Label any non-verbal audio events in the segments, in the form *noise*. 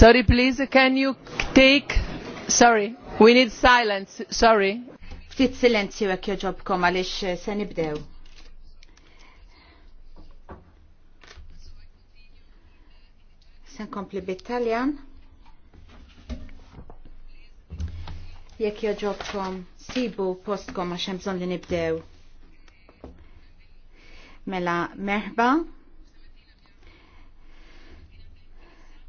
Sorry, please, can you take... Sorry, we need silence, sorry. Ftit silenzju għek joġobkom għalix eh, se nibdew. Sen kompli bit-Taljan. Jekk joġobkom, sibu postkom għax hemm bżonn li nibdew. Mela, merba. Merba.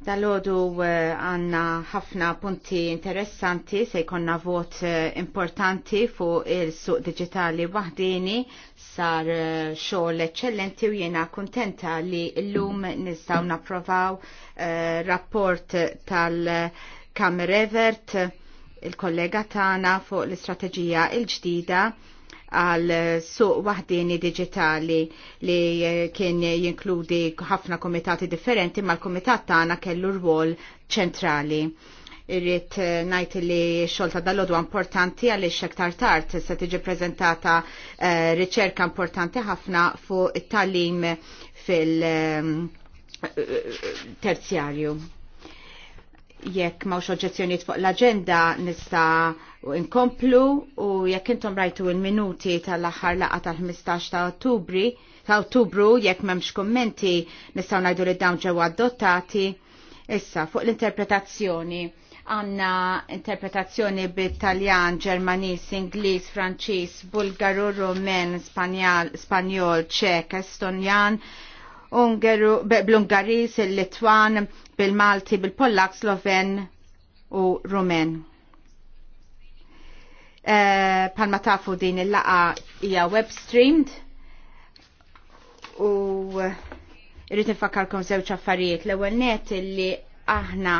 Dalodu eh, għanna ħafna punti interessanti se jkonna vot eh, importanti fuq il-suq digitali wahdini sar eh, xogħol eccellenti u jiena kontenta li l-lum nistaw naprovaw rapport tal-Kamer Evert il-kollega tagħna fuq l-istrateġija il-ġdida il ġdida għal suq wahdini digitali li kien jinkludi ħafna komitati differenti ma l-komitat tagħna kellu rwol ċentrali irrit najt li xolta dal-lodu importanti għalli xektar tart se tiġi prezentata eh, riċerka importanti ħafna fuq it-talim fil-terzjarju. Eh, jekk mawx oġġezzjonijiet fuq l-agenda nista inkomplu u jekk intom rajtu il-minuti tal-aħħar laqa tal-15 ta' Ottubri ta' Ottubru jekk m'hemmx kummenti nistgħu ngħidu li dawn ġewa adottati. Issa fuq l-interpretazzjoni għanna interpretazzjoni bit-Taljan, Ġermanis, Ingliż, Franċiż, Bulgaru, Rumen, Spanjol, Ċek, Estonjan, Ungeru, bl-Ungaris, il-Litwan, bil-Malti, bil-Pollak, Sloven u Rumen. Uh, palma tafu din il-laqa hija web streamed u eh, irrid nfakkarkom żewġ affarijiet. L-ewwel net illi aħna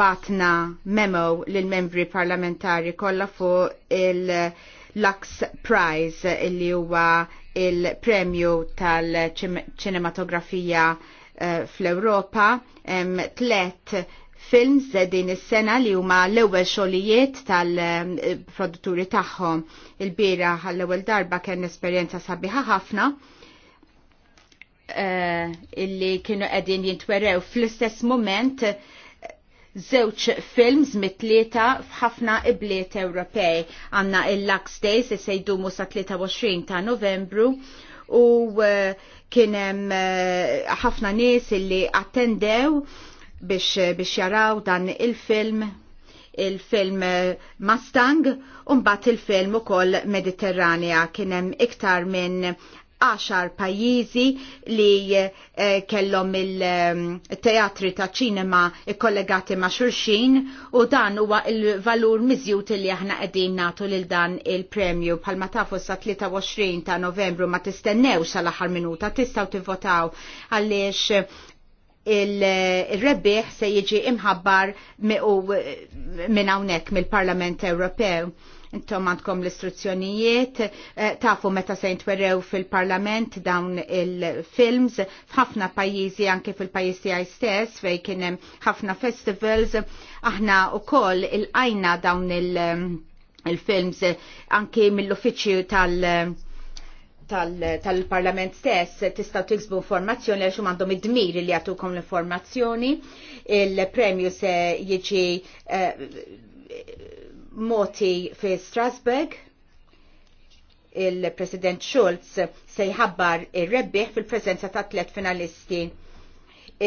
batna memo lill-membri parlamentari kollha fuq il- Lux Prize illi huwa il-premju tal-ċinematografija eh, fl-Europa, um, tlet films din is-sena li huma l-ewwel xogħlijiet tal-produtturi eh, tagħhom. Il-bira l-ewwel darba kien esperjenza sabiħa ħafna eh, illi kienu qegħdin jintwerew fl-istess moment żewġ films mit-tlieta f'ħafna ibliet Ewropej. Għanna il-Lux Days li se jdumu sa 23 ta' Novembru u uh, kienem uh, ħafna nies li attendew biex, uh, biex jaraw dan il-film il-film Mustang un bat il-film u koll Mediterranea kienem iktar minn għaxar pajjiżi li eh, kellhom il-teatri ta' ċinema kollegati ma' xurxin u dan huwa il-valur miżjut li aħna qegħdin nagħtu lil dan il-premju bħalma tafu sa 23 ta' Novembru ma tistennew sal-aħħar minuta tistgħu tivvotaw għaliex il-rebbieħ se jiġi imħabbar minn hawnhekk mill-Parlament Ewropew intom għandkom l-istruzzjonijiet, eh, tafu meta se jintwerew fil-parlament dawn il-films, f'ħafna pajjiżi anke fil-pajjiż tiegħi stess fej kien hemm ħafna festivals, aħna wkoll il-qajna dawn eh, il-films anke mill-uffiċċju tal- tal-parlament stess tistaw tiksbu informazzjoni għaxum għandhom id-dmir li għatukom l-informazzjoni. Il-premju se jiġi eh, moti fi Strasbourg il-President Schulz se jħabbar il rebbieħ fil-prezenza ta' tlet finalisti.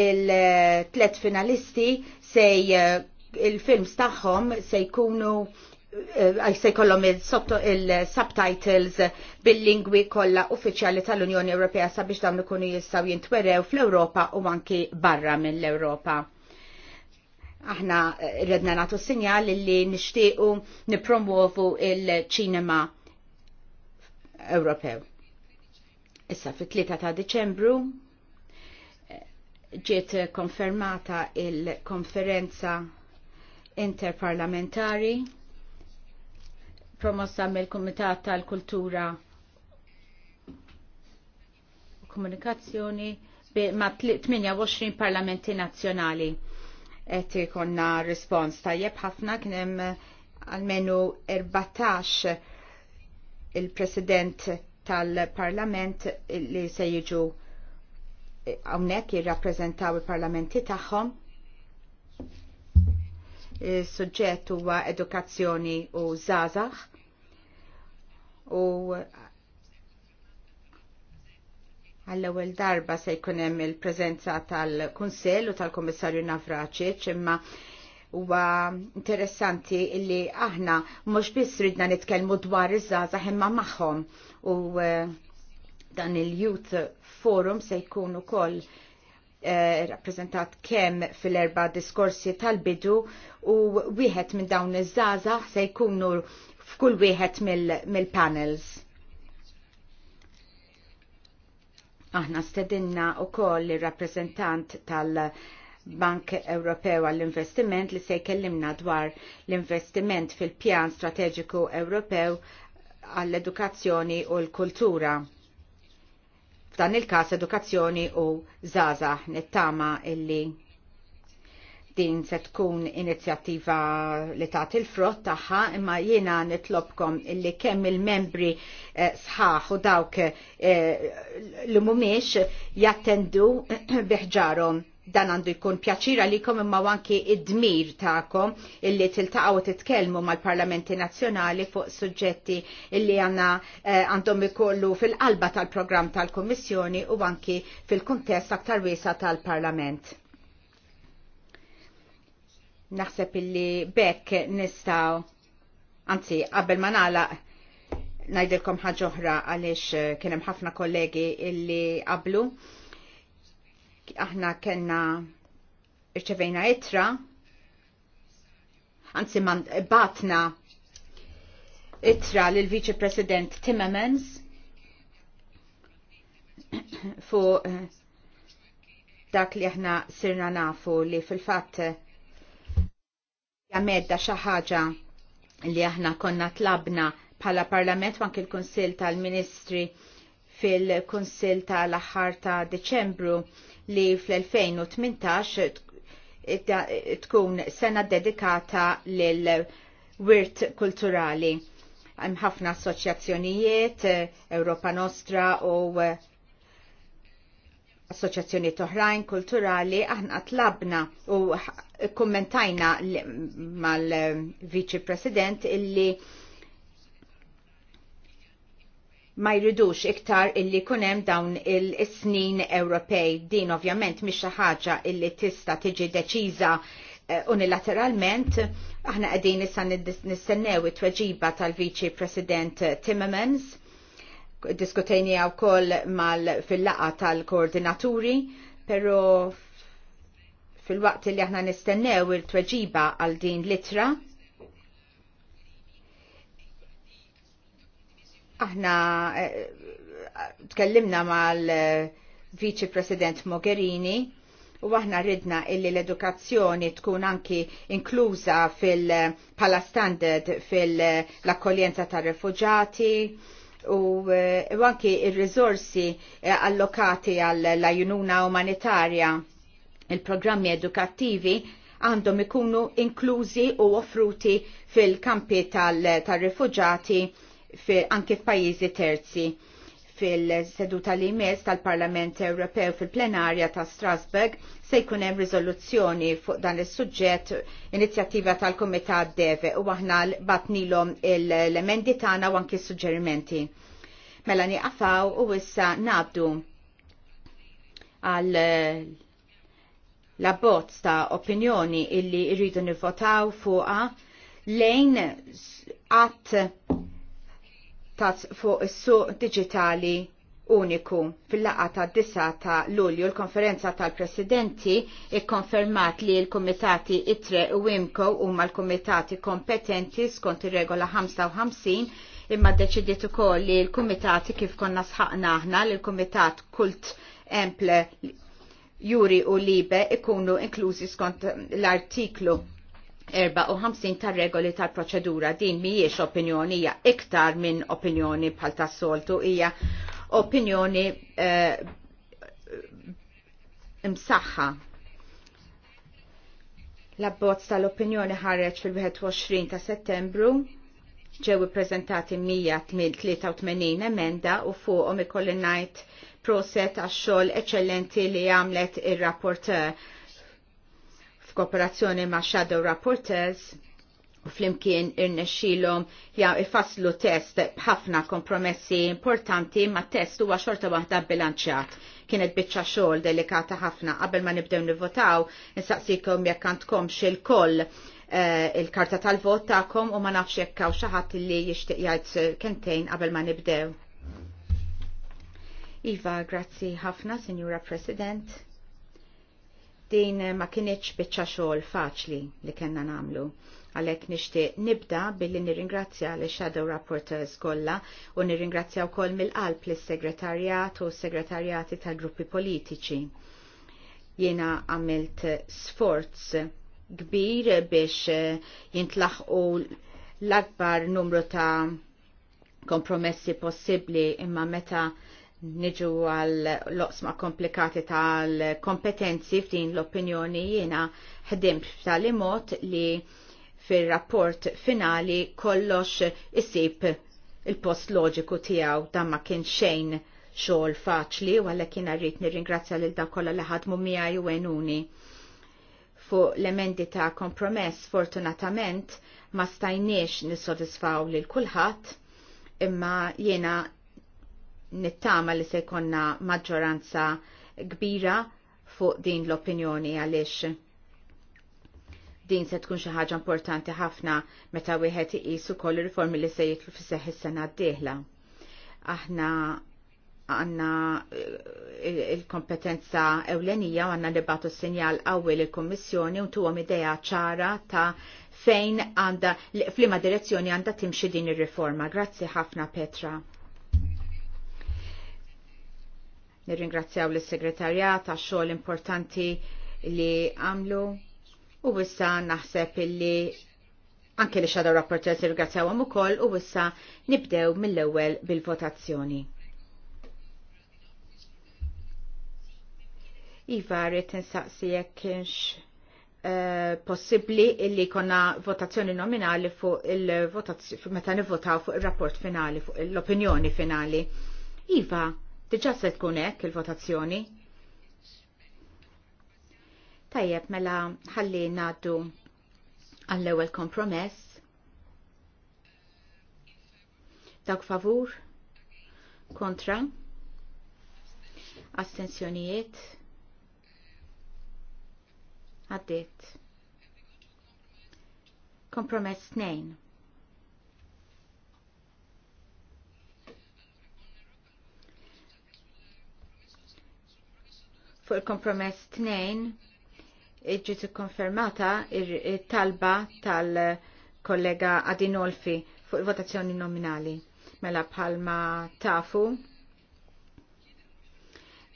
Il-tlet finalisti se il-films tagħhom se jkunu eh, se jkollhom il-subtitles bil-lingwi kollha uffiċjali tal-Unjoni Ewropea sabiex dawn ikunu jistgħu jintwerew fl-Ewropa u anki barra mill-Ewropa. Aħna eh, redna natu sinjal li nishtiqu nipromuovu il-ċinema Ewropew. Issa fit-3 ta' Deċembru eh, ġiet konfermata il-konferenza interparlamentari promossa mill-Kumitat tal-Kultura u Komunikazzjoni ma' 28 parlamenti nazzjonali et konna respons tajjeb ħafna kien hemm eh, almenu 14 il-President tal-Parlament li se jiġu eh, hawnhekk jirrappreżentaw il-parlamenti tagħhom. Is-suġġett huwa edukazzjoni u zazax u Għall-ewwel darba se jkun hemm il-preżenza tal-Kunsell u tal-Kummissarju Navraċiċ imma huwa interessanti li aħna mhux biss ridna nitkellmu dwar iż-żgħażagħ imma magħhom u eh, dan il-Youth Forum se jkun ukoll rappreżentat eh, rappresentat fil-erba diskorsi tal-bidu u wieħed minn dawn iż żgħażagħ se jkunu f'kull wieħed mill-panels. Mil Aħna stedinna u koll il-rappresentant tal- Bank Ewropew għall-investiment li se jkellimna dwar l-investiment fil-pjan strateġiku Ewropew għall-edukazzjoni u l-kultura. F'dan il-kas edukazzjoni u zaza nittama illi din se tkun inizjattiva li tagħti il-frott tagħha imma jiena nitlobkom illi kemm il-membri eh, sħaħ u dawk l eh, li mhumiex jattendu *clears throat* biħġarhom dan għandu jkun pjaċira kom imma anki id-dmir ta'kom illi tiltaqaw titkellmu mal-parlamenti nazzjonali fuq suġġetti illi għanna eh, għandhom ikollu fil-qalba tal-programm tal-Kommissjoni u anki fil-kuntest aktar wiesa tal-Parlament Naħseb illi bekk nistaw, anzi, qabel ma nagħlaq ngħidilkom ħaġa oħra għaliex eh, kien hemm ħafna kollegi illi qablu. Aħna kellna rċevejna itra, anzi batna itra lil viċi President Timmermans *coughs* fu eh, dak li aħna sirna nafu li fil-fatt medda xi ħaġa li aħna konna tlabna bħala Parlament wank il-Kunsill tal-Ministri fil-Kunsill tal-aħħar ta' Deċembru li fl-2018 tkun sena dedikata lill wirt kulturali. Hemm ħafna assoċjazzjonijiet, Europa Nostra u assoċjazzjoni toħrajn kulturali aħna tlabna u kommentajna mal-Viċi President illi ma jridux iktar illi kunem dawn il-snin Ewropej. Din ovvjament mhix xi ħaġa illi tista' tiġi deċiża eh, unilateralment aħna qegħdin issa nistennew it-tweġiba tal-Viċi President Timmermans diskutejni għaw koll mal fil-laqa tal-koordinaturi, pero fil-waqt li aħna nistennew il-tweġiba għal din litra, aħna eh, tkellimna mal eh, viċi President Mogherini u aħna ridna illi l-edukazzjoni tkun anki inkluża fil-pala standard fil-akkoljenza tar refugjati. E, u anki il-rizorsi e, allokati għall-ajnuna umanitarja il-programmi edukattivi għandhom ikunu inklużi u offruti fil-kampi tal-rifugġati anki f'pajjiżi terzi fil-seduta li jmiss tal-Parlament Ewropew fil-plenarja ta' Strasbourg se jkun hemm riżoluzzjoni fuq dan is-suġġett inizjattiva tal-Kumitat Deve u aħna batnilhom l-emendi tagħna u anki suġġerimenti. Mela niqafaw u issa nabdu għal eh, la bozz ta' opinjoni illi rridu nivvotaw fuqha lejn għat taz fuq is-suq digitali uniku fil-laqa ta' 9 ta' Lulju l-konferenza tal-presidenti ikkonfermat li l-komitati ITRE u IMCO huma l-komitati kompetenti skont ir-regola 55 imma deċidiet ukoll li l-komitati kif konna sħaqna aħna li l-komitat kult emple juri u libe ikunu inklużi skont l-artiklu 54 tar regoli tal-proċedura din mhijiex opinjoni hija iktar minn opinjoni bħal tas soltu hija opinjoni uh, eh, msaħħa. L-abbozz tal-opinjoni ħareġ fil-21 ta' settembru ġew ippreżentati 183 emenda u fuqhom ikolli ngħid proset għax-xogħol eċċellenti li għamlet ir-rapporteur f'kooperazzjoni ma' Shadow Rapporteurs u flimkien irnexxilhom ja ifasslu test b'ħafna kompromessi importanti ma' test huwa xorta waħda bilanċjat. Kienet biċċa xogħol delikata ħafna qabel ma nibdew nivvotaw, insaqsikom jekk għandkom xil-koll eh, il-karta tal-vot tagħkom u ma nafx jekk hawn xi ħadd li jixtieq jgħid eh, kentejn qabel ma nibdew. Iva, grazzi ħafna, Signora President din ma kienieċ bieċa xogħol faċli li kena namlu. Għalek nishtiq nibda billi nirringrazzja li shadow Rapporteurs kollha u nirringrazzja wkoll mill-qalb lis segretarjat u segretarjati tal-gruppi politiċi. Jiena għamilt sforz kbir biex jintlaħqu l-akbar numru ta' kompromessi possibbli imma meta niġu għal loqsma komplikati tal kompetenzi f'din l-opinjoni jiena ħdim f'tali mod li fil-rapport finali kollox isib il-post loġiku tijaw dan ma kien xejn xogħol faċli u għalhekk kien rrid nirringrazzja lil dak kollha li ħadmu miegħi u Fuq l-emendi ta' kompromess fortunatament ma stajniex nissodisfaw lil kulħadd imma jiena nittama li se jkollna maġġoranza kbira fuq din l-opinjoni għaliex din se tkun xi ħaġa importanti ħafna meta wieħed iqisu ukoll ir-riformi li se jitlu fi seħħ is-sena d-dieħla. Aħna għandna eh, il-kompetenza ewlenija u għandna batu sinjal qawwi lill kummissjoni u ntuhom idea ċara ta' fejn għandha flima direzzjoni għandha timxi din ir riforma Grazzi ħafna Petra. Nirringrazzjaw l segretarjat għax xogħol importanti li għamlu u wissa naħseb illi anke li xadaw rapporter irringrazzjaw għam ukoll u wissa nibdew mill-ewwel bil-votazzjoni. Iva, rrit nsaqsi jekk kienx uh, possibbli illi konna votazzjoni nominali fuq il-votazzjoni, meta nivvotaw fuq il-rapport finali, fuq l-opinjoni finali. Iva, Diġa se tkun hekk il-votazzjoni. Tajjeb mela ħalli ngħaddu għall-ewwel kompromess. Dawk favur, kontra, astensjonijiet, għaddiet. Kompromess 2. Fuq il-kompromess 2 ġiet ikkonfermata il-talba tal-kollega Adinolfi fuq il-votazzjoni nominali. Mela bħalma tafu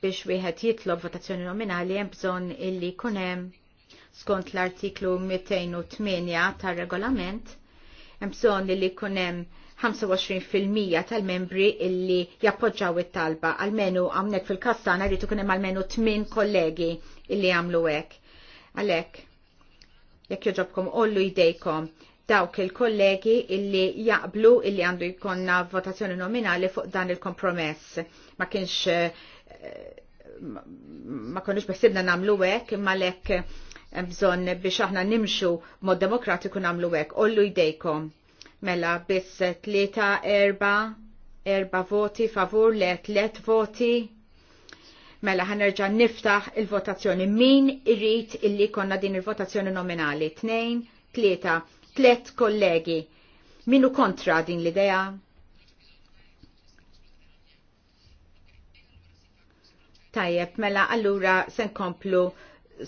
biex wieħed jitlob votazzjoni nominali hemm bżonn illi jkun hemm skont l-artiklu 208 tar-regolament hemm bżonn illi jkun hemm 25% tal-membri illi jappoġġaw it-talba. Almenu għamnek fil-kastana rritu kunem għalmenu 8 kollegi illi għamlu hekk. Għalek, jekk joġobkom ollu jdejkom dawk il-kollegi illi jaqblu illi għandu jkonna votazzjoni nominali fuq dan il-kompromess. Ma kienx eh, ma konniex besibna namlu hekk imma lek eh, bżonn biex aħna nimxu mod demokratiku namlu hekk. Ollu jdejkom mela biss 3 4 voti favur le 3 voti. Mela ħanerġa' niftaħ il-votazzjoni. Min irrid illi konna din il-votazzjoni nominali? Tnejn, tlieta, tlet kollegi. Minu kontra din l-idea? Tajjeb, mela allura se nkomplu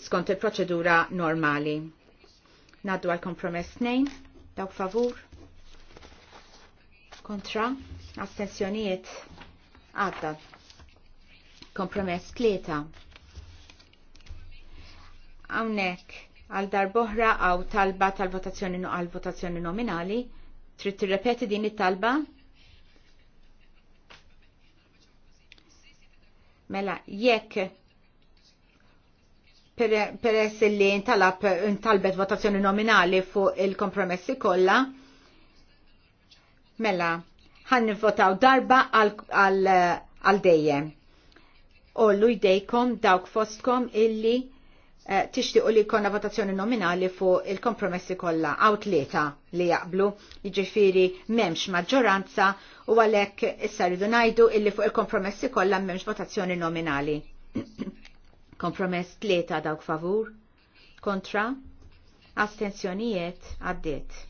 skont il-proċedura normali. Naddu għal kompromess nejn, dawk favur kontra astensjoniet, għadda. Kompromess tlieta. Hawnhekk għal darboħra għaw talba tal-votazzjoni għal votazzjoni nominali. Trid tirrepeti din it-talba? Mela, jekk peress per li ntalab ntalbet votazzjoni nominali fuq il-kompromessi kollha, Mela, għan nivvotaw darba għal dejjem. Ollu jdejkom dawk fostkom illi uh, eh, u li konna votazzjoni nominali fuq il-kompromessi kollha għaw tlieta li jaqblu, jiġifieri m'hemmx maġġoranza u għalhekk issa rridu ngħidu illi fuq il-kompromessi kollha m'hemmx votazzjoni nominali. *clears throat* Kompromess tlieta dawk favur, kontra, astenzjonijiet għaddiet.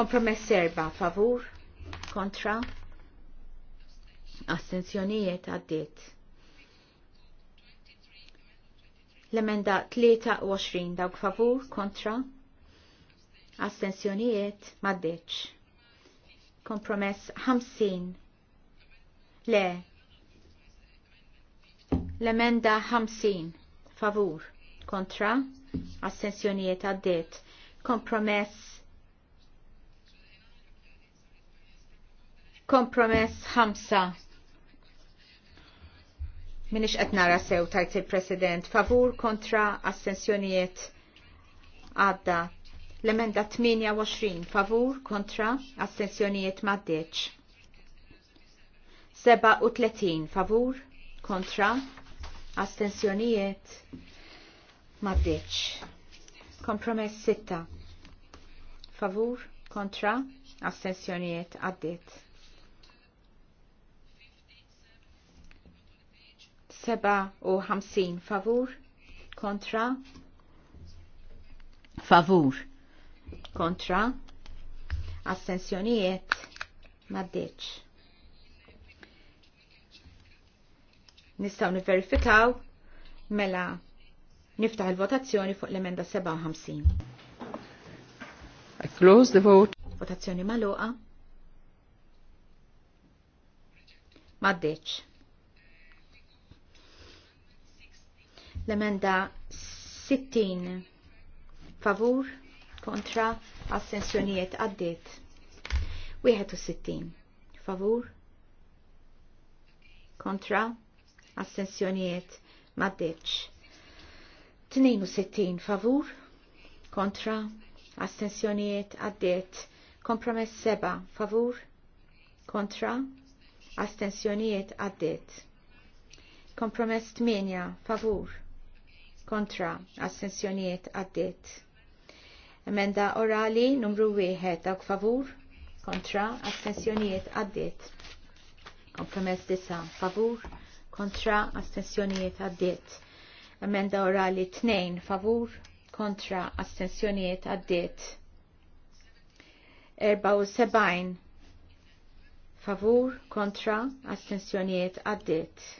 Kompromess erba' favur kontra astenzjonijiet għaddit. L-emenda 23 dawk favur kontra astenzjonijiet maddeċ. Kompromess 50 le l-emenda 50 favur kontra astenzjonijiet għaddit. Kompromess Kompromess 5. Minix qed nara sew tajt il-President. Favur kontra assenzjonijiet għadda. L-emenda 28. Favur kontra assenzjonijiet maddeċ. 37. Favur kontra assenzjonijiet maddeċ. Kompromess 6. Favur kontra assenzjonijiet għaddit. Seba' u hamsin favur kontra favur kontra astensjonijiet maddeċ. Nistaw niverifikaw mela niftaħ il-votazzjoni fuq l-emenda 57. I close the vote. Votazzjoni maluqa. Maddiċ. L-emenda 60 favur kontra assenzjonijiet għaddit. 61 favur kontra assenzjonijiet maddeċ. 62 favur kontra assenzjonijiet għaddit. kompromess 7 favur kontra astensjonijiet għaddit. kompromess 8 favur kontra assenzjoniet għaddit. Emenda orali numru 1 dawk favur kontra assenzjoniet għaddit. Kompromess disa favur kontra astensjonijiet għaddit. Emenda orali 2 favur kontra astensjonijiet għaddit. 74 favur kontra astensjonijiet għaddit.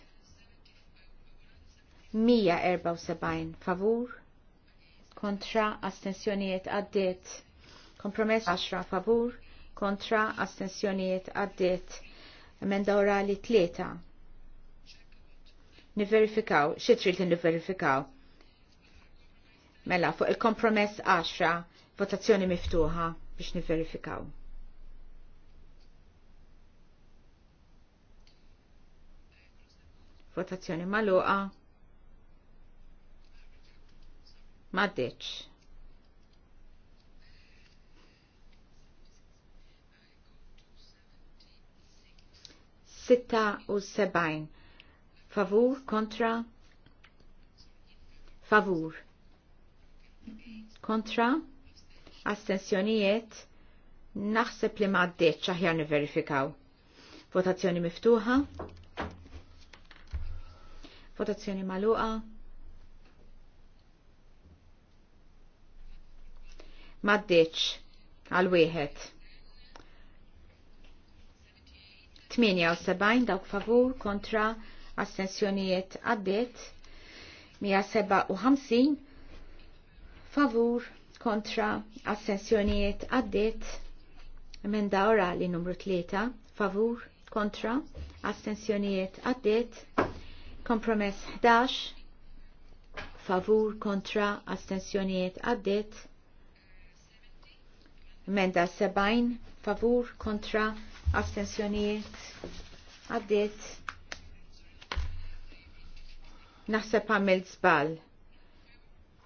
174 favur kontra astensjonijiet għaddiet kompromess 10 favur kontra astensjonijiet għaddiet emenda orali 3 niverifikaw xi trid niverifikaw mela fuq il-kompromess 10 votazzjoni miftuħa biex niverifikaw votazzjoni maluqa Ma deċ. Sitta u sebajn. Favur kontra. Favur. Kontra. Astensjonijiet. Naħseb li deċ aħjar niverifikaw. Votazzjoni miftuħa. Votazzjoni maluqa. maddeċ għal wieħed. 78 dawk favur kontra astensjonijiet u 157 favur kontra astensjonijiet għaddit emenda orali numru 3 favur kontra astensjonijiet għaddit kompromess 11 favur kontra astensjonijiet għaddit Menda 70 favur kontra astensjonijiet għaddit. Naħseb għamil zbal.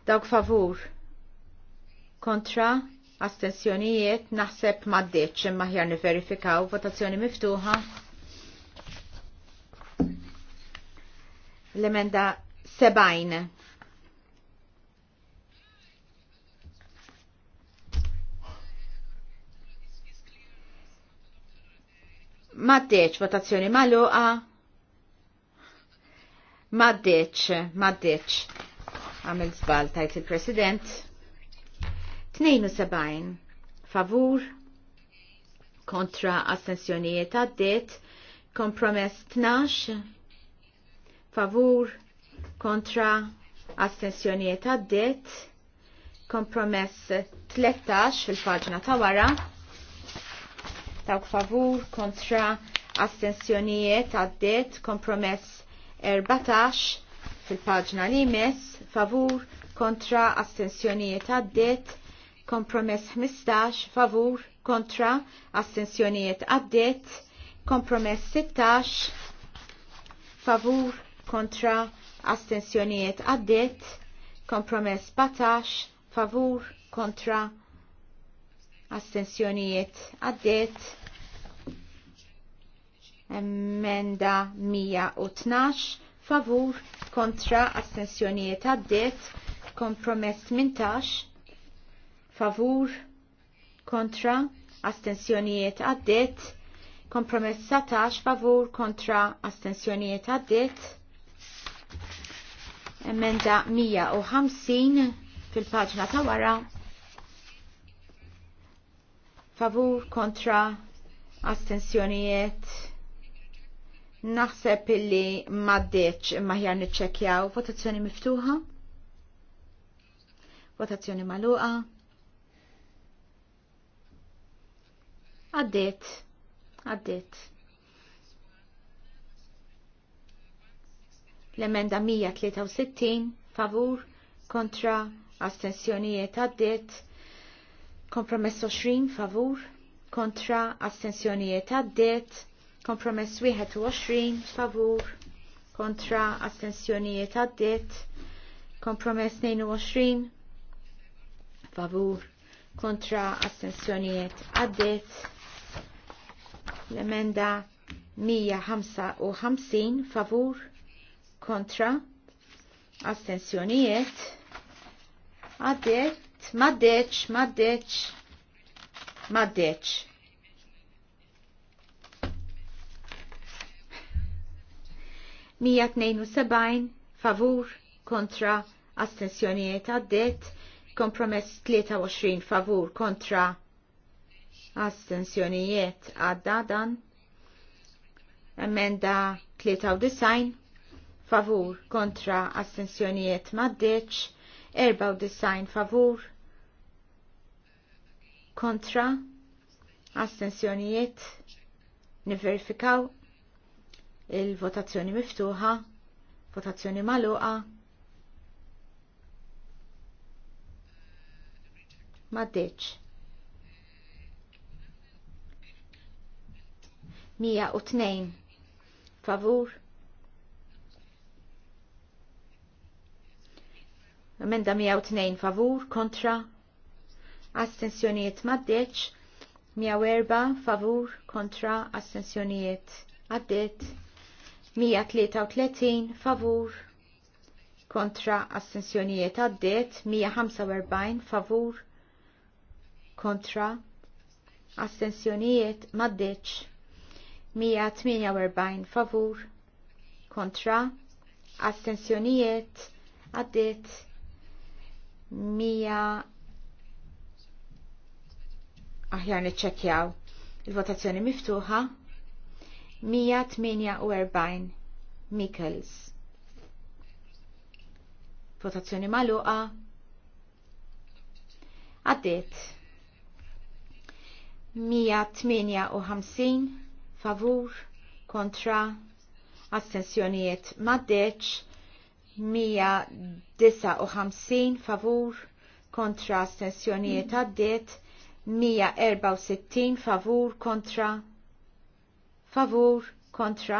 Dawk favur kontra astensjonijiet naħseb maddeċ imma ħjar verifikaw votazzjoni miftuħa. L-emenda 70 maddeċ votazzjoni maluqa ma maddeċ għamil zbal tajt il-president 72 favur kontra astensjonijiet għaddit kompromess 12 favur kontra astensjonijiet għaddit kompromess 13 fil-paġna ta' wara dawk favur kontra astensjonijiet għaddiet kompromess 14 fil-paġna li mess favur kontra astensjonijiet għaddiet kompromess 15 favur kontra astensjonijiet għaddiet kompromess 16 favur kontra astensjonijiet għaddiet kompromess 14 favur kontra astensjonijiet għaddiet emenda 112 favur kontra astensjonijiet għaddiet kompromess 18 favur kontra astensjonijiet għaddiet kompromess 17 favur kontra astensjonijiet għaddiet emenda 150 fil-paġna ta' wara favur kontra astensjonijiet Naħseb illi maddeċ ħjar niċċekjaw votazzjoni miftuħa. Votazzjoni maluqa. Għaddit. Għaddit. L-emenda 163 favur kontra astensjonijiet għaddit. Kompromess 20 favur kontra astensjonijiet għaddiet. Kompromess 21 favur kontra astensjonijiet għaddiet. Kompromess 22 favur kontra astensjonijiet għaddiet. L-emenda 155 favur kontra astensjonijiet għaddiet maddeċ, maddeċ, maddeċ. Mija seba'jn, favur kontra astensjonijiet għaddet, kompromess 23 favur kontra astensjonijiet għadda dan, emenda 93 favur kontra astensjonijiet maddeċ, 94 favur kontra astensjonijiet niverifikaw il-votazzjoni miftuħa, votazzjoni maluqa, maddeċ. 102 favur Amenda 102 favur kontra astensjonijiet maddeċ, 104 favur kontra astensjonijiet għaddit, 133 favur kontra astensjonijiet għaddit, 145 favur kontra astensjonijiet maddeċ, 148 favur kontra astensjonijiet għaddit 100 aħjar niċċekjaw. Il-votazzjoni miftuħa 148 Mikkels. Votazzjoni maluqa Għaddit. 158 favur kontra astensjonijiet maddeċ 159 favur kontra astensjonijiet għaddiet 164 favur kontra favur kontra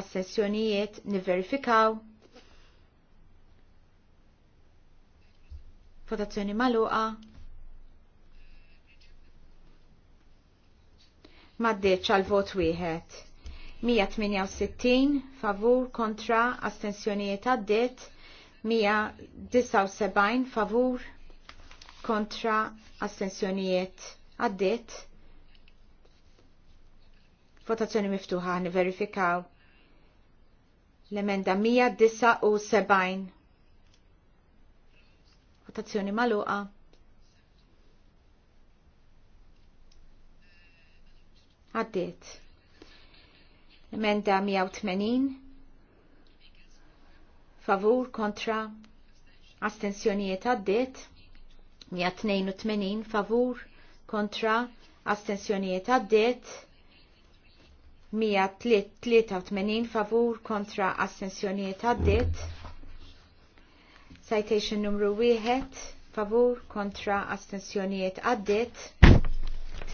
għas-sessjonijiet niverifikaw votazzjoni maluqa maddeċ għal vot wieħed 168 favur kontra astensjonijiet għaddit 179 favur kontra astensjonijiet għaddit. Votazzjoni miftuħa niverifikaw l-emenda 179. Votazzjoni maluqa. Għaddit. Emenda 180. Favur kontra astensjonijiet għaddit. 182 favur kontra astensjonijiet għaddiet 183 favur kontra astensjonijiet għaddiet citation numru 1 favur kontra astensjonijiet għaddiet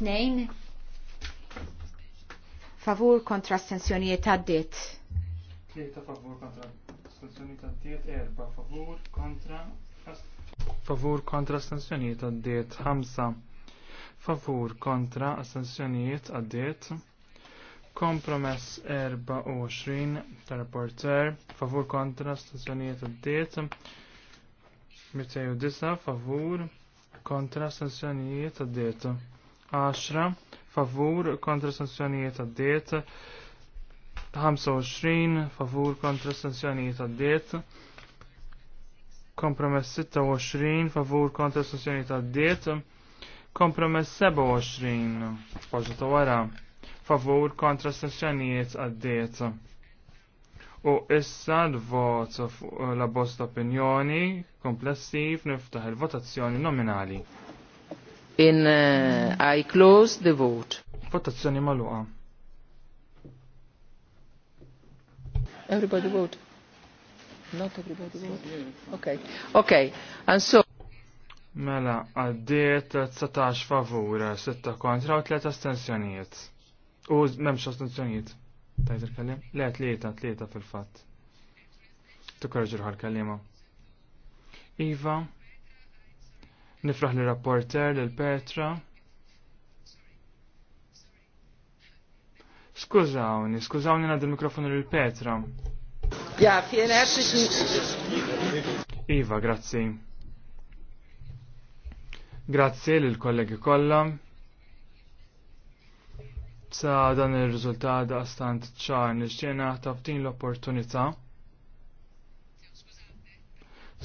2 favur kontra astensjonijiet għaddiet 3 favur kontra astensjonijiet għaddiet 4 favur kontra astensjonijiet Favur kontra astensjonijiet għaddiet 5. Favur kontra astensjonijiet għaddiet. Kompromess 24 ta' rapporter. Favur kontra astensjonijiet għaddiet. 209 favur kontra astensjonijiet għaddiet. 10 favur kontra sanzjonijiet għaddiet, 25 favur kontra sanzjonijiet għaddiet, Kompromess 26 favur kontra ta' diet. Kompromess 27 paġa ta' wara favur kontra sessjonijiet għaddiet. U issa l-vot la bosta opinjoni komplessiv niftaħ il-votazzjoni nominali. In uh, I close the vote. Votazzjoni maluqa. Everybody vote. Not everybody voted. Okay. Okay. And so Mela, għaddiet 19 favura, 6 kontra u 3 astensjonijiet. U memx astensjonijiet. Tajt il-kallim? Le, 3, 3 fil-fat. Tukkarġu ħal-kallima. Iva, nifraħ li rapporter lil Petra. Skużawni, skużawni għad il-mikrofonu lil Petra. Ja, Iva, grazzi. Grazzi l-kollegi kollha. Sa dan il-riżultat da stant ċar nisġena taftin l-opportunità.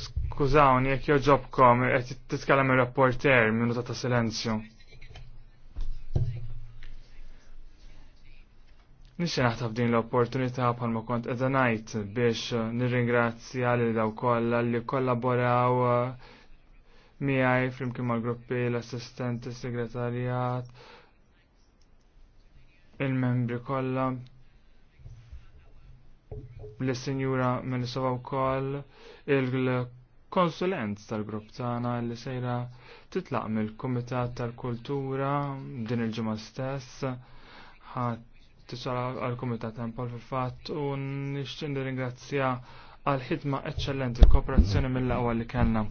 Skużawni, jekk joġobkom, qed titkellem ir rapporter minuta ta' silenzju. Nixi naħtab din l-opportunità bħalma kont edanajt biex nirringrazzja li daw kolla li kollaboraw uh, miħaj flimkien mal gruppi l-assistent, il-segretarjat, il-membri kolla, l-senjura Melisova u koll, il-konsulent tal-grupp tana li sejra titlaq mill-Komitat tal-Kultura din il-ġimma stess, ħat tisara għal-Komitat Tempol fil-fatt u nixtieq ringrazzja għal-ħidma eċċellenti l-kooperazzjoni mill-aqwa li kellna.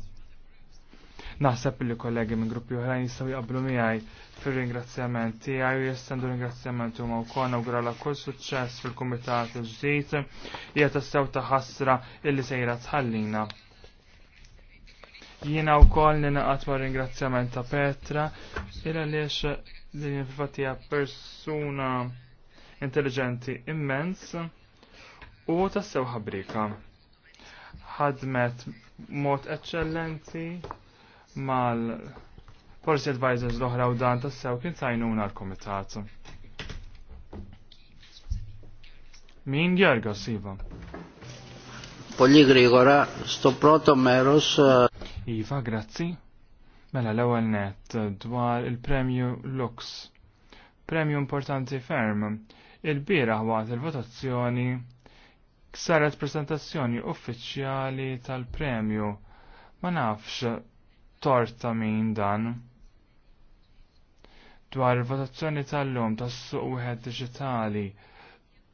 Naħseb li kollegi minn gruppi oħrajn jistgħu jaqblu miegħi fir-ringrazzjament tiegħi u jistendu ringrazzjament huma u għrala kull suċċess fil-kumitat l ġdid hija tassew ta' illi sejra tħallina. Jiena wkoll kol nina ma' ringrazzjament ta' Petra illa għaliex din fil fatija persuna intelligenti immens u tassew ħabrika. Ħadmet mod eccellenti mal Forsi advisors l-oħra u dan tassew kien tajnuna l-komitat. Min Gjerga Siva? Polli Grigora, sto proto meros. Eh, iva, grazzi. Mela l-ewwel net dwar il-premju Lux. Premju importanti ferm il-bieraħ waqt il-votazzjoni ksaret presentazzjoni uffiċjali tal-premju. Ma nafx torta min dan. Dwar il-votazzjoni tal-lum tas-suq wieħed diġitali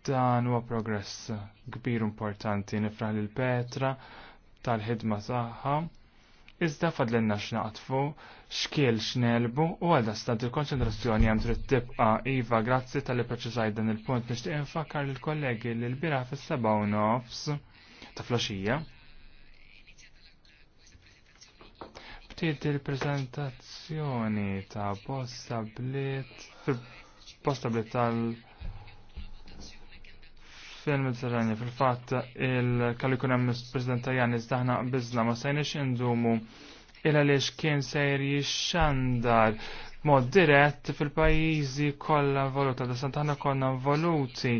dan huwa progress kbir importanti nifraħ lil Petra tal-ħidma tagħha Iżda fadlenna x'naqtfu, xkiel x'nelbu u għal stant il-konċentrazzjoni hemm trid tibqa' iva grazzi tal-li dan il-punt nixtieq infakkar lill-kollegi li l-bira fis-seba' nofs ta' flaxija. Btiet il-preżentazzjoni ta' bosta blit, posta blit tal- fil-Mediterranja fil-fatt il-kalikun hemm President Tajani zdaħna bizna ma sejniex indumu il għaliex kien sejr jixxandar mod dirett fil-pajjiżi kollha voluta da santaħna konna voluti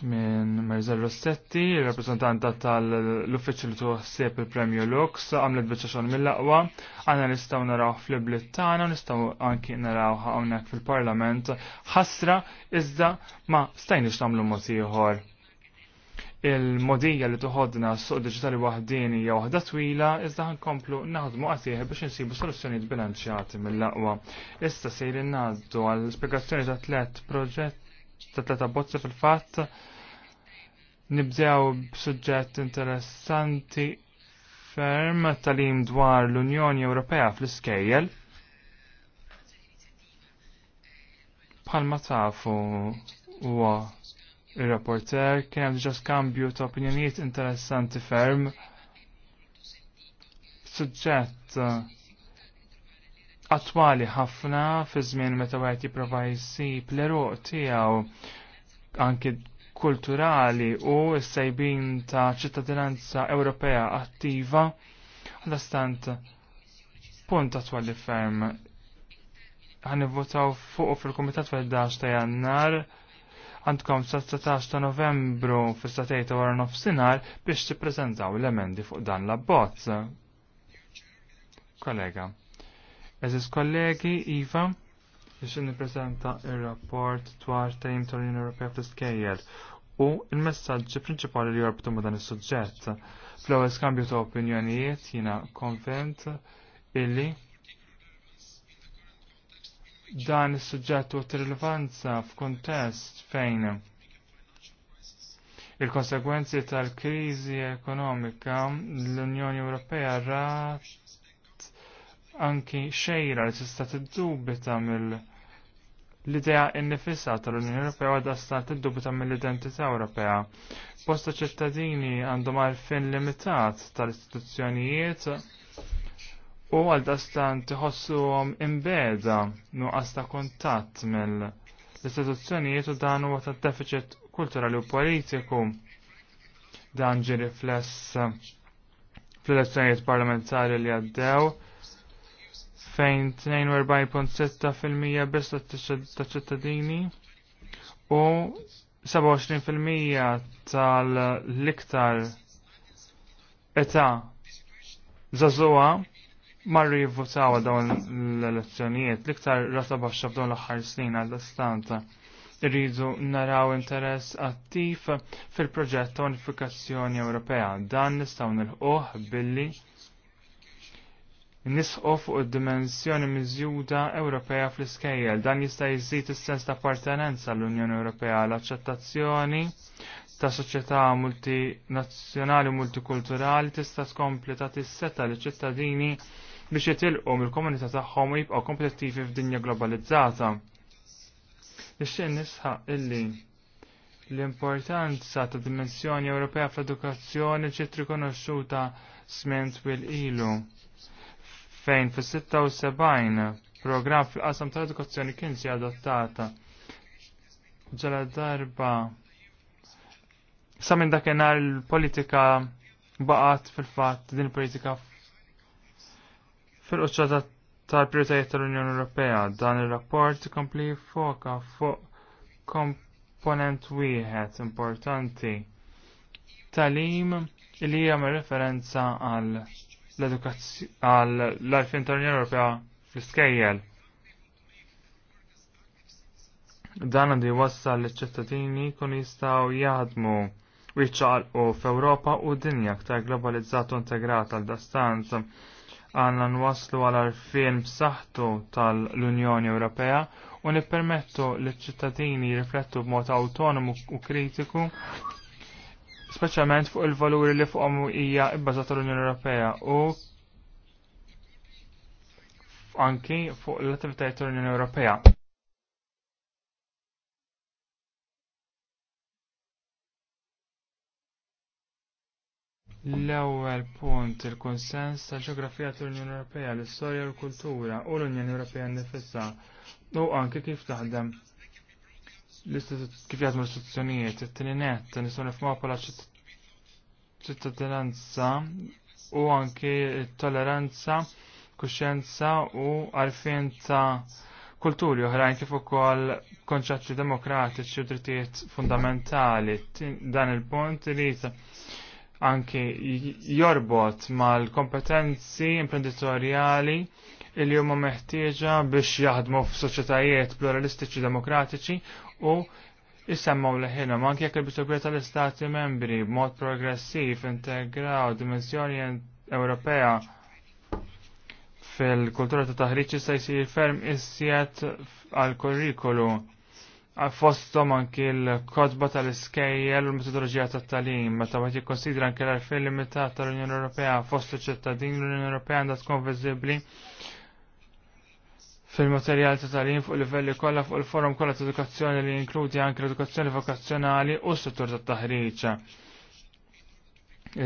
minn Marza Rossetti, rappresentanta tal-uffiċċju li tuħseb il-Premju Lux, għamlet biċċa xogħol mill laqwa għana nistgħu naraw fl-ibliet tagħna, nistgħu anki naraw hawnhekk fil-Parlament ħasra iżda ma stajniex nagħmlu mod ieħor. Il-modija li tuħodna suq diġitali waħdini jew waħda twila, iżda ħankomplu naħdmu għatieħ biex insibu soluzzjonijiet bilanċjati mill laqwa Issa sejrin ngħaddu għall spjegazzjoni ta' tliet proġett ta' tleta bozzi fil-fatt Nibżew b'suġġett interessanti ferm tal-im dwar l-Unjoni Ewropea fl-iskejjel. Palma tafu u ir-rapporter kien hemm diġà skambju ta' opinjonijiet interessanti ferm. Suġġett attwali ħafna fi żmien meta wieħed jipprova jsib l-eruq tiegħu anke kulturali u s-sejbin ta' ċittadinanza Ewropea attiva għal-stant punt attwali ferm ħanivvotaw fuq fil-Komitat fil-11 ta' jannar għandkom sa' 19 ta' novembru fil-statej ta' wara sinar biex prezentaw l-emendi fuq dan la abbozz Kollega. Eżis kollegi, Iva, biex prezenta il-rapport dwar tajm tal-Unjoni Ewropea fl-iskejjel u il-messagġi prinċipali li jorbtu ma' dan is-suġġett. Fl-ewwel skambju ta' opinjonijiet jiena konvent illi dan is-suġġett u rilevanza f'kuntest fejn il-konsekwenzi tal-kriżi ekonomika l-Unjoni Ewropea rat anki xejra li tista' tiddubita mill l-idea innifissa tal-Unjoni Ewropea għadha sta tiddubita mill-identità Ewropea. Posta ċittadini għandhom għarfien limitat tal-istituzzjonijiet u għal dastan tħossuhom imbeda nuqqas ta' kuntatt mill istituzzjonijiet u dan huwa ta' deficit kulturali u politiku. Dan ġi rifless fl-elezzjonijiet parlamentari li għaddew fejn 42.6% biss ta' ċittadini u 27% tal-iktar età zazuwa marru jivvutawa dawn l-elezzjonijiet. L-iktar rata baxxa f'dawn l-aħħar snin għall-istanta irridu naraw interess attiv fil-proġett ta' unifikazzjoni Ewropea. Dan nistgħu nilħuh billi nisqu fuq id-dimensjoni miżjuda Ewropea fl-iskejjel. Dan jista' jżid is-sens ta' appartenenza l-Unjoni Ewropea l-aċċettazzjoni ta' soċjetà multinazzjonali u multikulturali tista' tkompli ta' tisseta li ċittadini biex jitilqu mill-komunità tagħhom u jibqgħu kompetittivi f'dinja globalizzata. Ixtieq nisħaq illi l-importanza ta' dimensjoni Ewropea fl-edukazzjoni ġiet rikonoxxuta sment bil-ilu fejn fis-76 programm fil-qasam tal-edukazzjoni kien si adottata. Ġala darba sa minn dakinhar il-politika baqat fil-fatt din il-politika fil-qoċċata tal-prijoritajiet tal-Unjoni Ewropea. Dan ir-rapport ikompli foka fuq komponent wieħed importanti talim li hija referenza għal l-arfin tal-Unjoni Ewropea fl-iskejjel. Dan għandi wassal li ċittadini kun jistaw jaħdmu wiċċaqal u f'Ewropa u dinja aktar globalizzat u integrat għal dastanz għanna nwaslu għal arfin b'saħħtu tal-Unjoni Ewropea u nippermettu li ċittadini jriflettu b'mod autonomu u kritiku speċjalment fuq il-valuri li fuqhom hija bbażata l-Unjoni Ewropea u anki fuq l-attivitajiet tal-Unjoni Ewropea. L-ewwel punt il-konsens tal-ġeografija tal-Unjoni Ewropea, l-istorja u l-kultura u l-Unjoni Ewropea nifissa u anke kif taħdem kif jazmu l-istituzzjonijiet, it-tini net, nisun nifmu pala ċittadinanza u anki toleranza kuxenza u għarfien ta' kulturi oħrajn kif ukoll konċetti demokratiċi u drittijiet fundamentali. Dan il-punt li anki jorbot mal-kompetenzi imprenditorjali il huma meħtieġa biex jaħdmu f'soċjetajiet pluralistiċi demokratiċi u jissemmaw liħina, anke jekk il-biċċopija tal-Istati membri b'mod progressiv integraw dimensjoni Ewropea fil-kultura ta' taħriġ jista' jsir ferm issiet għal kurrikulu fostom anki l-kodba tal-iskejjel u l-metodoloġija tat-talim, meta għati jikkonsidra anki l-arfin limitat tal-Unjoni Ewropea fostu ċittadin l-Unjoni Ewropea għandha tkun viżibbli fil-materjal ta' talim fuq livelli kollha fuq il-forum kollha ta' edukazzjoni li jinkludi anke l-edukazzjoni vokazzjonali u s-settur tat taħriġ.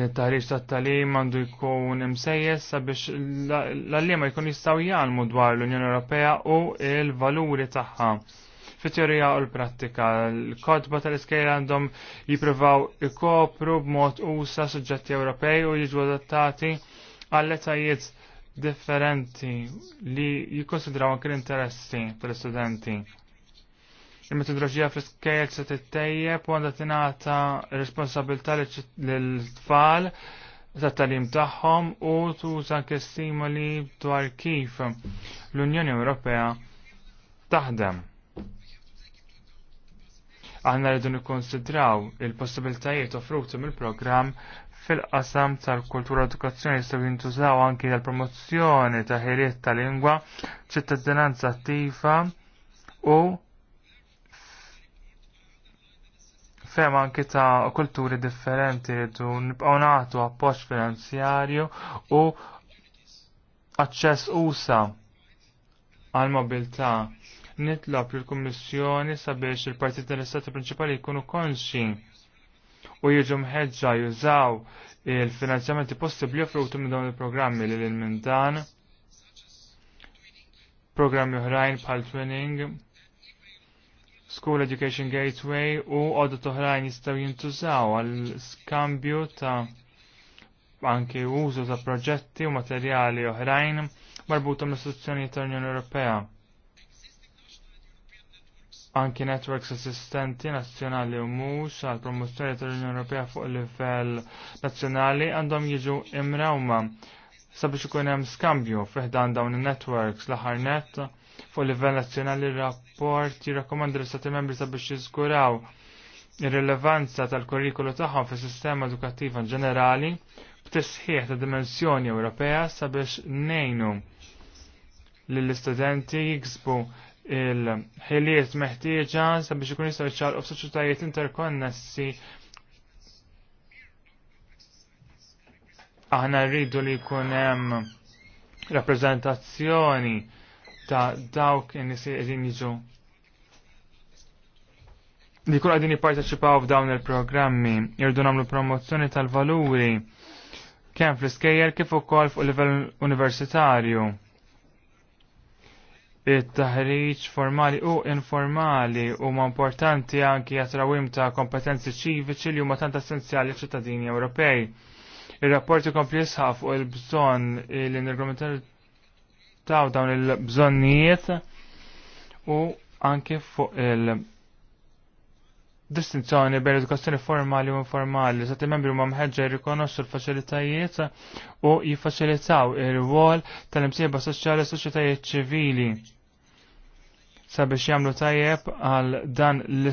Il-taħriġ tat talim għandu jkun imsejjes sabiex l-allima jkun jistgħu jgħalmu dwar l-Unjoni Ewropea u l-valuri tagħha. Fit-teorija u l-prattika, l-kodba tal-iskejla għandhom jippruvaw ikopru b'mod usa suġġetti Ewropej u jiġu adattati għall-etajiet differenti li jikkonsidraw anke l-interessi tal-istudenti. Il-metodoloġija fl-iskejl se tittejjeb u għandha tingħata responsabilità lill-tfal tat-talim tagħhom u tuża anke stimoli dwar kif l-Unjoni Ewropea taħdem aħna rridu nikkonsidraw il-possibilitajiet offruti mill-programm fil-qasam tal-kultura edukazzjoni jistaw jintużaw anki tal-promozzjoni ta' ħiriet tal-lingwa, ċittadinanza attiva u fem anki ta' kulturi differenti u nibqaw nagħtu appoġġ finanzjarju u aċċess usa għal mobilità nitlob lill kummissjoni sabiex il-partiti tal-Istati prinċipali jkunu konxi u jiġu mħeġġa jużaw il-finanzjamenti possibbli offrutu minn dawn il-programmi li lil minn dan programmi oħrajn pal twinning School Education Gateway u għodot oħrajn jistaw jintużaw għal skambju ta' anki użu ta' proġetti u materjali oħrajn marbutum l istituzzjoni tal-Unjoni Ewropea anki networks assistenti nazzjonali u mhux għal promozzjoni tal-Unjoni Ewropea fuq livell nazzjonali għandhom jiġu imrawma sabiex ikun hemm skambju fiħdan dawn in-networks l-aħħar net fuq livell nazzjonali rapport jirrakkomandi l-Istati membri sabiex jiżguraw ir-rilevanza tal-kurrikulu tagħhom fis-sistema edukattiva ġenerali b'tisħiħ ta' dimensjoni Ewropea sabiex ngħinu lill-istudenti jiksbu il-ħiliet meħtieġa sabiex ikun jistgħu jċarqu f'soċjetajiet interkonnessi aħna rridu li jkun hemm rappreżentazzjoni ta' dawk in-nies qegħdin jiġu li jkun qegħdin jipparteċipaw f'dawn il-programmi, jirdu nagħmlu promozzjoni tal-valuri kemm fl-iskejjer kif ukoll fuq livell universitarju it-taħriġ formali u informali huma importanti anki jatrawim ta' kompetenzi ċiviċi li huma tant essenzjali ċittadini Ewropej. Ir-rapport ikompli jisħaf fuq il-bżonn li nirgumentaw dawn il-bżonnijiet u anki fuq il- distinzjoni bejn edukazzjoni formali u informali. Sati membri huma mħeġġa jirrikonoxxu l-faċilitajiet u jiffaċilitaw ir wol tal-imsieba soċjali soċjetajiet ċivili sabiex jagħmlu tajjeb għal dan l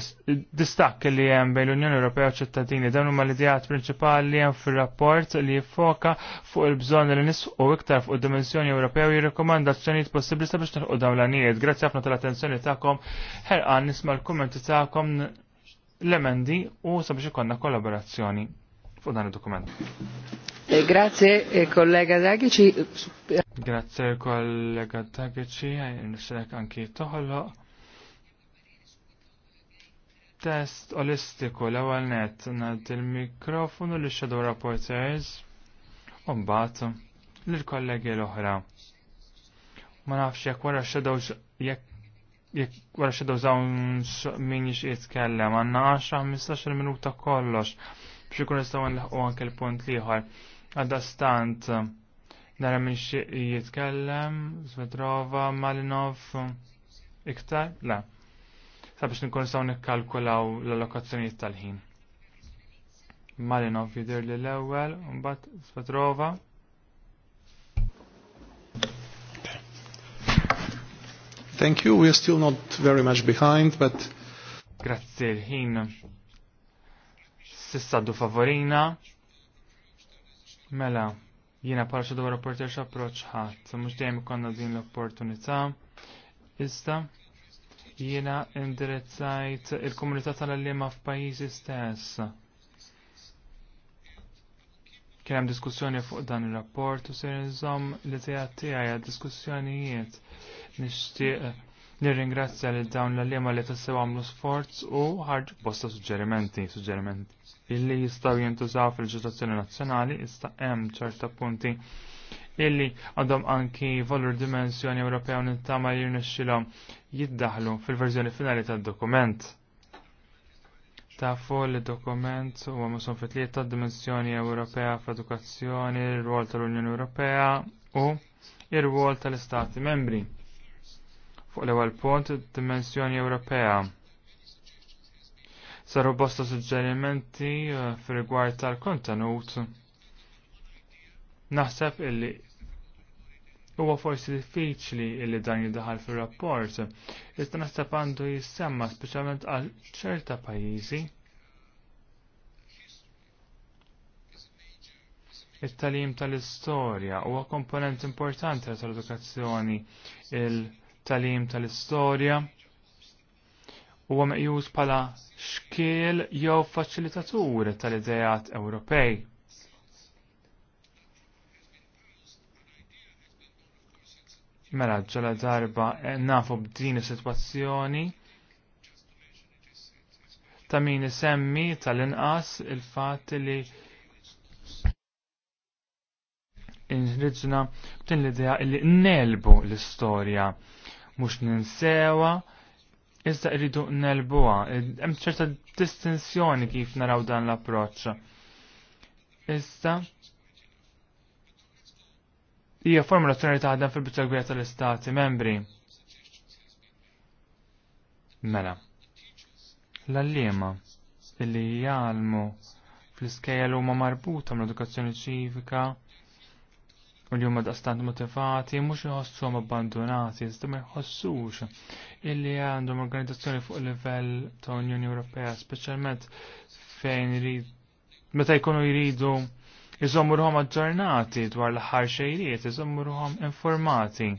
distak li hemm bejn l-Unjoni Ewropea u ċittadini. Dawn huma l-idejat prinċipali hemm fir-rapport li jiffoka fuq il-bżonn li nisqu iktar fuq dimensjoni Ewropea u jirrekomandazzjonijiet possibbli sabiex nilqu dawn l-għanijiet. Grazzi ħafna tal-attenzjoni tagħkom. ħerqa' nisma' l-kummenti tagħkom l-emendi u sabiex ikonna kollaborazzjoni fuq dan id-dokument. Eh, grazie kollega eh, Zagici. Grazie kollega Tagici, nixrek anki toħlo. Test olistiku l ewwel net nad il-mikrofonu li shadow rapporters u mbagħad lill-kollegi l-oħra. Ma nafx jekk wara shadow jekk wara shadow żawn min jix jitkellem għandna 10-15 minuta kollox biex jkun nistgħu nleħqu anke l-punt liħor. Għadda stant nara minn xieq jitkellem, Svetrova, Malinov, iktar? Le. Sabiex nkun saw nikkalkulaw l-allokazzjonijiet tal-ħin. Malinov jidir li l-ewwel, mbagħad Svetrova. Thank you. We are still not very much behind, but Grazzi l-ħin. Sissa du favorina. Mela, Jiena bħala dwar dwar rapporter x'approċċ ħadd, mhux dejjem konna din l-opportunità. Iżda jiena indirizzajt il-komunità tal-allima f'pajjiżi stess. Kien hemm diskussjoni fuq dan ir-rapport u se nżomm li tiegħi tiegħi diskussjonijiet nixtieq Nirringrazzja li dawn l-għalima li tassew għamlu sforz u ħarġu bosta suġġerimenti, suġġerimenti illi jistaw jintużaw fil-ġitazzjoni nazzjonali, jista' hemm ċerta punti illi għadhom anki valur dimensjoni Ewropea u nittama li jirnexxilhom jiddaħlu fil-verżjoni finali tad-dokument. Tafu li dokument huwa musum fit-tliet tad-dimensjoni Ewropea f'edukazzjoni, ir-rwol tal-Unjoni Ewropea u ir-rwol tal-Istati membri. Fuq l-ewwel punt id-dimensjoni Ewropea. Saru bosta suġġerimenti eh, fir-rigward tal-kontenut. Naħseb illi huwa forsi diffiċli illi dan jiddaħal fir-rapport, iżda naħseb għandu jissemma speċjalment għal ċerta pajjiżi. it-talim tal-istorja huwa komponent importanti tal edukazzjoni il- talim tal-istorja huwa meqjus bħala xkiel jew faċilitatur tal-idejat Ewropej. Mela ġala darba eh, nafu b'din is-sitwazzjoni ta' min isemmi tal-inqas il fat li inħriġna b'din l-idea li nelbu l-istorja mhux ninsewa, iżda iridu nelbuha. Hemm ċerta distinzjoni kif naraw dan l-approċċ. Issa hija formulazzjoni li taħdem fil-biċċa kbira tal-istati membri. Mela. L-allima illi jgħalmu fl l huma marbuta mal-edukazzjoni ċivika u li huma daqstant motivati mhux iħossuhom abbandonati iżda ma jħossux illi għandhom organizzazzjoni fuq livell ta' Unjoni Ewropea speċjalment fejn meta jkunu jridu iżommurhom aġġornati dwar l-aħħar xejriet, iżommu ruhom informati.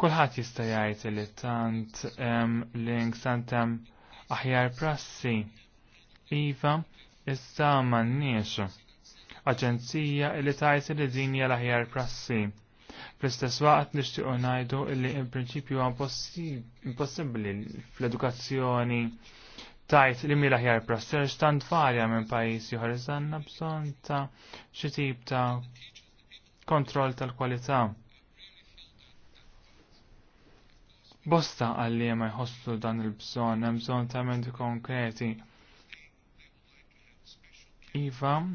Kulħadd jista' jgħid li tant hemm links tant hemm aħjar prassi. Iva, Issa m'għandniex aġenzija li tajt li din hija l-aħjar prassi. Fl-istess waqt nixtiequ ngħidu li l-prinċipju impossibbli fl-edukazzjoni tajt li mila ħjar għax tant varja minn pajis juħar iżanna bżon ta' xi tip ta' kontroll tal-kwalità. Bosta għalli ma jħossu dan il-bżon, hemm bżon ta' mendi konkreti Iva,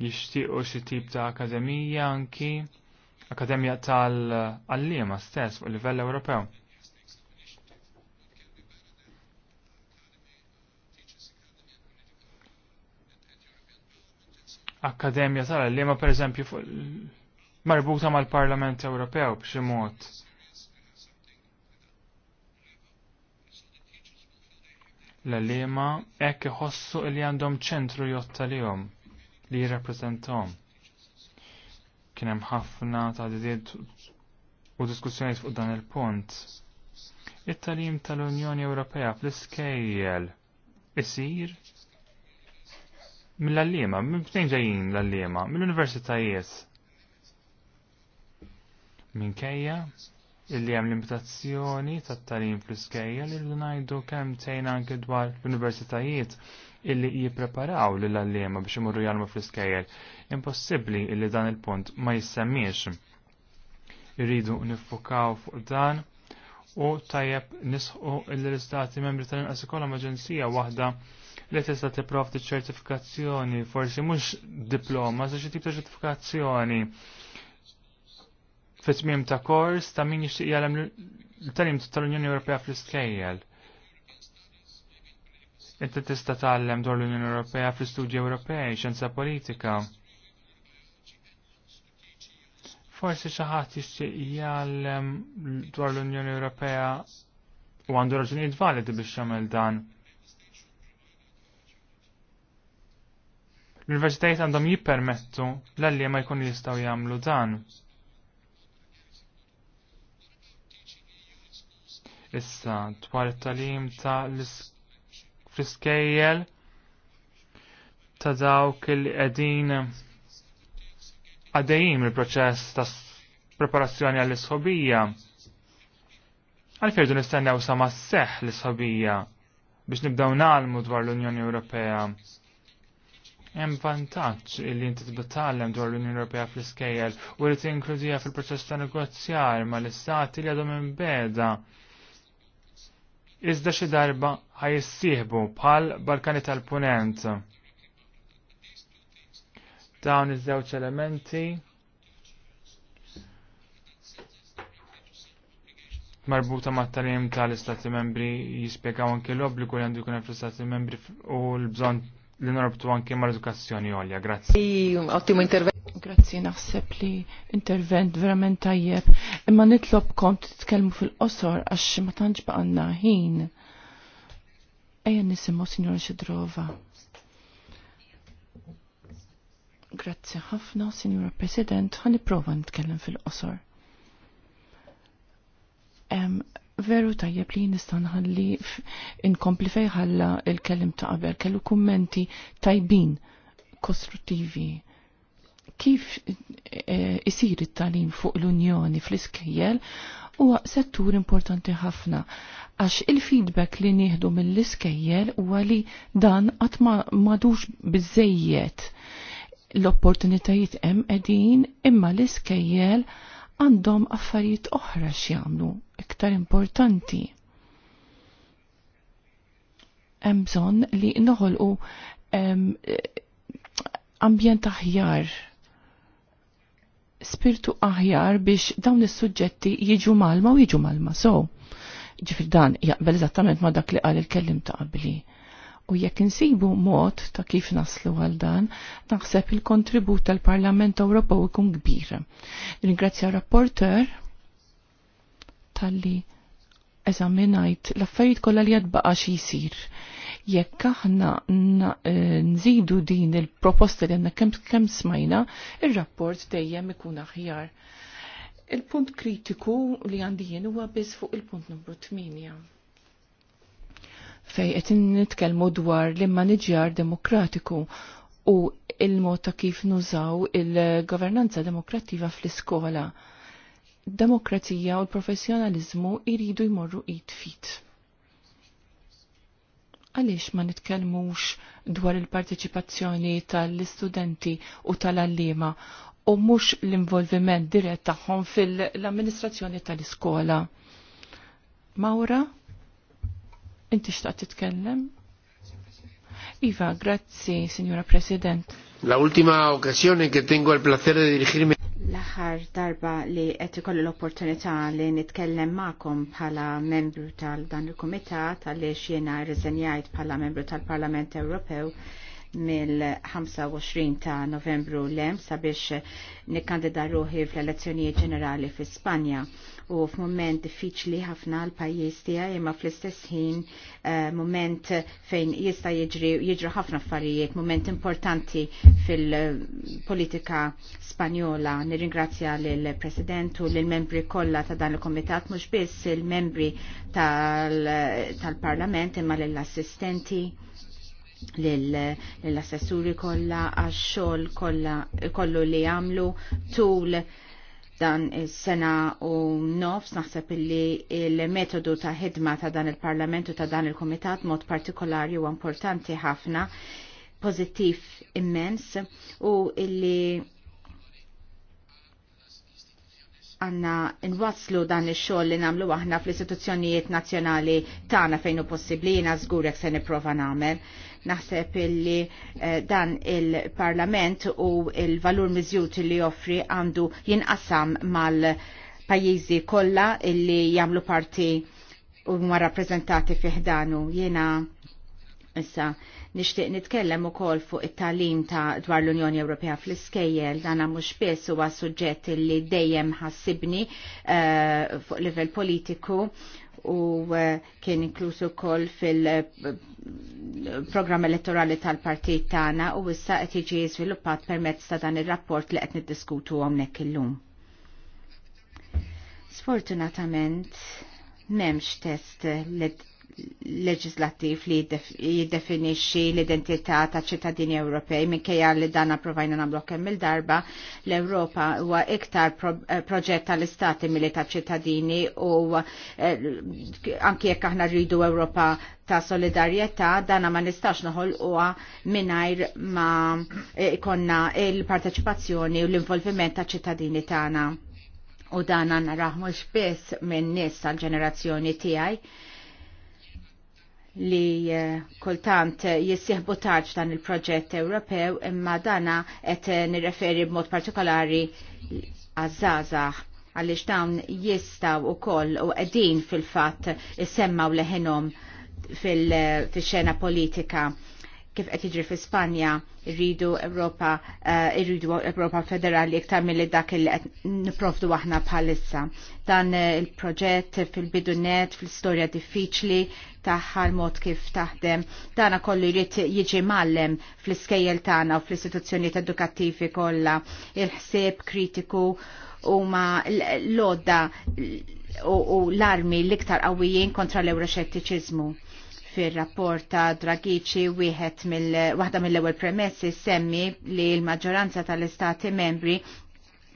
jishtiqo xi tip ta' akademija anki akademija tal għallima stess fuq livell Ewropew. Akademija tal għallima per eżempju marbuta mal-Parlament Ewropew b'xi mod. l-għalima ek iħossu li għandhom ċentru jotta li jom li jirrepresentom. Kienem ħafna ta' didiet u diskussjoniet fuq dan il-punt. It-talim tal-Unjoni Ewropea fl-iskejjel isir mill-għallima, minn ġejjin l-għallima, mill-universitajiet. Minkejja illi hemm limitazzjoni tat-talim fl-iskejja li rridu ngħidu kemm tejn anke dwar l-universitajiet illi jippreparaw lil allema biex imorru jarmu fl-iskejjel. Impossibbli illi dan il-punt ma jissemmiex. Irridu nifukaw fuq dan u tajjeb nisħu l-istati membri tal-inqas ikollhom aġenzija waħda li tista' tipprovdi ċertifikazzjoni, forsi mhux diploma, sa xi tip ta' ċertifikazzjoni fit-tmiem ta' kors ta' min jixtieq jagħlem l-talim tal-Unjoni Ewropea fl-iskejjel. Inti tista' tgħallem dwar l-Unjoni Ewropea fl-istudji Ewropej, xjenza politika. Forsi xi ħadd jixtieq jgħallem dwar l-Unjoni Ewropea u għandu raġunijiet validi biex jagħmel dan. L-Universitajiet għandhom jippermettu l-għalli ma jkun jistgħu jagħmlu dan. Issa dwar it-talim ta' l-iskejjel ta' dawk li qegħdin għadejjim il-proċess ta' preparazzjoni għall-isħobija. Għalfejdu nistennew sa' ma' seħ l-isħobija biex nibdew nalmu dwar l-Unjoni Ewropea. Hemm vantaġġ li inti tbitallem dwar l-Unjoni Ewropea fl-iskejjel u li tinkludija fil-proċess ta' negozjar mal istati li għadhom imbeda iżda xi darba ħajissieħbu bħal Balkani tal-Punent. Dawn iż-żewġ elementi marbuta ma' talim tal-Istati membri jispjegaw anke l-obbligu li għandu jkun hemm fl-Istati membri u l-bżonn li narbtu anke mal edukazzjoni għolja. Grazzi. Grazzi naħseb li intervent verament tajjeb. Imma nitlob kont titkellmu fil-qosor għax ma tantx baqanna ħin. Ejja nisimgħu Sinjor Xidrova. Grazzi ħafna, Sinjora President, ħani prova nitkellem fil-qosor. Veru tajjeb li nista' nħalli inkompli fejħalla il-kellim ta' qabel, kellu kummenti tajbin, kostruttivi kif eh, isir it-talim fuq l-Unjoni fl-iskejjel huwa settur importanti ħafna għax il-feedback li nieħdu mill-iskejjel huwa li dan qatt madux biżejjed l-opportunitajiet hemm qegħdin imma l-iskejjel għandhom affarijiet oħra x'jagħmlu iktar importanti. Hemm bżonn li noħolqu eh, ambjent aħjar spirtu aħjar biex dawn is-suġġetti jiġu malma u jiġu malma so. Ġifir dan jaqbel eżattament ma dak li qal il-kellim ta' qabli. U jekk insibu mod ta' kif naslu għal dan, naħseb il-kontribut tal-Parlament Ewropew ikun kbir. Ringrazzja rapporter tal-li eżaminajt l-affarijiet kollha li jadbaqa xi jsir. Jekk aħna eh, nżidu din il-proposta li għanna kemm kem smajna, il-rapport dejjem ikun aħjar. Il-punt kritiku li għandi jien huwa biss fuq il-punt numru 8 fej qed nitkellmu dwar l-immaniġjar demokratiku u il-mod ta' kif nużaw il-governanza demokrativa fl-iskola. Demokrazija u l-professjonalizmu iridu jmorru id fit għaliex ma nitkellmux dwar il-partiċipazzjoni tal-istudenti u tal-allima u mhux l-involviment dirett tagħhom fil-amministrazzjoni tal-iskola. Maura, inti xtaqt titkellem? Iva, grazzi, signora President. La ultima occasione che tengo il placer di dirigirmi l-aħħar darba li qed ikollu l-opportunità li nitkellem magħkom bħala membru tal dan il-kumitat għaliex jiena rriżenjajt bħala membru tal-Parlament Ewropew mill-25 ta' novembru lem sabiex nikkandida ruħi fl-elezzjonijiet ġenerali fi Spanja u f'mument diffiċli ħafna l-pajjiż tiegħi imma fl-istess ħin uh, eh, mument fejn jista' jiġri jiġru ħafna affarijiet, mument importanti fil-politika Spanjola. Nirringrazzja lill president u lill membri kollha ta' dan il-Komitat mhux biss il-membri tal-Parlament imma lill-assistenti l-assessuri kolla għax-xol kollu li għamlu tul dan is-sena u nofs naħseb illi il-metodu ta' ħidma ta' dan il-parlamentu ta' dan il-komitat mod partikolari u importanti ħafna, pozittiv immens u illi għanna nwaslu dan il-xol li namlu aħna fl-istituzzjonijiet nazjonali tagħna fejn u possibli jina żgurek se nipprova nagħmel Naħseb illi eh, dan il-Parlament u il-valur miżjut li joffri għandu jinqasam mal-pajjiżi kollha illi jagħmlu parti u ma rappresentati fiħdanu. Jiena issa nixtieq nitkellem ukoll fuq it-talim ta' dwar l-Unjoni Ewropea fl-iskejjel dan mhux biss huwa suġġett li dejjem ħassibni uh, fuq livell politiku u eh, kien inklusu kol fil-programm elettorali tal partijt tagħna u issa qed jiġi żviluppat permezz ta' dan ir-rapport li qed niddiskutu hawnhekk illum. Sfortunatament m'hemmx test li leġislattiv li jiddefinixxi l-identità ta' ċittadini Ewropej minkejja li dan approvajna nagħmlu kemm il-darba l-Ewropa huwa iktar eh, proġett tal-istati milli ta' ċittadini u eh, anki jekk aħna rridu Ewropa ta' solidarjetà dana ma nistax noħolquha mingħajr ma eh, ikonna il-parteċipazzjoni u l-involviment ta' ċittadini tagħna. U dan għanna raħmu xbis minn nis tal-ġenerazzjoni tiegħi li eh, kultant eh, jissieħbu tarġ dan il-proġett Ewropew imma dana qed eh, nirreferi b'mod partikolari għazzazax għaliex dawn jistaw u koll u qegħdin fil-fatt issemmaw leħinhom fil-xena politika kif qed jiġri fi Spanja irridu Ewropa irridu Ewropa Federali iktar milli dak li qed niprofdu aħna bħalissa. Dan il-proġett fil-bidu net fil-istorja diffiċli taħħa l-mod kif taħdem. Tana kollu jrid jiġi mallem fl-iskejjel tagħna u fl istituzzjoni edukattivi kollha il-ħsieb kritiku huma l-odda u l-armi l-iktar qawwijin kontra l euroxettiċizmu fil-rapport ta' Dragici wieħed mill waħda mill-ewwel premessi semmi li l-maġġoranza tal-istati membri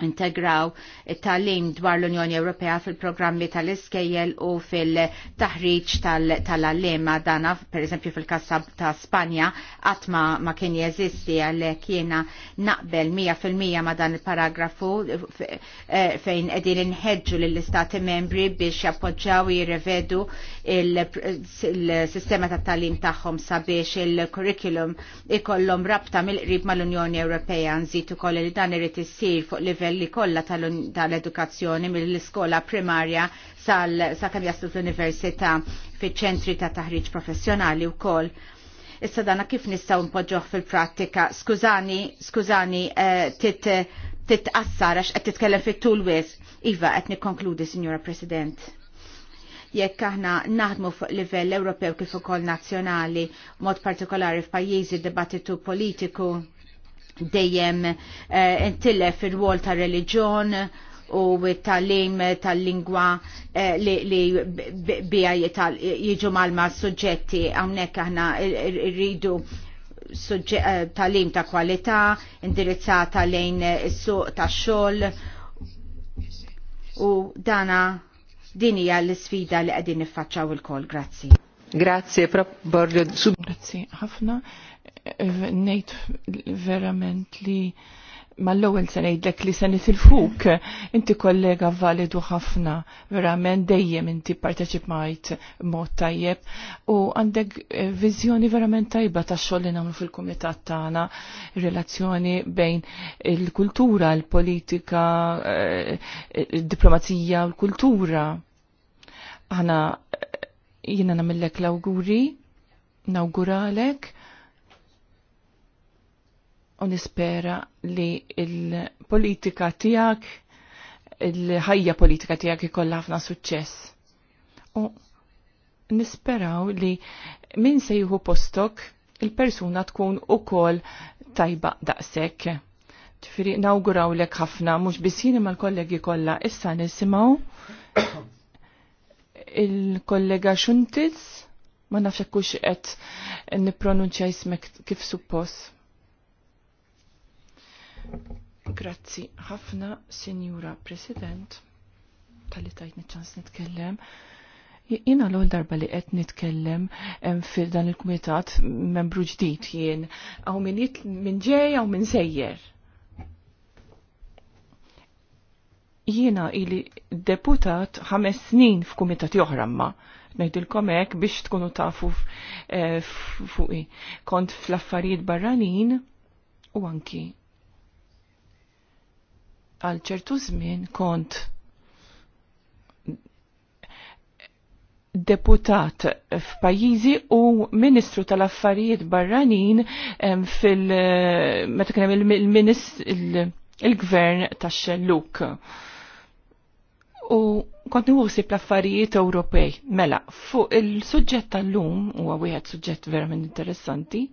integraw it-talim dwar l-Unjoni Ewropea fil-programmi tal-iskejjel u fil-taħriġ tal-allema -tal dana, per eżempju fil-kassa ta' Spanja, għatma ma kien jeżisti għal kiena naqbel 100% ma dan il-paragrafu eh, fejn edin inħedġu l-istati membri biex jappoġġaw jirrevedu il-sistema ta' talim tagħhom sabiex il-kurrikulum ikollhom rabta mill-qrib mal-Unjoni Ewropea nżid ukoll li dan irid issir fuq livell livelli kollha tal-edukazzjoni mill-iskola primarja sal-sakemm jaslu l-università fiċ-ċentri ta' taħriġ professjonali wkoll. Issa dana kif nistgħu npoġġoh fil-prattika? Skużani, skużani eh, titqassar għax qed titkellem fit-tul wis. Iva qed nikkonkludi, Signora President jekk aħna naħdmu fuq livell Ewropew kif ukoll nazzjonali, mod partikolari f'pajjiżi dibattitu politiku dejjem eh, intilef ir wol ta' religjon u tal-lim tal-lingwa eh, li bija jiġu malma suġġetti għamnek aħna rridu eh, tal-lim ta' kwalità indirizzata lejn is-suq tax-xogħol u dana din hija l-isfida li qegħdin niffaċċaw il-kol. Grazzi. Grazie, Borgio. Grazie, ħafna nejt verament li l ewwel se ngħidlek li se nitilfuk, inti kollega validu ħafna, verament dejjem inti parteċipajt mod tajjeb u għandek eh, viżjoni verament tajba tax-xogħol li nagħmlu fil-kumitat tagħna, relazzjoni bejn il-kultura, il-politika, id-diplomazija eh, eh, u l-kultura. Aħna jiena nagħmellek l-awguri, nawguralek u nispera li il-politika tijak, il-ħajja politika tijak ikolla ħafna suċċess. U nisperaw li min se jieħu postok il-persuna tkun u kol tajba daqsek. Ġifiri, nawguraw lek ħafna, mux bisini ma l-kollegi kolla, issa nisimaw il-kollega Xuntiz, ma nafxekux et nipronunċa jismek kif suppos. Grazzi ħafna, Sinjura President, tal-li tajt ċans nitkellem. Jina l-għol darba li qed nitkellem fil dan il-kumitat membru ġdid jien, għaw minn ġej, għaw minn sejjer. Jiena ili deputat ħames snin f'kumitat joħramma, ma. Ngħidilkom hekk biex tkunu tafu eh, fuqi. Kont fl-affarijiet barranin u anki għal ċertu żmien kont deputat f'pajjiżi u ministru tal-affarijiet barranin fil- meta kien hemm il-gvern tax-xelluk. U kont nħusib l-affarijiet Ewropej. Mela, fuq il-suġġett tal-lum huwa wieħed suġġett verament interessanti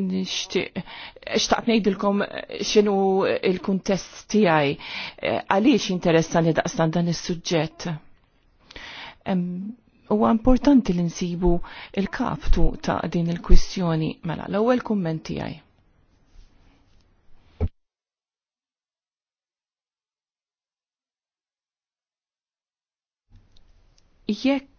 nishtiq, xtaqt nejdilkom xinu il-kuntest tijaj, għaliex li daqstan dan il-sujġet. Huwa importanti li nsibu il-kaptu ta' din il-kwistjoni, mela, l-ewwel kumment tijaj. Jekk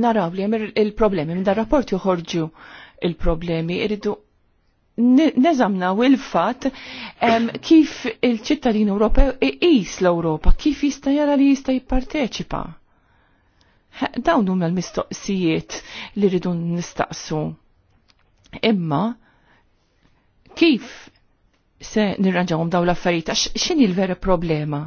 naraw li jemir il-problemi, minn dar rapport juħorġu il-problemi, irridu neżamnaw il-fat kif il-ċittadin Ewropew iqis l-Ewropa, kif jista' jara li jista' jipparteċipa. Dawn huma l-mistoqsijiet li rridu nistaqsu. Imma kif se nirranġawhom dawn l-affarijiet xini x'inhi l-vera problema?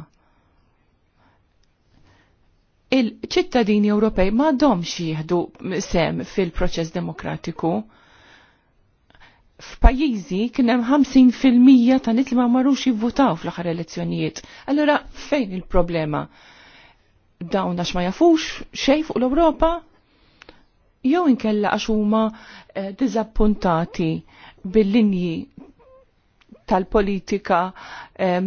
il-ċittadini Ewropej ma domx jieħdu sem fil-proċess demokratiku. F'pajjiżi kien hemm 50% ta' nit li ma marrux jivvutaw fl-aħħar elezzjonijiet. Allura fejn il-problema? Dawn għax ma jafux xejn fuq l-Ewropa? Jew inkella għax huma eh, diżappuntati bil-linji tal-politika eh,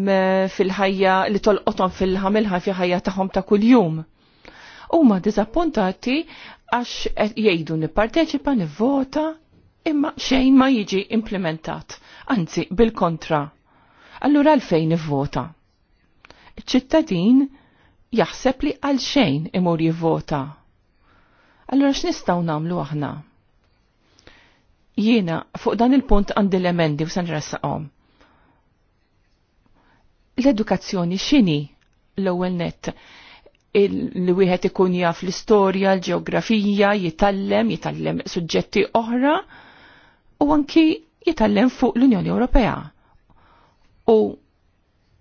fil-ħajja li tolqotom fil-ħamilħa fi ħajja tagħhom ta' kuljum huma diżappuntati għax jgħidu nipparteċipa, nivvota, imma xejn ma jiġi implementat, anzi bil-kontra. Allura għalfejn nivvota? Ċittadin jaħseb li għal xejn imur jivvota. Allura x'nistgħu nagħmlu aħna? Jiena fuq dan il-punt għandi l-emendi u sanressaqhom. L-edukazzjoni x'inhi l-ewwel nett li wieħed ikun jaf l-istorja, l-ġeografija, jitallem, jitallem suġġetti oħra u anki jitallem fuq l-Unjoni Ewropea. U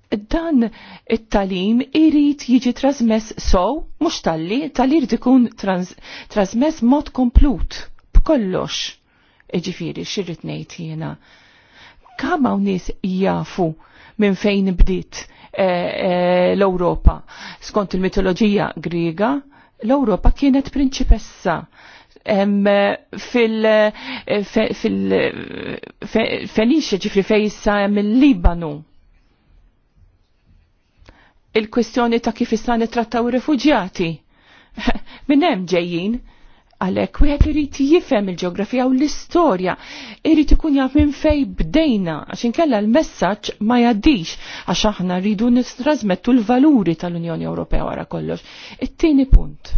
dan it-talim irid jiġi trasmess sow, mhux talli, tal irid ikun trasmess mod komplut b'kollox. Iġifieri xirrid ngħid jiena. Kemm hawn nies jafu minn fejn bdiet Eh, eh, l-Ewropa. Skont il-mitoloġija Griega, l-Ewropa kienet prinċipessa fil-Fenice eh, ġifri fejsa mill-Libanu. Il-kwestjoni ta' kif issa nitrattaw rifugjati. *laughs* Minn hemm ġejjin Għalek, wieħed irid jifhem il-ġeografija u l-istorja, irrit ikun jaf minn fej bdejna, għaxin kella l-messaġġ ma jgħaddix għax aħna rridu nistrasmettu l-valuri tal-Unjoni Ewropea wara kollox. It-tieni punt.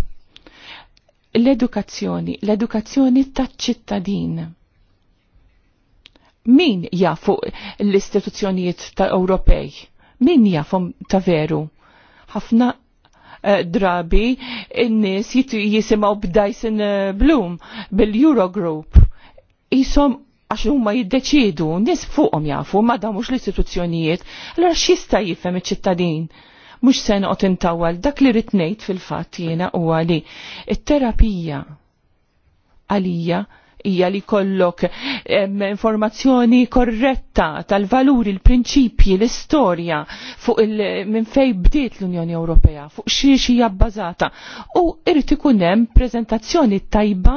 L-edukazzjoni, l-edukazzjoni taċ-ċittadin. Min jafu l-istituzzjonijiet ta' Ewropej? Min jafhom ta' veru? Ħafna eh, drabi in-nies jisimgħu b'Dyson eh, Bloom bil-Eurogroup. jisom għax huma jiddeċidu, nies fuqhom jafu, ma damux l-istituzzjonijiet, allura xista jifhem iċ-ċittadin? Mhux se noqgħod intawal dak li rid ngħid fil-fatt jiena huwa li t terapija għalija hija li kollok informazzjoni korretta tal-valuri, l-prinċipji, l-istorja fuq il minn fej bdiet l-Unjoni Ewropea, fuq xiex hija bbażata. U irid ikun hemm preżentazzjoni tajba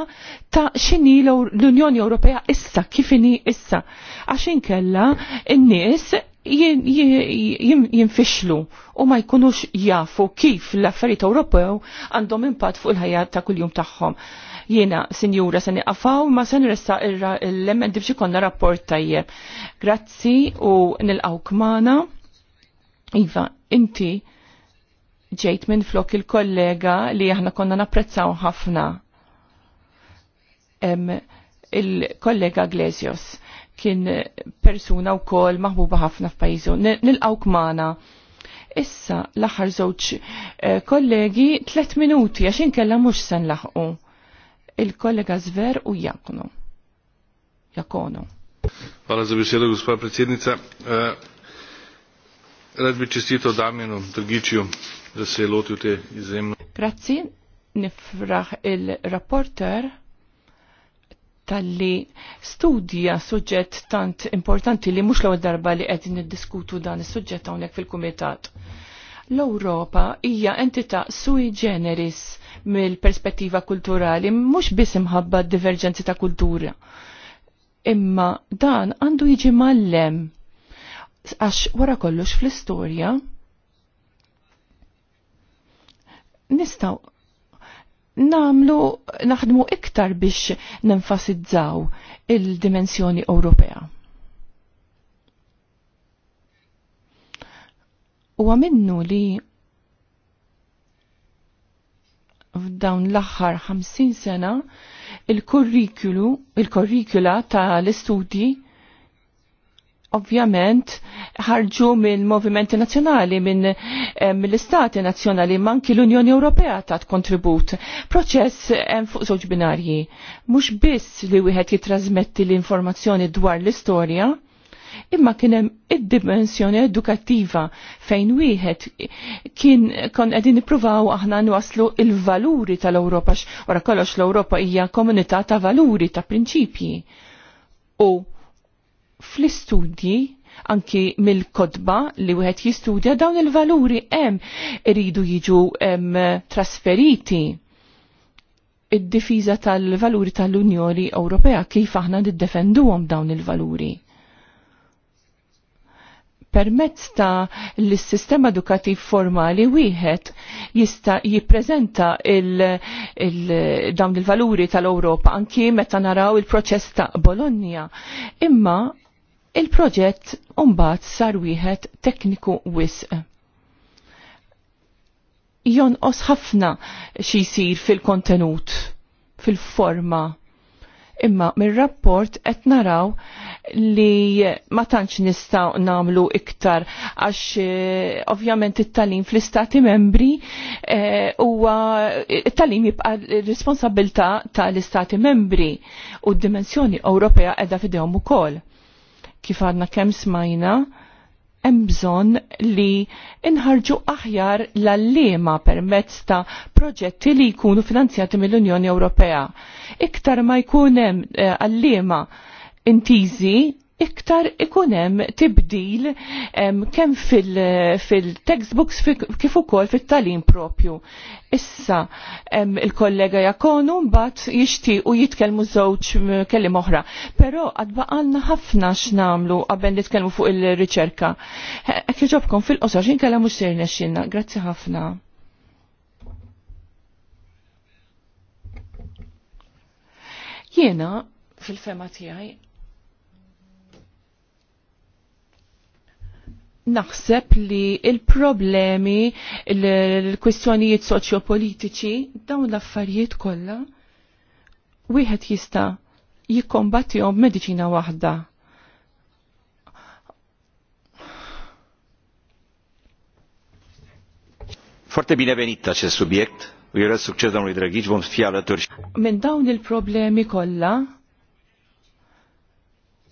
ta' x'inhi l-Unjoni Ewropea issa kif inhi issa. Għax inkella n-nies jinfixlu u ma jkunux jafu kif l-affarijiet Ewropew għandhom impatt fuq il-ħajja ta' kuljum tagħhom. Jiena, sinjura, se għafaw ma se nressa l-emendi dibxi konna rapport tajjeb. Grazzi u nilqawk mana. Iva, inti ġejt minn flok il-kollega li aħna konna napprezzaw ħafna. Il-kollega Glesios kien persuna u kol maħbuba ħafna f'pajizu. Nilqawk mana. Issa, l-aħħar żewġ eh, kollegi, tlet minuti, għax kella mhux se nlaħqu il-kollega Zver u Jakonu. Jakonu. Hvala za besedo, gospa predsednica. Eh, rad bi čestito Damjenu Drgičiju, da se je lotil te izjemno. Grazzi, nifraħ il-rapporter tal-li studja suġġett tant importanti li mux l-ewwel darba li qed niddiskutu dan is-suġġett hawnhekk fil-kumitat. L-Ewropa hija entità sui generis mill-perspettiva kulturali, mhux biss imħabba d-diverġenzi ta' kultura. Imma dan għandu jiġi mallem għax wara kollox fl-istorja nistaw namlu naħdmu iktar biex nenfasizzaw il-dimensjoni Ewropea. U għamennu li f'dawn l-aħħar 50 sena il-kurrikulu, il-kurrikula tal-istudji ovvjament ħarġu minn movimenti nazzjonali, minn eh, l-istati nazzjonali, manki l-Unjoni Ewropea ta' kontribut. Proċess hemm eh, fuq żewġ binarji. Mhux biss li wieħed jitrasmetti l-informazzjoni dwar l-istorja, imma kien hemm id-dimensjoni edukattiva fejn wieħed kien kon qegħdin nippruvaw aħna nwaslu il-valuri tal-Ewropa wara kollox l-Ewropa hija komunità ta' valuri ta' prinċipji. U fl-istudji anki mill-kodba li wieħed jistudja dawn il-valuri hemm iridu jiġu trasferiti id-difiża tal-valuri tal-Unjoni Ewropea kif aħna niddefenduhom dawn il-valuri permezz ta' l-sistema edukativ formali wieħed jista' jippreżenta il, dawn il-valuri tal-Ewropa anki meta naraw il-proċess ta' Bologna. Imma il-proġett mbagħad sar wieħed tekniku wisq jonqos ħafna xi jsir fil-kontenut, fil-forma imma mir-rapport qed naraw li ma tantx nistgħu nagħmlu iktar għax eh, ovvjament it tagħlim fl-istati membri eh, huwa e, it tagħlim jibqa' responsabilità tal-istati membri u d-dimensjoni Ewropea qiegħda f'idejhom ukoll. Kif għadna kemm smajna, bżonn li inħarġu aħjar l-allima permezz ta' proġetti li jkunu finanzjati mill-Unjoni Ewropea. Iktar ma jkun hemm eh, allima intiżi iktar ikunem tibdil kemm fil-textbooks fil kif ukoll fit-talim propju. Issa il-kollega jakonu mbagħad jixtiequ jitkellmu żewġ kellim oħra. Però qed baqalna ħafna x'namlu qabel nitkellmu fuq il-riċerka. Ekkieġobkom fil-qosor xin mhux ser xinna. Grazzi ħafna. Jiena fil-fema tiegħi naħseb li il-problemi, il-kwistjonijiet soċjopolitiċi, dawn l-affarijiet kollha wieħed jista' jikkombattihom b'mediċina waħda. Forte bine venitta ċe subiect, u jera suċċedam li dragiġ bom fjala turx. Minn dawn il-problemi kollha,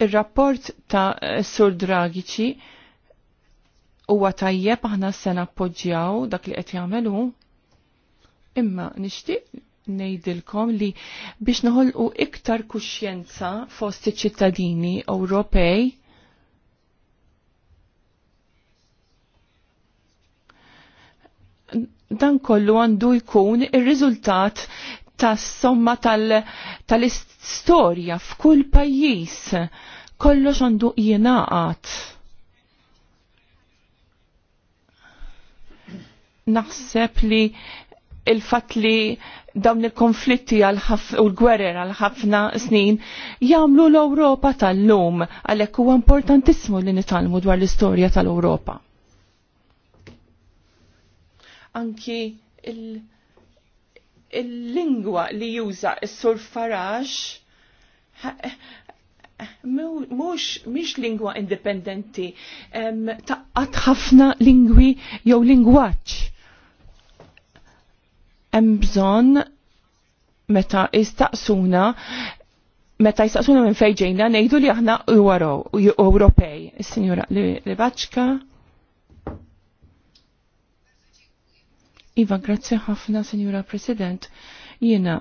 il-rapport ta' Sur Dragiċi huwa tajjeb aħna se nappoġġjaw dak li qed jagħmelu. Imma nixtieq ngħidilkom li biex noħolqu iktar kuxjenza fost iċ-ċittadini Ewropej dan kollu għandu jkun ir-riżultat tas somma tal-istorja tal f'kull pajjiż kollox għandu jenaqat naħseb li il-fat li dawn il-konflitti u l-gwerer għal ħafna snin jagħmlu l-Ewropa tal-lum għalhekk huwa importantissimu li nitalmu dwar l-istorja tal-Ewropa. Anki il-lingwa il li juża is-sur Farax mux miex lingwa indipendenti, taqqat ħafna lingwi jew lingwaċ hemm bżonn meta jistaqsuna meta jistaqsuna minn fejġejna ngħidu li aħna Ewropej. Is-Sinjura Libaċka. Iva, grazzi ħafna, Sinjura President. Jiena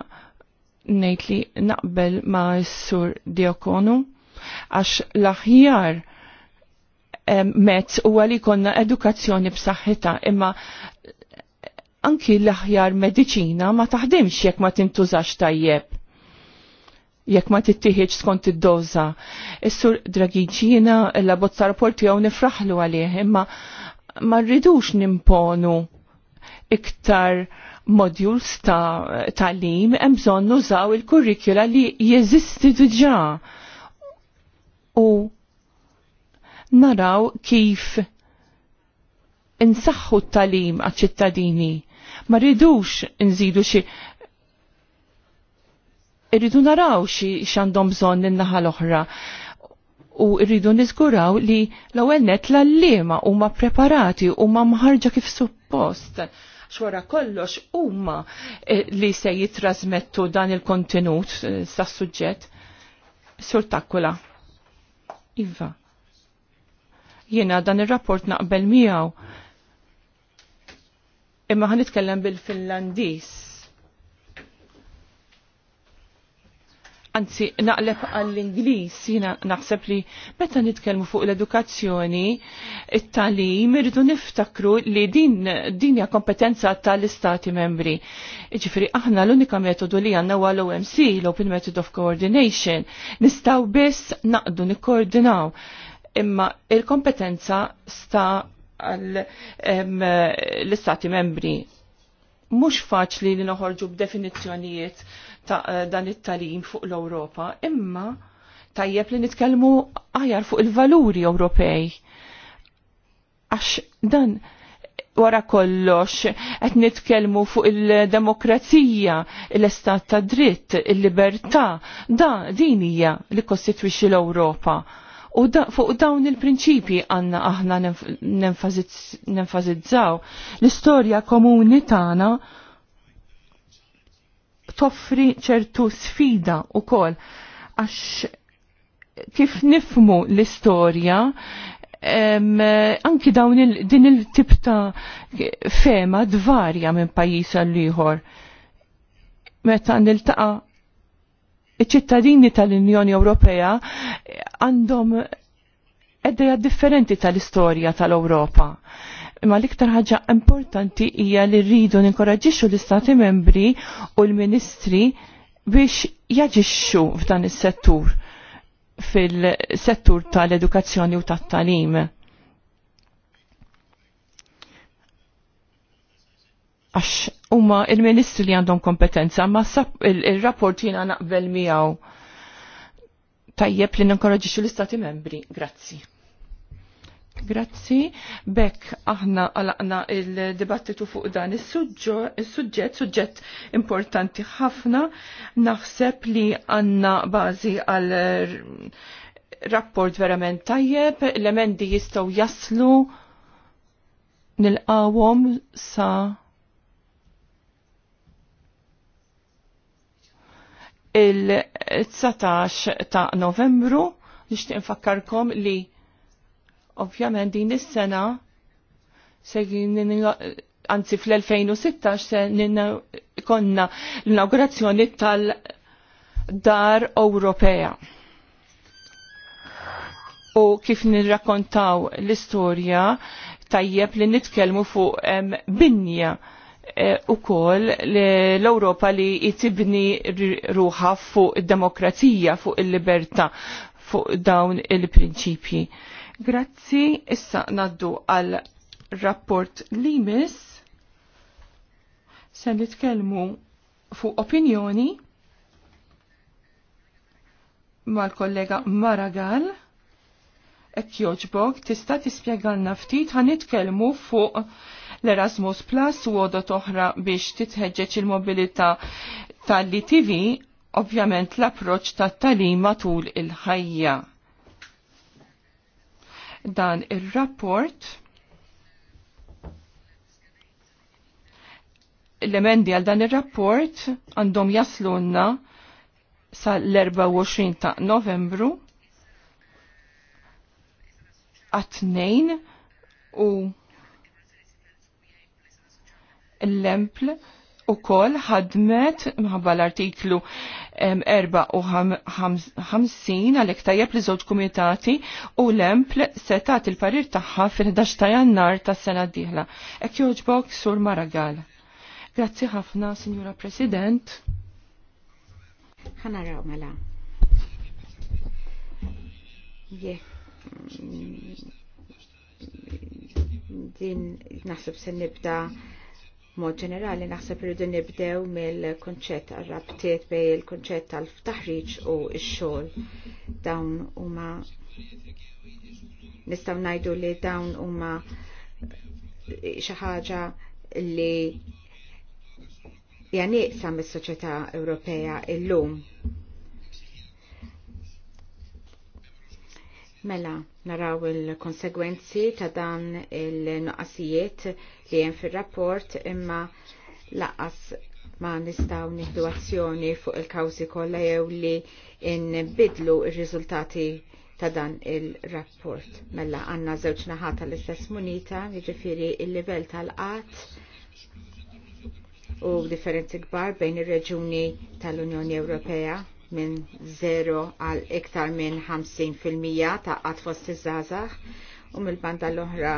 ngħid li naqbel ma' s-sur Diokonu għax l-aħjar eh, mezz u li konna edukazzjoni b'saħħita imma anki l-aħjar medicina ma taħdimx jekk ma tintużax tajjeb. Jekk ma tittieħeġ skont id-doża. Is-sur Dragiċina l bozza rapporti jew nifraħlu għalih, imma ma rridux nimponu iktar modules ta' talim hemm bżonn nużaw il-kurrikula li jeżisti diġà. U naraw kif insaħħu t-talim għal ċittadini Ma rridux nżidu xi irridu naraw xi x'għandhom bżonn in-naħa l-oħra u rridu niżguraw li l-ewwel net l-allima huma preparati huma mħarġa kif suppost xwara kollox huma eh, li se jitrażmettu dan il-kontenut eh, sas suġġett Sur takkula. Iva. Jiena dan ir rapport naqbel miegħu imma ħan nitkellem bil-Finlandis. Anzi, naqleb għall-Ingliż, jina naħseb li meta nitkellmu fuq l-edukazzjoni, it-talim irridu niftakru li din din hija kompetenza tal-istati membri. Ġifri, aħna l-unika metodu li għandna huwa l-OMC, l-Open Method of Coordination, nistgħu biss naqdu nikkoordinaw imma il-kompetenza sta l-istati membri. Mhux faċli li noħorġu b'definizzjonijiet ta' eh, dan it-talim fuq l-Ewropa, imma tajjeb li nitkellmu ajar fuq il-valuri Ewropej. Għax dan wara kollox qed nitkellmu fuq il-demokrazija, l-istat ta' dritt, il-libertà, da din hija li kostitwixxi l-Ewropa U da, fuq dawn il-prinċipji għanna aħna nenfazizzaw l-istorja komuni tagħna toffri ċertu sfida u kol għax kif nifmu l-istorja anki dawn il, din il-tip ta' fema dvarja minn pajjiż għal liħor Meta niltaqa' iċ-ċittadini tal-Unjoni Ewropea għandhom għeddeja differenti tal-istorja tal-Ewropa. Imma l-iktar ħaġa importanti hija li rridu ninkoraġġixxu l-Istati membri u l-Ministri biex jaġixxu f'dan is-settur fil-settur tal-edukazzjoni u tat-talim. Għax huma il-ministri li għandhom kompetenza, ma il-rapport jina naqbel miegħu tajjeb li ninkoraġixxu l-istati membri. Grazzi. Grazzi. Bekk aħna għalaqna il-dibattitu fuq dan is-suġġett, suġġett importanti ħafna, naħseb li għanna bażi għal rapport verament tajjeb, l-emendi jistaw jaslu nil-qawom sa' il-19 ta' novembru nixtieq infakkarkom li ovvjament din is-sena anzi fl-2016 se konna l-inaugurazzjoni tal-Dar Ewropea. U kif nirrakkontaw l-istorja tajjeb li nitkellmu fuq binja Eh, u kol l-Europa li jitibni ruħa fuq id-demokrazija, fuq il-liberta, fuq dawn il-prinċipji. Grazzi, issa naddu għal rapport Limis. Se nitkellmu fuq opinjoni mal-kollega Maragall ek joġbok tista tispjegalna ftit għan nitkelmu fuq l-Erasmus Plus u għodot oħra biex titħeġġeġ il-mobilita tal-ITV, ovvjament l-approċ tat-talim matul il-ħajja. Dan il-rapport l-emendi għal dan il-rapport għandhom jaslunna sal-24 ta' novembru għat-2 u l-empl u kol ħadmet mħabba l-artiklu 54 għalek tajjeb li żewġ komitati u l-empl setat il-parir taħħa fil-11 ta' jannar ta' sena diħla. Ek joġbok sur Maragall. Grazzi ħafna, Signora President. Ħana mela. Yeah mm, din naħseb se nibda Mod ġenerali naħseb irridu nibdew mill-konċett rabtiet bej il-konċett tal-taħriġ u x-xogħol. Dawn huma nistgħu ngħidu li dawn huma xi ħaġa li hija nieqsa mis-soċjetà Ewropea illum. Mela, naraw il-konsegwenzi ta' dan il noqasijiet li jen fil-rapport imma laqas ma nistaw nieħdu azzjoni fuq il-kawzi kollha jew li nbidlu il riżultati ta' dan il-rapport. Mella għanna żewġ naħat tal-istess munita, jiġifieri il-livell tal qat u differenzi kbar bejn ir-reġuni tal-Unjoni Ewropea minn 0 għal iktar minn 50% ta' qatt fost iż-żgħażagħ u mill-banda l-oħra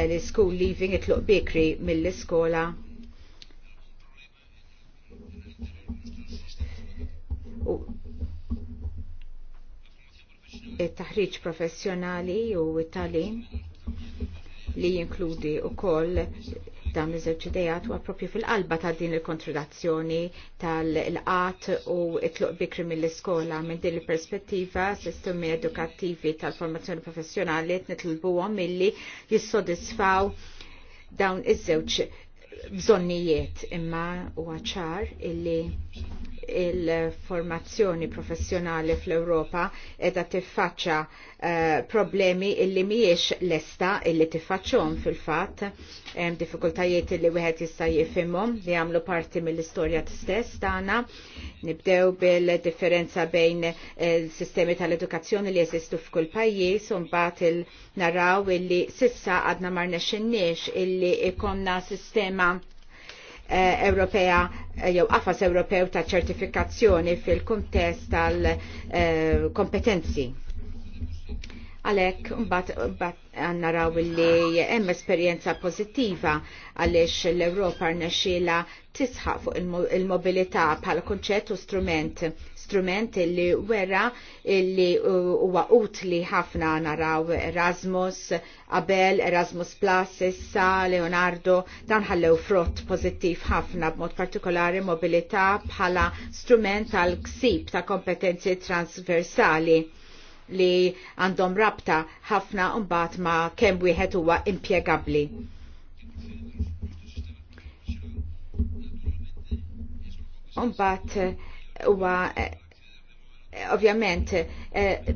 l-school leaving itluq bikri mill-iskola. it-taħriġ professjonali u it-talim li jinkludi u koll dawn iż-żewġ idejat huwa proprju fil-qalba ta' din il-kontradazzjoni tal-qat u it-tluq bikri mill-iskola minn din il-perspettiva sistemi edukattivi tal-formazzjoni professjonali qed nitlbuhom milli jissodisfaw dawn iż-żewġ bżonnijiet imma huwa ċar illi il-formazzjoni professjonali fl-Europa edha tiffaċċa uh, problemi illi miex lesta illi tiffaċċhom fil-fatt diffikultajiet li wieħed jista' jifhimhom li għamlu parti mill-istorja stess tagħna. Nibdew bil-differenza bejn il-sistemi eh, tal-edukazzjoni li jeżistu f'kull pajjiż u mbagħad naraw illi sissa għadna ma rnexxinniex illi ikonna sistema eh, Ewropea eh, jew qafas Ewropew ta' ċertifikazzjoni fil-kuntest tal-kompetenzi. Għalek, mbagħad naraw li hemm esperjenza pożittiva għaliex l-Ewropa rnexxiela tisħaq fuq il-mobilità bħala kunċett u strument strument li wera li huwa utli ħafna naraw Erasmus, Abel, Erasmus Plus, issa, Leonardo, dan ħallew frott pożittiv ħafna b'mod partikolari mobilità bħala strument għal ksib ta' kompetenzi transversali li għandhom rabta ħafna mbagħad ma kemm wieħed huwa impjegabbli. Mbagħad eh, huwa eh, ovvjament eh,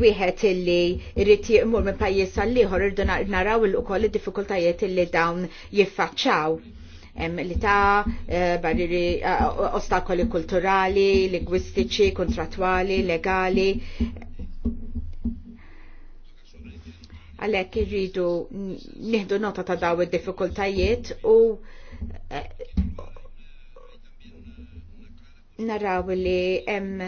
wieħed illi jrid jimur minn pajjiż sal ieħor irdu naraw ukoll id-diffikultajiet illi dawn jiffaċċaw. L-età, barriri, ostakoli kulturali, lingwistiċi, kontratwali, legali, Għalhekk irridu nieħdu nota ta' daw id-diffikultajiet u eh, naraw li hemm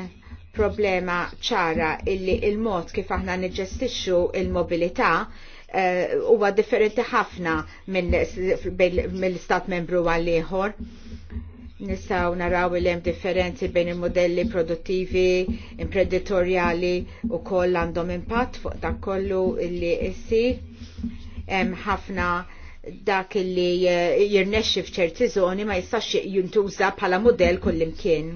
problema ċara illi il-mod kif aħna niġġestixxu il-mobilità eh, huwa differenti ħafna mill-istat membru għal ieħor nistaw naraw li hemm differenzi bejn il-modelli produttivi, imprenditorjali u koll għandhom impatt fuq dak kollu li issi, Hemm ħafna dak li eh, jirnexxi f'ċerti żoni ma jistax jintuża bħala modell kullimkien.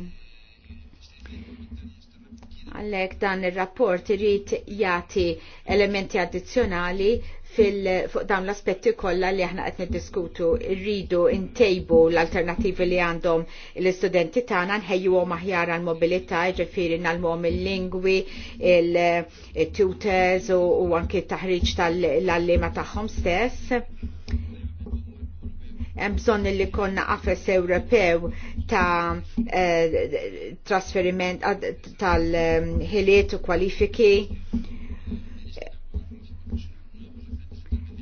Għalhekk dan ir-rapport irid jagħti elementi addizzjonali fuq dawn l-aspetti kollha li aħna qed niddiskutu rridu ntejbu l-alternattivi li għandhom l-istudenti tagħna nħejjuhom aħjar għal mobilità, ġifieri nagħmluhom il-lingwi, il-tutors u anke t-taħriġ tal-allima tagħhom stess. Hemm bżonn li konna qafes Ewropew ta' eh, trasferiment tal-ħiliet eh, u kwalifiki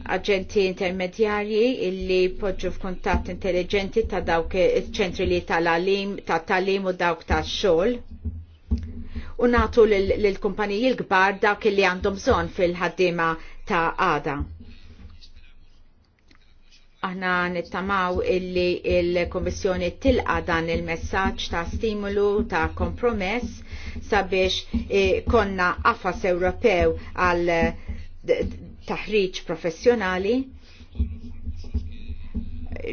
aġenti intermedjarji illi poġġu f'kuntatt intelligenti ta' dawk iċ-ċentri li tal għalim ta' talim u dawk ta' xogħol. U natu lill-kumpaniji l-kbar dawk li għandhom bżonn fil-ħaddiema ta' għada. Aħna nittamaw illi il kummissjoni tilqa dan il-messaġġ ta' stimulu ta' kompromess sabiex eh, konna affas Ewropew għal taħriġ professjonali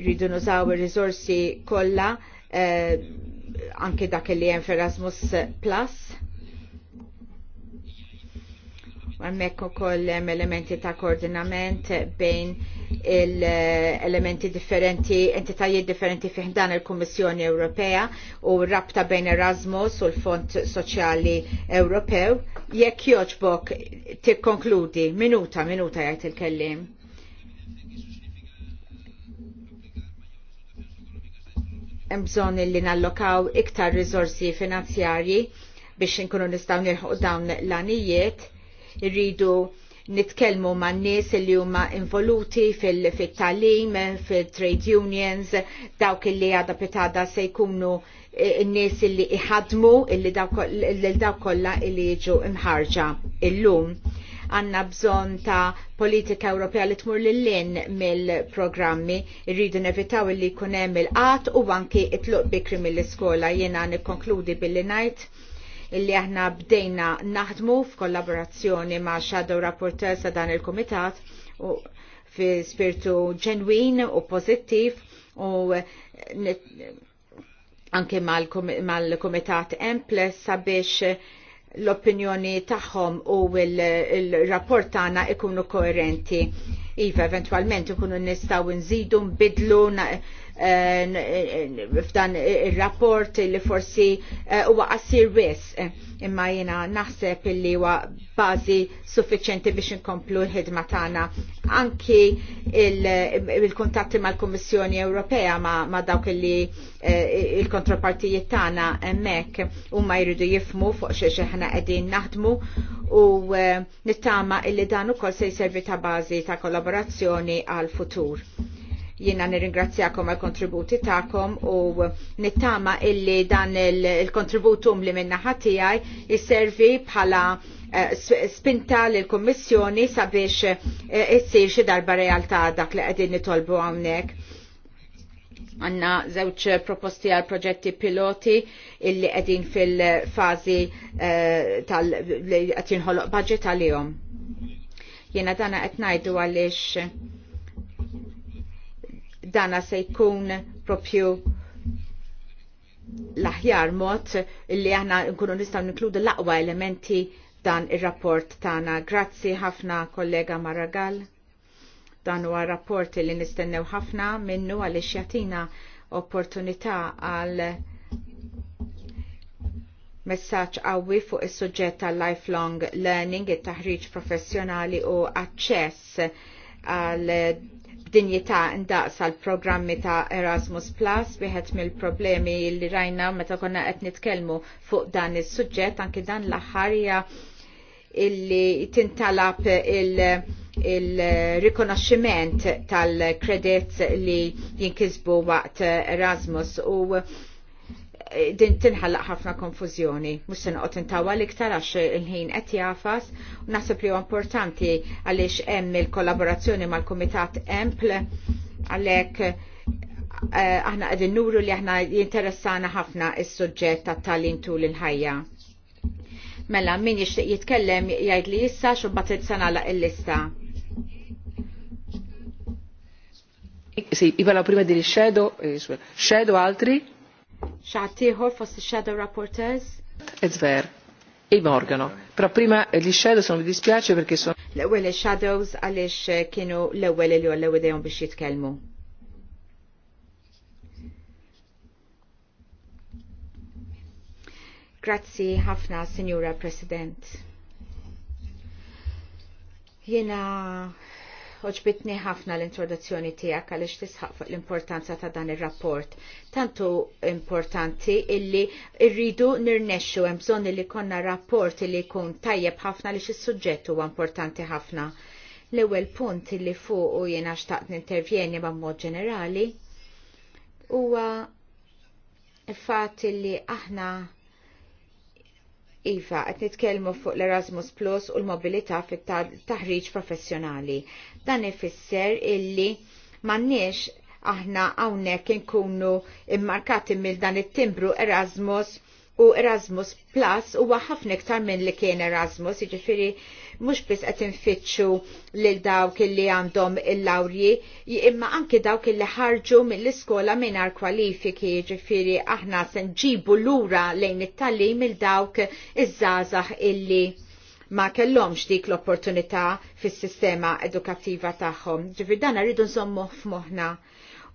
rridu nużaw ir-riżorsi kollha eh, anke dak li hemm Erasmus Plus Għammek u koll elementi ta' koordinament bejn elementi differenti, entitajiet differenti dan il-Kommissjoni Ewropea u rabta bejn Erasmus u l-Fond Soċjali Ewropew. Jekk joġbok tikkonkludi, minuta, minuta jgħid il-kellim. Mbżon li nallokaw iktar rizorsi finanzjarji biex nkunu nistaw nilħu dawn l-anijiet irridu nitkellmu man nies li huma involuti fil-talim, fil-trade unions, dawk li għada petada se jkunu eh, n-nies li iħadmu li dawk kollha li jġu imħarġa illum. Għanna bżon ta' politika Ewropea li tmur lil-lin mill-programmi, irridu nevitaw li kunem il-qat u għanki it-tluq bikri mill-iskola jena nikkonkludi billi najt illi aħna bdejna naħdmu f'kollaborazzjoni ma' Shadow Rapporteur sa' dan il-Komitat u fi spiritu ġenwin u pozittiv u eh, anke mal-Komitat Emples sabiex l-opinjoni tagħhom u l-rapport tagħna ikunu koerenti. Iva, eventualment ikunu nistgħu nżidu, nbidlu, Eh, eh, f'dan il-rapport li forsi eh, huwa qasir wis imma jiena naħseb li huwa bażi suffiċenti biex inkomplu l-ħidma tagħna anki il-kuntatti mal-Kummissjoni Ewropea ma dawk li il-kontropartijiet tagħna hemmhekk huma jridu jifmu fuq xi ħna qegħdin naħdmu u nittama illi dan ukoll se jservi ta' bażi ta' kollaborazzjoni għal futur. Jiena nirringrazzjakom għal kontributi tagħkom u nittama illi dan il-kontributum li minna ħatijaj jisservi bħala eh, spinta l kommissjoni sabiex eh, issir xi darba realtà dak li qegħdin nitolbu hawnhekk għanna zewċ proposti għal proġetti piloti illi għedin fil-fazi eh, tal għedin ħoloq budget għal-jom. Jena dana għetnajdu għalix dana se jkun propju l-aħjar mod li aħna nkunu nistgħu ninkludu l-aqwa elementi dan ir-rapport tagħna. Grazzi ħafna kollega Maragall. Dan huwa rapport li nistennew ħafna minnu għaliex jagħtina opportunità għal messaġġ qawwi fuq is-suġġett tal-lifelong learning, it-taħriġ professjonali u aċċess għal dinjità ndaqsa l-programmi ta' Erasmus Plus, wieħed mill-problemi li rajna meta konna qed nitkellmu fuq dan is-suġġett anki dan l-aħħarja illi tintalab il- il-rikonoxximent tal-kredits li jinkisbu waqt Erasmus u din tinħallaq ħafna konfużjoni. Mhux se noqgħod intawa iktar għax il-ħin qed jafas u naħseb li huwa importanti għaliex hemm il-kollaborazzjoni mal-Kumitat Empl għalhekk eh, aħna qegħdin nuru li aħna jinteressana ħafna is-suġġett tat-tagħlim tul il-ħajja. Mela min jixtieq jitkellem jgħid li issa xu mbagħad se nagħlaq il-lista. Sì, io prima di shadow, eh, shadow altri. Xaħtiħor fost il-Shadow Rapporteurs? It's ver. Però prima eh, gli shadow sono mi dispiace perché sono... L-ewel shadows għalix eh, kienu l-ewel li għallew idejom biex jitkelmu. Grazzi ħafna, Signora President. Jena oġbitni ħafna l-introduzzjoni tiegħek għaliex tisħaq fuq l-importanza ta' dan ir-rapport. Tantu importanti illi rridu nirnexxu hemm bżonn li konna rapport li jkun tajjeb ħafna li x suġġett huwa importanti ħafna. L-ewwel punt illi fuq u jiena xtaqt nintervjeni ma' mod ġenerali huwa il-fatt li aħna Iva, għet nitkelmu fuq l-Erasmus Plus u l-mobilita fit taħriġ professjonali. Dan ifisser illi mannix aħna għawnek nkunu immarkati mill dan it-timbru Erasmus u Erasmus Plus huwa ħafna iktar minn li kien Erasmus, jiġifieri mhux biss qed infittxu lil dawk li għandhom il lawri imma anke dawk li ħarġu mill-iskola mingħajr kwalifiki, jiġifieri aħna se nġibu lura lejn it-tagħlim il dawk iż żazax illi ma kellhomx dik l-opportunità fis-sistema edukattiva tagħhom. Ġifier dan rridu nżommu f'moħħna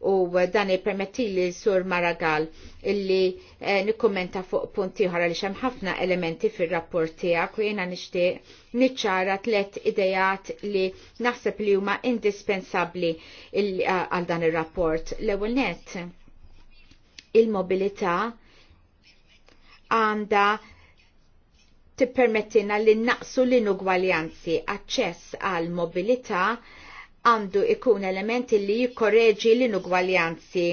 u dan permetti li sur Maragall illi eh, nikkommenta fuq punti ħara li xem ħafna elementi fil-rapport tijak u jena nishtiq nitċara tlet idejat li naħseb li huma indispensabli eh, għal dan il-rapport. L-ewel net, il-mobilità għanda tippermettina li naqsu l-inugwaljanzi, aċċess għal mobilità għandu ikun elementi li jikkorreġi l-inugwaljanzi,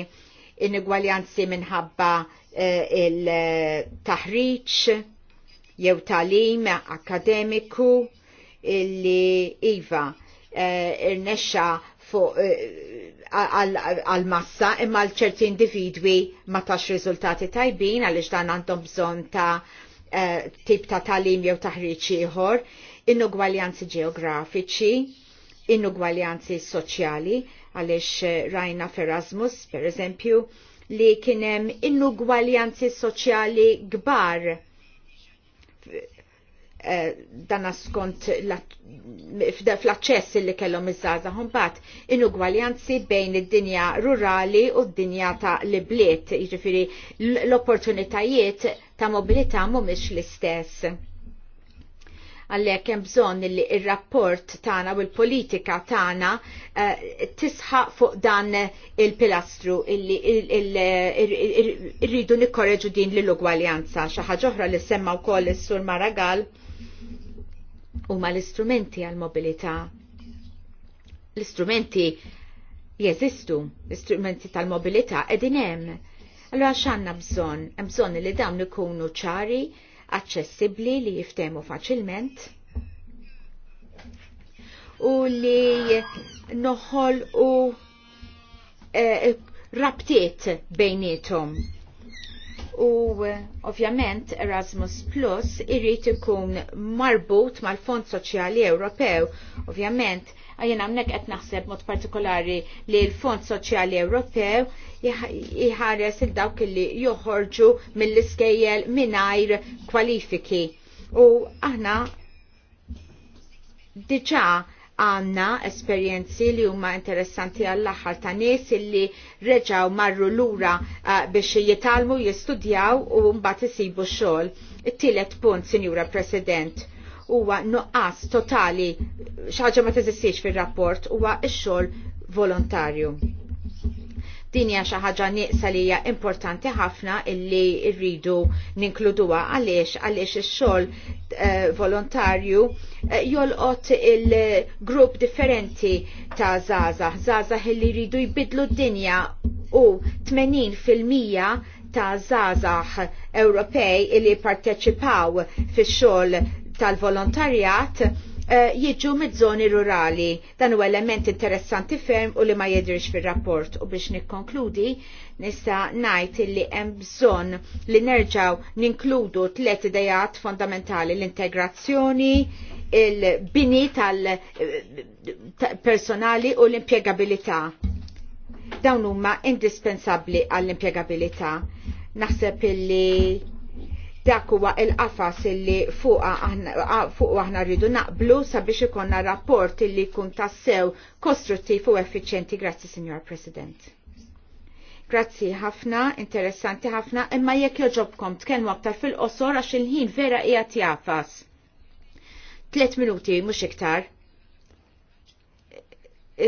inugwaljanzi minħabba eh, il-taħriċ, jew talim akademiku li iva eh, irnexxa fuq eh, għal-massa imma l-ċerti individwi ma tax riżultati tajbin għaliex dan għandhom bżonn ta' eh, tip ta' talim jew taħriċ ieħor, inugwaljanzi ġeografiċi, inugwaljanzi soċjali għaliex eh, rajna f'Erasmus, per eżempju, li kienem inugwaljanzi soċjali gbar eh, dan skont fl-aċċess li kellhom iż-żgħażagħ imbagħad inugwaljanzi bejn id-dinja rurali u d-dinja ta' li bliet, jiġifieri l-opportunitajiet ta' mobilità mhumiex l-istess għallek hemm bżonn li r rapport tagħna u l-politika tagħna eh, tisħaq fuq dan il-pilastru illi rridu nikkoreġu din l-ugwaljanza. Xi ħaġa oħra li semma wkoll is-Sur Maragall huma l-istrumenti għal-mobilità. L-istrumenti jeżistu, l-istrumenti tal-mobilità qegħdin hemm. Allora x'għandna bżonn? Hemm bżonn li dawn ikunu ċari, aċċessibbli li jiftemu faċilment u li noħol u eh, rabtiet bejnietom. U eh, ovvjament Erasmus Plus irrit ikun marbut mal-Fond Soċjali Ewropew. Ovvjament Għajjen għamnek qed naħseb mod partikolari li l-Fond Soċjali Ewropew jħares il-dawk li joħorġu mill-iskejjel mingħajr kwalifiki. U aħna diġà għanna esperienzi li huma interessanti għall-aħħar ta' nies li reġaw marru lura ura eh, biex jitalmu jistudjaw u mbagħad isibu xogħol. It-tielet punt, Sinjura President, huwa nuqqas totali xaġa ma teżistix fir-rapport huwa x-xogħol volontarju. Din hija xi ħaġa nieqsa li hija importanti ħafna illi rridu ninkluduha għaliex għaliex ix-xogħol eh, volontarju eh, jolqot il-grupp differenti ta' żgħażagħ, żgħażagħ illi jridu jbidlu d-dinja u 80% ta' zazax Ewropej li parteċipaw fi xogħol tal-volontarjat uh, jiġu mid-żoni rurali. Dan u element interessanti ferm u li ma jidrix fil-rapport. U biex nikkonkludi, nista najt li hemm bżonn li nerġaw ninkludu tliet idejat fondamentali l-integrazzjoni, il-bini tal-personali eh, u l-impiegabilità. Dawn huma indispensabbli għall-impiegabilità. Naħseb illi dak huwa il-qafas illi fuq aħna rridu naqblu sabiex ikonna rapport illi jkun tassew kostruttiv u effiċjenti. Grazzi, Signor President. Grazzi ħafna, interessanti ħafna, imma jekk joġobkom tkellmu aktar fil-qosor għax il-ħin vera hija tjafas. Tliet minuti mhux iktar.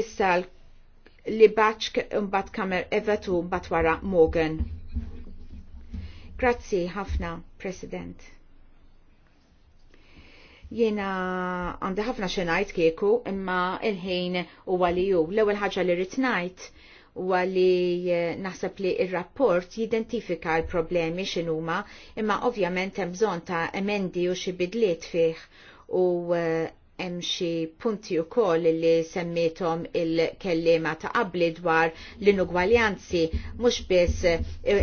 Issa li baċk mbagħad kamer evetu mbagħad wara Morgan. Grazzi ħafna, President. Jena għandi ħafna xenajt kieku imma il-ħin u ju. L-ewel ħagġa li ritnajt u għali naħseb li il-rapport jidentifika l-problemi xinuma imma ovvjament hemm bżon ta' emendi u xi bidliet fih u eh, hemm xi punti wkoll li semmietom il-kellima ta' qabli dwar l-inugwaljanzi mhux biss eh,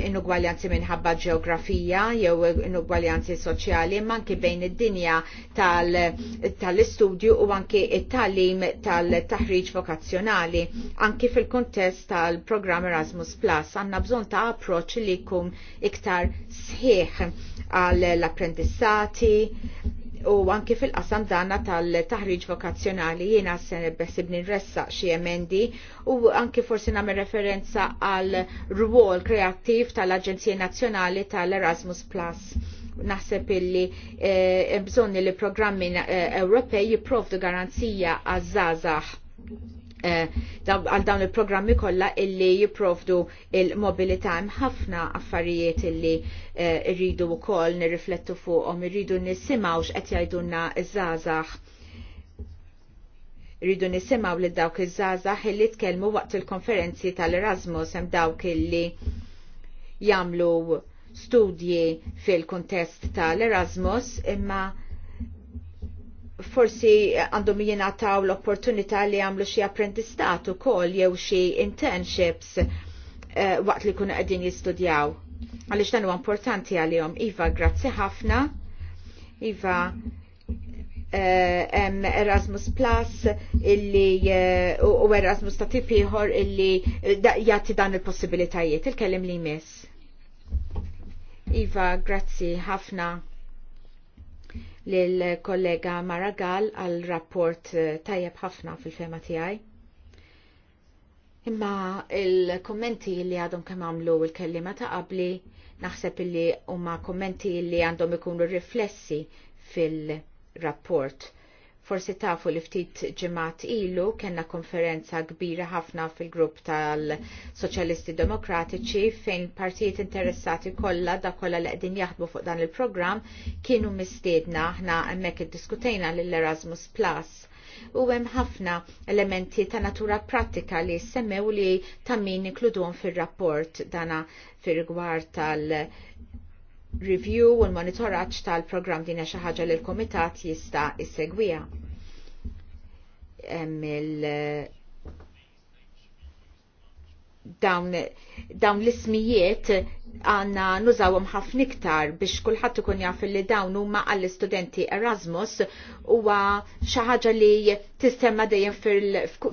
inugwaljanzi minħabba ġeografija jew inugwaljanzi soċjali ma anke bejn id-dinja tal-istudju u anke it tagħlim tal-taħriġ vokazzjonali anke fil-kontest tal-programm Erasmus Plus għandna bżonn ta' approċċ li jkun iktar sħiħ għall-apprendissati u anki fil-qasam dana tal-taħriġ vokazzjonali jiena se besib ninressa xi emendi u anki forsi nagħmel referenza għal rwol kreattiv tal-Aġenzija Nazzjonali tal-Erasmus Plus. Naħseb illi eh, bżonni li programmi eh, Ewropej jipprovdu garanzija għaż żgħażagħ Eh, għal dawn il-programmi kollha illi jipprovdu il-mobilità hemm ħafna affarijiet illi eh, rridu wkoll nirriflettu fuqhom, irridu nisimgħu x'qed jgħidulna iż-żgħażagħ. Rridu nisimgħu lil dawk iż-żgħażagħ illi tkellmu waqt il-konferenzi tal-Erasmus hemm dawk illi jagħmlu studji fil-kuntest tal-Erasmus imma forsi għandhom jenataw l-opportunità li għamlu xie apprendistat u kol jew xie internships uh, waqt li kunu għedin jistudjaw. Għalix dan u importanti għalihom. Iva, grazzi ħafna. Iva, uh, eh, em Erasmus Plus illi eh, u Erasmus ta' tip ieħor illi jagħti dan il-possibilitajiet. Il-kellim li jmiss. Iva, grazzi ħafna lill-kollega Maragall għal rapport eh, tajjeb ħafna fil-fema tiegħi. Imma il-kommenti li għadhom kemm għamlu il-kellima ta' qabli naħseb li huma kommenti li għandhom ikunu riflessi fil-rapport Forsi tafu li ftit ġemat ilu kena konferenza kbira ħafna fil-grupp tal-Soċjalisti Demokratiċi fejn partijiet interessati kollha da kollha li qegħdin jaħdmu fuq dan il-programm kienu mistiedna aħna hemmhekk iddiskutejna lill-Erasmus Plus u hemm ħafna elementi ta' natura pratika li semmew li ta' min fir-rapport dana fir-rigward tal- review u l-monitoraġġ tal-programm din xi ħaġa li l-Kumitat jista' issegwiha. Dawn, dawn l-ismijiet għanna nużawhom ħafna iktar biex kulħadd ikun jaf li dawn huma għall-istudenti Erasmus huwa xi ħaġa li tistemma dejjem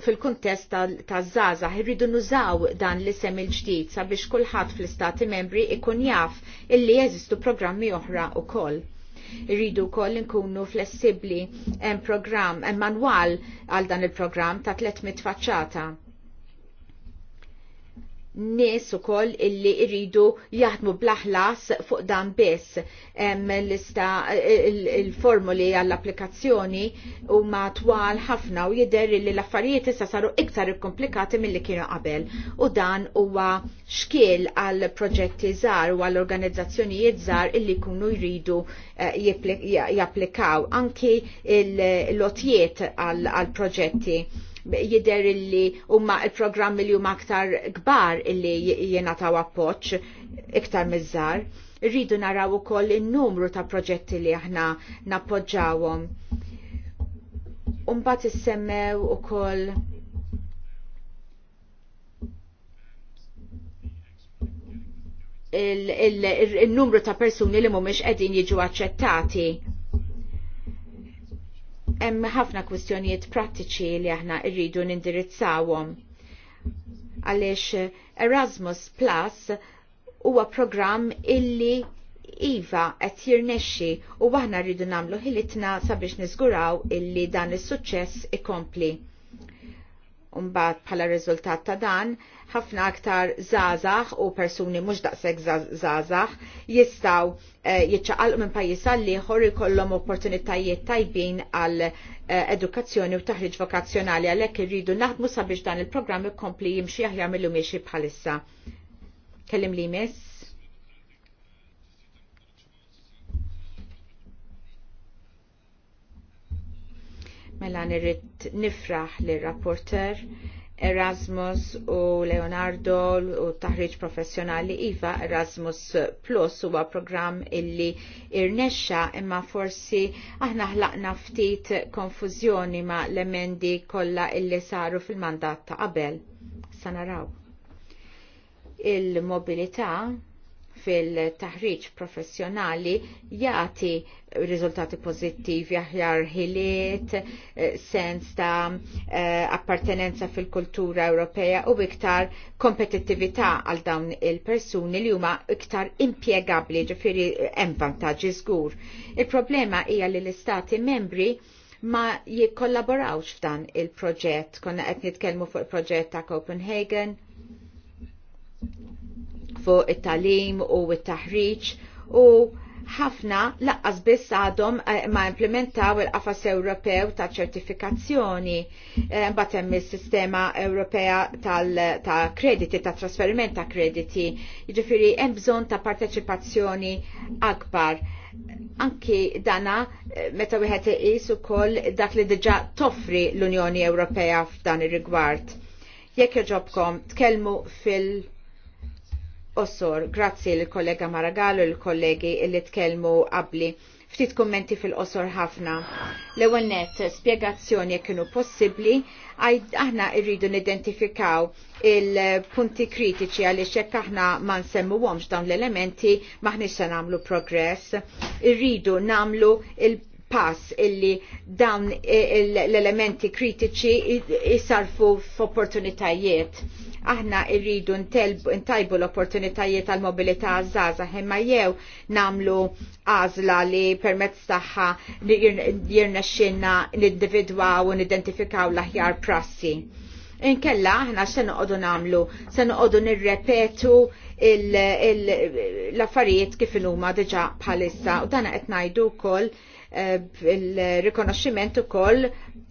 fil-kuntest taż-żgħażagħ irridu nużaw dan l-isem il-ġdid sabiex kulħadd fl-istati membri ikun jaf illi jeżistu programmi oħra wkoll irridu koll nkunu flessibli hemm programm hemm manwal għal dan il-programm ta' 300 faċċata nies ukoll illi iridu jaħdmu blaħlas fuq dan biss lista il-formuli għall-applikazzjoni huma twal ħafna u jidher li l-affarijiet issa saru iktar ikkomplikati milli kienu qabel u dan huwa xkiel għal proġetti żgħar u għall organizzazzjonijiet żgħar illi jkunu jridu eh, japplikaw anki l-lotjiet għal proġetti jider illi huma il-programmi li huma aktar kbar illi jenataw appoġġ iktar mizzar Rridu naraw ukoll in-numru ta' proġetti li aħna nappoġġawhom. Umbat issemmew ukoll il-numru ta' persuni li mhumiex qegħdin jiġu aċċettati Hemm ħafna kwistjonijiet prattiċi li aħna rridu nindirizzawhom. Għaliex Erasmus Plus huwa programm illi Iva qed jirnexxi u aħna rridu nagħmlu ħilitna sabiex niżguraw illi dan is-suċċess ikompli. Umbagħad bħala riżultat ta' dan ħafna aktar zazax u persuni mhux daqshekk zazax jistgħu eh, jiċċaqalqu minn pajjiż għal ieħor opportunitajiet tajbin għal eh, edukazzjoni u taħriġ vokazzjonali għalhekk irridu naħdmu sabiex dan il-programm ikompli jimxi aħjar millu miexi bħalissa. Kellim li miss. Mela nirrit nifraħ li rapporter Erasmus u Leonardo u taħriġ professjonali IVA Erasmus Plus huwa programm illi irnexxa imma forsi aħna ħlaqna ftit konfużjoni ma l-emendi kollha illi saru fil-mandat ta' qabel. Sanaraw. Il-mobilità fil-taħriġ professjonali jagħti riżultati pożittivi aħjar ħiliet, eh, sens ta' eh, appartenenza fil-kultura Ewropea u iktar kompetittività għal dawn il-persuni li huma iktar impjegabbli ġifieri eh, hemm vantaġġi żgur. Il-problema hija li l-istati membri ma jikkollaborawx f'dan il-proġett. Konna qed nitkellmu fuq il-proġett ta' Copenhagen, fuq it-talim u it-taħriġ u ħafna laqqas biss għadhom eh, ma implementaw il-qafas Ewropew ta' ċertifikazzjoni eh, mbagħad hemm is-sistema Ewropea ta' krediti ta' trasferiment ta' krediti. Jiġifieri hemm bżonn ta' parteċipazzjoni akbar anki dana eh, meta wieħed iqis ukoll dak li diġà toffri l-Unjoni Ewropea f'dan ir-rigward. Jekk joġobkom tkellmu fil- Ossor, Grazzi l-kollega Maragall u l-kollegi li tkellmu qabli ftit kummenti fil-qosor ħafna. L-ewwel net spjegazzjoni kienu possibbli, aħna rridu nidentifikaw il-punti kritiċi għaliex jekk aħna ma nsemmuhomx dawn l-elementi maħniex se nagħmlu progress. Irridu nagħmlu il- pass illi dawn l-elementi kritiċi jisarfu f'opportunitajiet. Aħna irridu ntajbu l-opportunitajiet għal mobilità għazzaza imma jew namlu għazla li permezz taħħa jirnexxinna l-individwa u nidentifikaw l-aħjar prassi. Inkella aħna se noqogħdu nagħmlu, se noqogħdu nirrepetu l-affarijiet kif il-ma diġà bħalissa u dana qed ngħidu wkoll Eh, il-rikonoxximent ukoll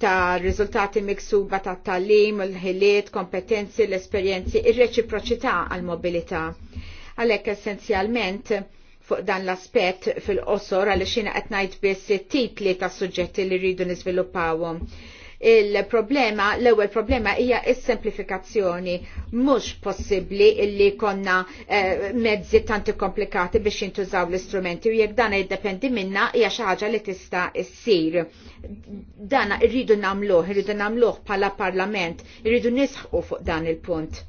ta' riżultati miksuba ta' tal-lim, il-ħiliet, kompetenzi, l-esperjenzi, ir-reċiproċità għal-mobilità. Għalhekk essenzjalment fuq dan l-aspett fil-qosor għaliex xina qed ngħid biss it ta' suġġetti li rridu niżviluppawhom Il-problema, l-ewwel problema hija s-semplifikazzjoni. Mhux possibbli illi konna eh, mezzi tanti komplikati biex jintużaw l-istrumenti u jekk dan jiddependi minna hija xi ħaġa li tista' ssir. Dana rridu nagħmluh, irridu nagħmluh bħala parlament, irridu nisħqu fuq dan il-punt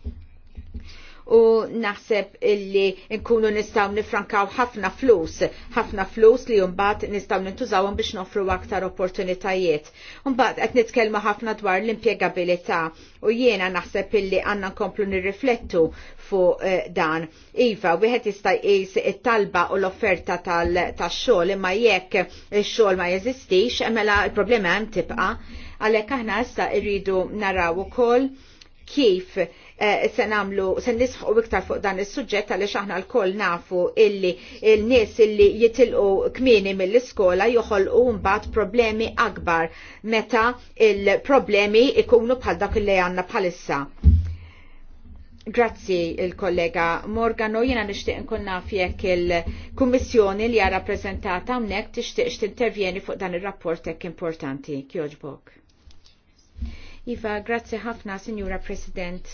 u naħseb illi nkunu nistaw nifrankaw ħafna flus, ħafna flus li jumbat nistaw nintużawhom biex nofru aktar opportunitajiet. Umbat qed nitkellmu ħafna dwar l-impjegabilità u jiena naħseb illi għandna nkomplu nirriflettu fuq eh, dan. Iva, wieħed jista' jqis it-talba u l-offerta tax-xogħol imma jekk ix-xogħol ma jeżistix, mela l-problema hemm tibqa' għalhekk aħna issa rridu naraw ukoll kif eh, se namlu se nisħu iktar fuq dan is-suġġett għaliex aħna lkoll nafu illi il-nies illi jitilqu kmieni mill-iskola joħolqu mbagħad problemi akbar meta il-problemi ikunu bħal dak li għandna bħalissa. Grazzi il-kollega Morgano, jena nishtiq nkun naf jekk il-kummissjoni li għara prezentata mnek tishtiq x'tintervjeni fuq dan ir rapport hekk importanti. Kjoġbok. Iva, grazzi ħafna, Signora President.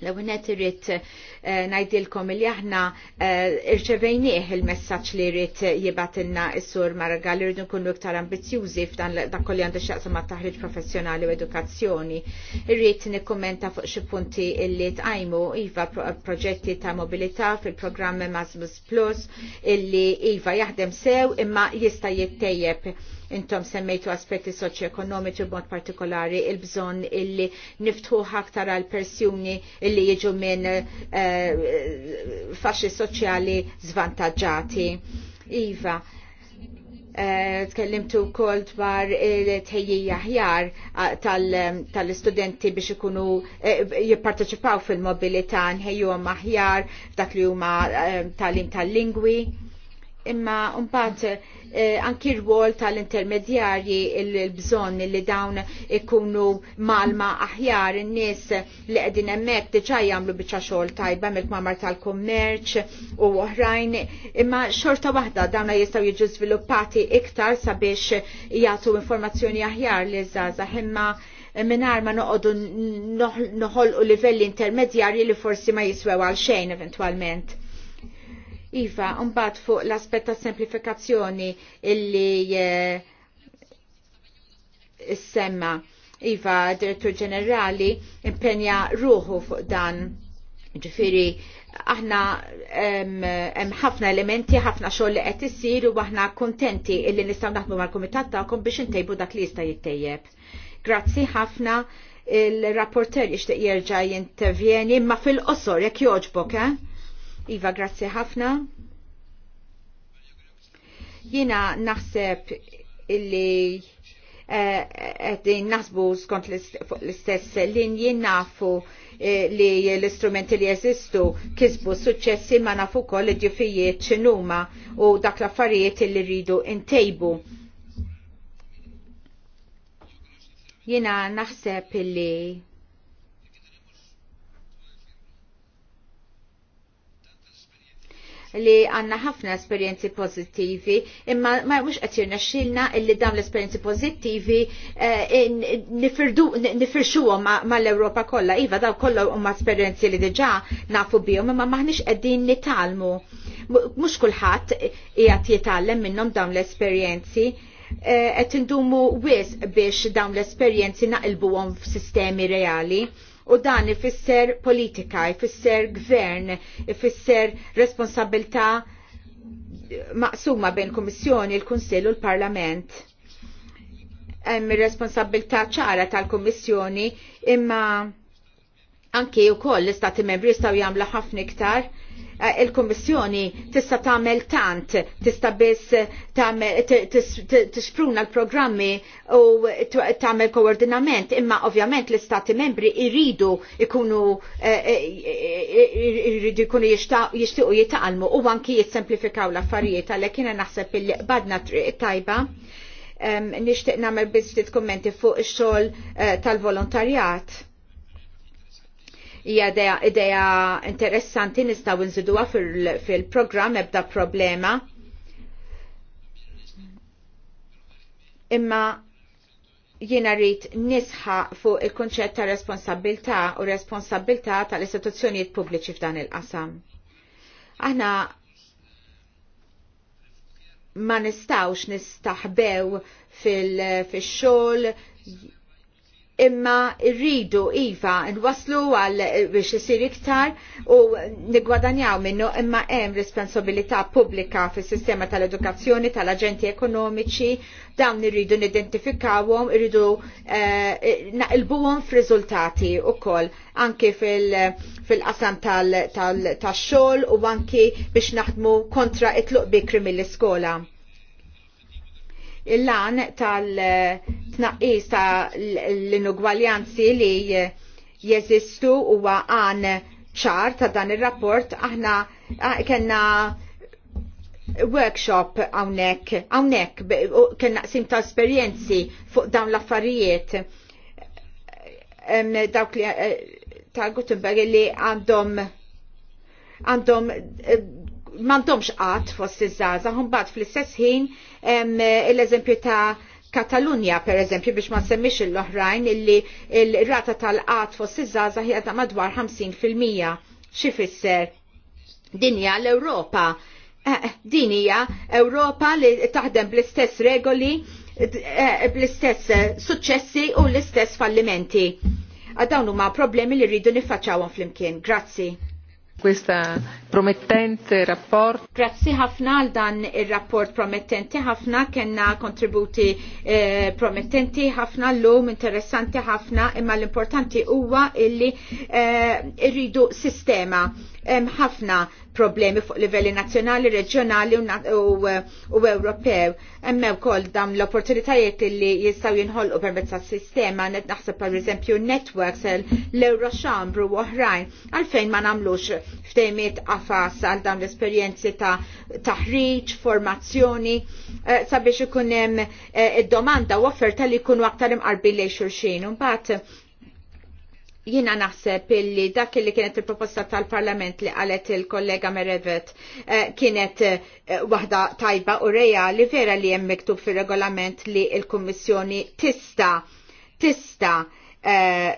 L-għunet irrit eh, najdilkom li aħna eh, irċevejnieħ il-messagġ li irrit jibatilna s-sur Margal irridu nkunu iktar ambizjużi f'dan dak kolli għandu xaqsa ma' taħriġ professjonali u edukazzjoni. Irrit nikkommenta fuq xi punti illi tqajmu iva proġetti ta' mobilità fil-programm Erasmus Plus illi iva jaħdem sew imma jista' jittejjeb intom semmejtu aspetti soċjoekonomiċi b'mod partikolari il bżonn illi niftħu aktar għal persjuni illi jiġu minn eh, faxxi soċjali zvantaġġati. Iva, eh, tkellimtu wkoll dwar il-tejjija ħjar eh, tal-istudenti biex ikunu jipparteċipaw fil-mobilità nħejju aħjar dak li huma talim tal-lingwi. Imma mbagħad Eh, anki r-wol tal-intermedjarji il-bżon li dawn ikunu malma aħjar in-nies li qegħdin hemmhekk diġà jagħmlu biċċa xogħol tajba mill-kmamar tal-kummerċ u oħrajn, imma xorta waħda dawna jistgħu jiġu żviluppati iktar sabiex jagħtu informazzjoni aħjar li żgħażagħ imma minar ma noqodu noħolqu livelli intermedjarji li forsi ma jiswew għal xejn eventualment. Iva, mbagħad fuq l-aspett ta' semplifikazzjoni illi eh, semma Iva, direttur ġenerali, impenja ruħu fuq dan. Ġifiri, aħna hemm ħafna elementi, ħafna xogħol li qed issir u aħna kuntenti illi nistgħu naħdmu mal-kumitat tagħkom biex intejbu dak li jista' jittejjeb. Grazzi ħafna il-rapporter jixtieq jerġa' jintervjeni imma fil-qosor jekk jogħġbok, eh? Iva, grazzi ħafna. Jina naħseb illi eh, għeddin nasbu skont l-istess linji nafu eh, li l-istrumenti li jeżistu kisbu suċċessi ma nafu koll ġifijiet ċinuma u dak l-affarijiet li rridu intejbu. Jina naħseb illi. li għanna ħafna esperienzi pozittivi, imma ma mux qed xilna illi dam l-esperienzi pozittivi eh, nifirxuhom mal-Europa kollha. Iva, daw kollha huma esperienzi li diġà nafu bihom, imma maħniex qegħdin nitalmu. Mhux kulħadd qiegħed jitgħallem minnhom dawn l-esperjenzi eh, qed indumu wis biex dawn l-esperjenzi naqilbuhom f'sistemi reali U dan ifisser politika, ifisser gvern, ifisser responsabilta maqsuma bejn Kummissjoni, il-Kunsill u l-Parlament. Hemm responsabilità ċara tal-Kummissjoni imma anke wkoll l-Istati Membri jistgħu jagħmlu ħafna iktar Eh, il-Kummissjoni tista' tagħmel tant, tista' biss tispruna l-programmi u tagħmel koordinament, imma ovvjament l-Istati membri jridu jkunu jridu jkunu jixtiequ jitqalmu u anki jissemplifikaw l-affarijiet għalhekk jiena naħseb illi qbadna triq tajba nixtieq nagħmel biss ftit kummenti fuq ix-xogħol eh, tal-volontarjat hija idea interessanti nistgħu nżiduha fil-programm ebda problema. Imma jiena rrit nisħa fuq il kunċett ta' responsabilità u responsabilità tal-istituzzjonijiet pubbliċi f'dan il-qasam. Aħna ma nistawx nistaħbew fil-xogħol fil imma rridu iva nwaslu għal eh, biex isir iktar u nigwadanjaw minnu imma hemm responsabilità pubblika fis-sistema tal-edukazzjoni tal-aġenti ekonomiċi dawn irridu nidentifikawhom irridu eh, naqilbuhom f'riżultati ukoll anke fil-qasam fil tax-xogħol u anke biex naħdmu kontra it-tluq krimi mill-iskola il-lan tal-tnaqqis ta' l-inugwaljanzi li jeżistu huwa għan ċar ta' dan il-rapport aħna kena workshop għawnek, għawnek, kena sim ta' esperienzi fuq dawn l-affarijiet dawk li eh, ta' Gutenberg li għandhom għandhom eh, mandomx għat fost iż-żaza, bat fl-istess ħin l-eżempju ta' Katalunja, per eżempju, biex ma semmix l-oħrajn, illi il-rata tal-qat fost iż-żaza hija ta' madwar 50%. Xifisser? Dinja l-Europa. Eh, eh, Dinija Europa li taħdem bl-istess regoli, eh, bl-istess successi u l-istess fallimenti. Għadawnu ma problemi li rridu nifacħawon fl-imkien. Grazzi. Questa promettente rapport. Grazzi ħafna għal dan il-rapport promettenti ħafna, kena kontributi eh, promettenti ħafna l-lum, interessanti ħafna, imma l-importanti huwa illi eh, irridu sistema ħafna problemi fuq livelli nazzjonali, reġjonali u Ewropew. Hemm wkoll dawn l-opportunitajiet li jistgħu jinħolqu permezz s sistema qed naħseb pereżempju networks eh, l-Euro u oħrajn għalfejn ma nagħmlux ftehmiet qafas għal dawn l-esperjenzi ta' taħriġ, formazzjoni eh, sabiex ikun hemm eh, id-domanda u offerta li jkunu aktar imqarbi lejn xulxin. Imbagħad jina naħseb illi dak li kienet il-proposta tal-parlament li għalet il-kollega Merevet eh, kienet eh, waħda tajba u reja li vera li jem miktub fil regolament li il-Kommissjoni tista, tista eh,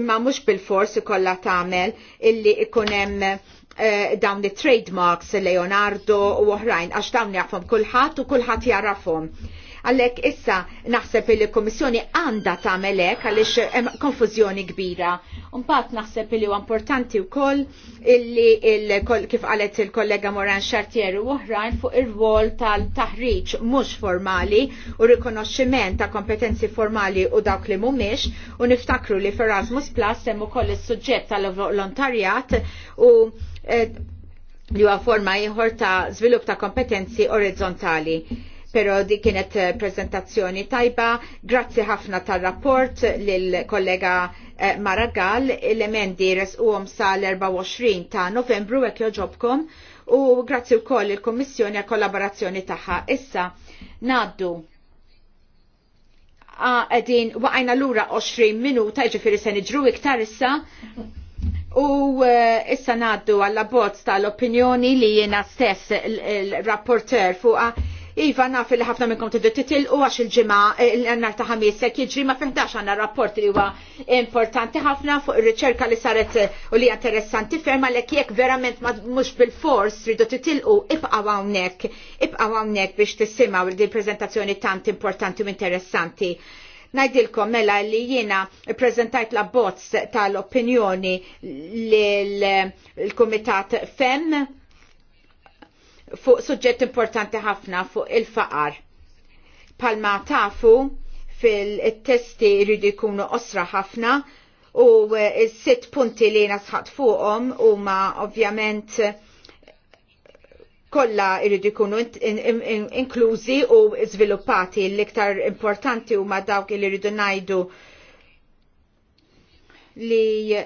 imma mux bil forsi kolla tamel illi ikunem dawn it trademarks Leonardo u oħrajn għax dawn jafhom kulħadd u kulħadd jarafhom. Għalhekk issa naħseb li l-Kummissjoni għandha tagħmel hekk għaliex hemm konfużjoni kbira. Mbagħad naħseb li huwa importanti wkoll illi il kif għalet il-kollega Moran Xartieri u oħrajn fuq ir-rwol tal-taħriġ mhux formali u rikonoxximent ta' kompetenzi formali u dawk li mhumiex u niftakru li ferrasmus Plus hemm ukoll is-suġġett tal-volontarjat u eh, li huwa forma ieħor ta' żvilupp ta' kompetenzi orizzontali pero di kienet eh, prezentazzjoni tajba. Grazzi ħafna tal-rapport lill-kollega eh, Maragall, l-emendi sa l 24 ta' Novembru hekk joġobkom u grazzi wkoll il-Kommissjoni għal kollaborazzjoni tagħha. Issa ngħaddu għedin waqajna l-ura 20 minuta, ġifiri se niġru iktar issa. U eh, issa naddu għalla bozz tal-opinjoni li jena stess il rapporter fuqa Iva naf li ħafna minnkom tiddu titilqu għax il-ġimgħa l-nar ta' ħamisek jiġri ma fiħdax għandna rapport li huwa importanti ħafna fuq ir-riċerka li saret u li interessanti ferma l jekk verament ma mhux bil-fors tridu titilqu ibqgħu hawnhekk, ibqgħu hawnhekk biex tissimgħu din preżentazzjoni tant importanti u interessanti najdilkom mela li jiena prezentajt la bozz tal-opinjoni l-Komitat FEM fuq suġġett importanti ħafna fuq il-faqar. Palma tafu fil-testi jridu jkunu osra ħafna u eh, s-sitt punti li nasħat fuqhom huma ovvjament kollha jridu jkunu inklużi u żviluppati l-iktar importanti huma dawk li jridu ngħidu li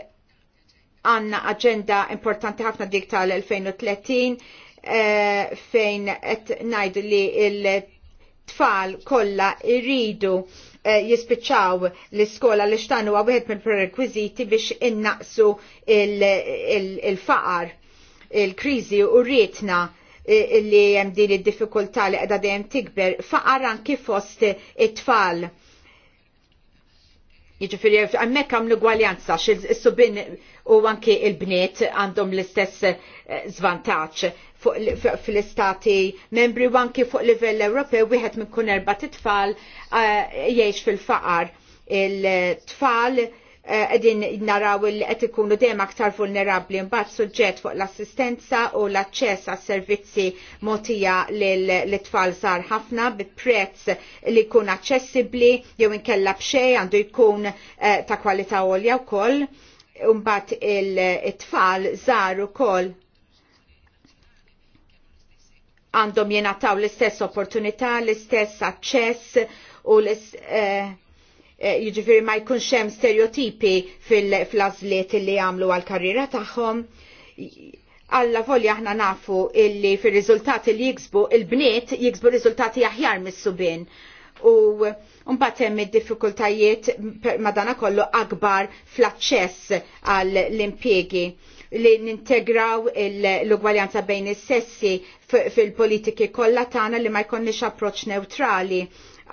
għanna agenda importanti ħafna dik tal-2030 Eh, fejn qed ngħidu li il-tfal kollha iridu eh, jispiċċaw l-iskola li xtanu huwa wieħed mill-prerekwiżiti biex innaqsu il-faqar, il-kriżi u rietna eh, li hemm din id-diffikultà li qiegħda dejjem tikber faqar anki fost it-tfal. Jiġifieri hemmhekk hemm l-ugwaljanza xil subin u anki il-bniet għandhom l-istess zvantaġġ fil-istati membri u anki fuq livell Ewropew wieħed minn kun erba' tfal uh, jgħix fil-faqar il-tfal uh, għedin naraw li qed ikunu dejjem aktar vulnerabbli mbagħad suġġett fuq l-assistenza u l-aċċess għas servizzi motija li tfal sar ħafna bi prezz li jkun aċċessibbli jew inkella b'xej għandu jkun uh, ta' kwalità għolja wkoll. Mbagħad it-tfal żar ukoll għandhom jenataw l-istess opportunità, l-istess aċċess u l-istess eh, eh, jiġifieri ma jkunx hemm stereotipi fil għażliet li għamlu għal-karriera tagħhom. Alla volja aħna nafu illi fir-riżultati li jiksbu il-bniet jiksbu riżultati aħjar mis-subien. U mbagħad hemm id-diffikultajiet madana kollu akbar fl-aċċess għall-impjegi li nintegraw l-ugwaljanza bejn is-sessi fil-politiki kollha tagħna li ma jkollniex approċċ neutrali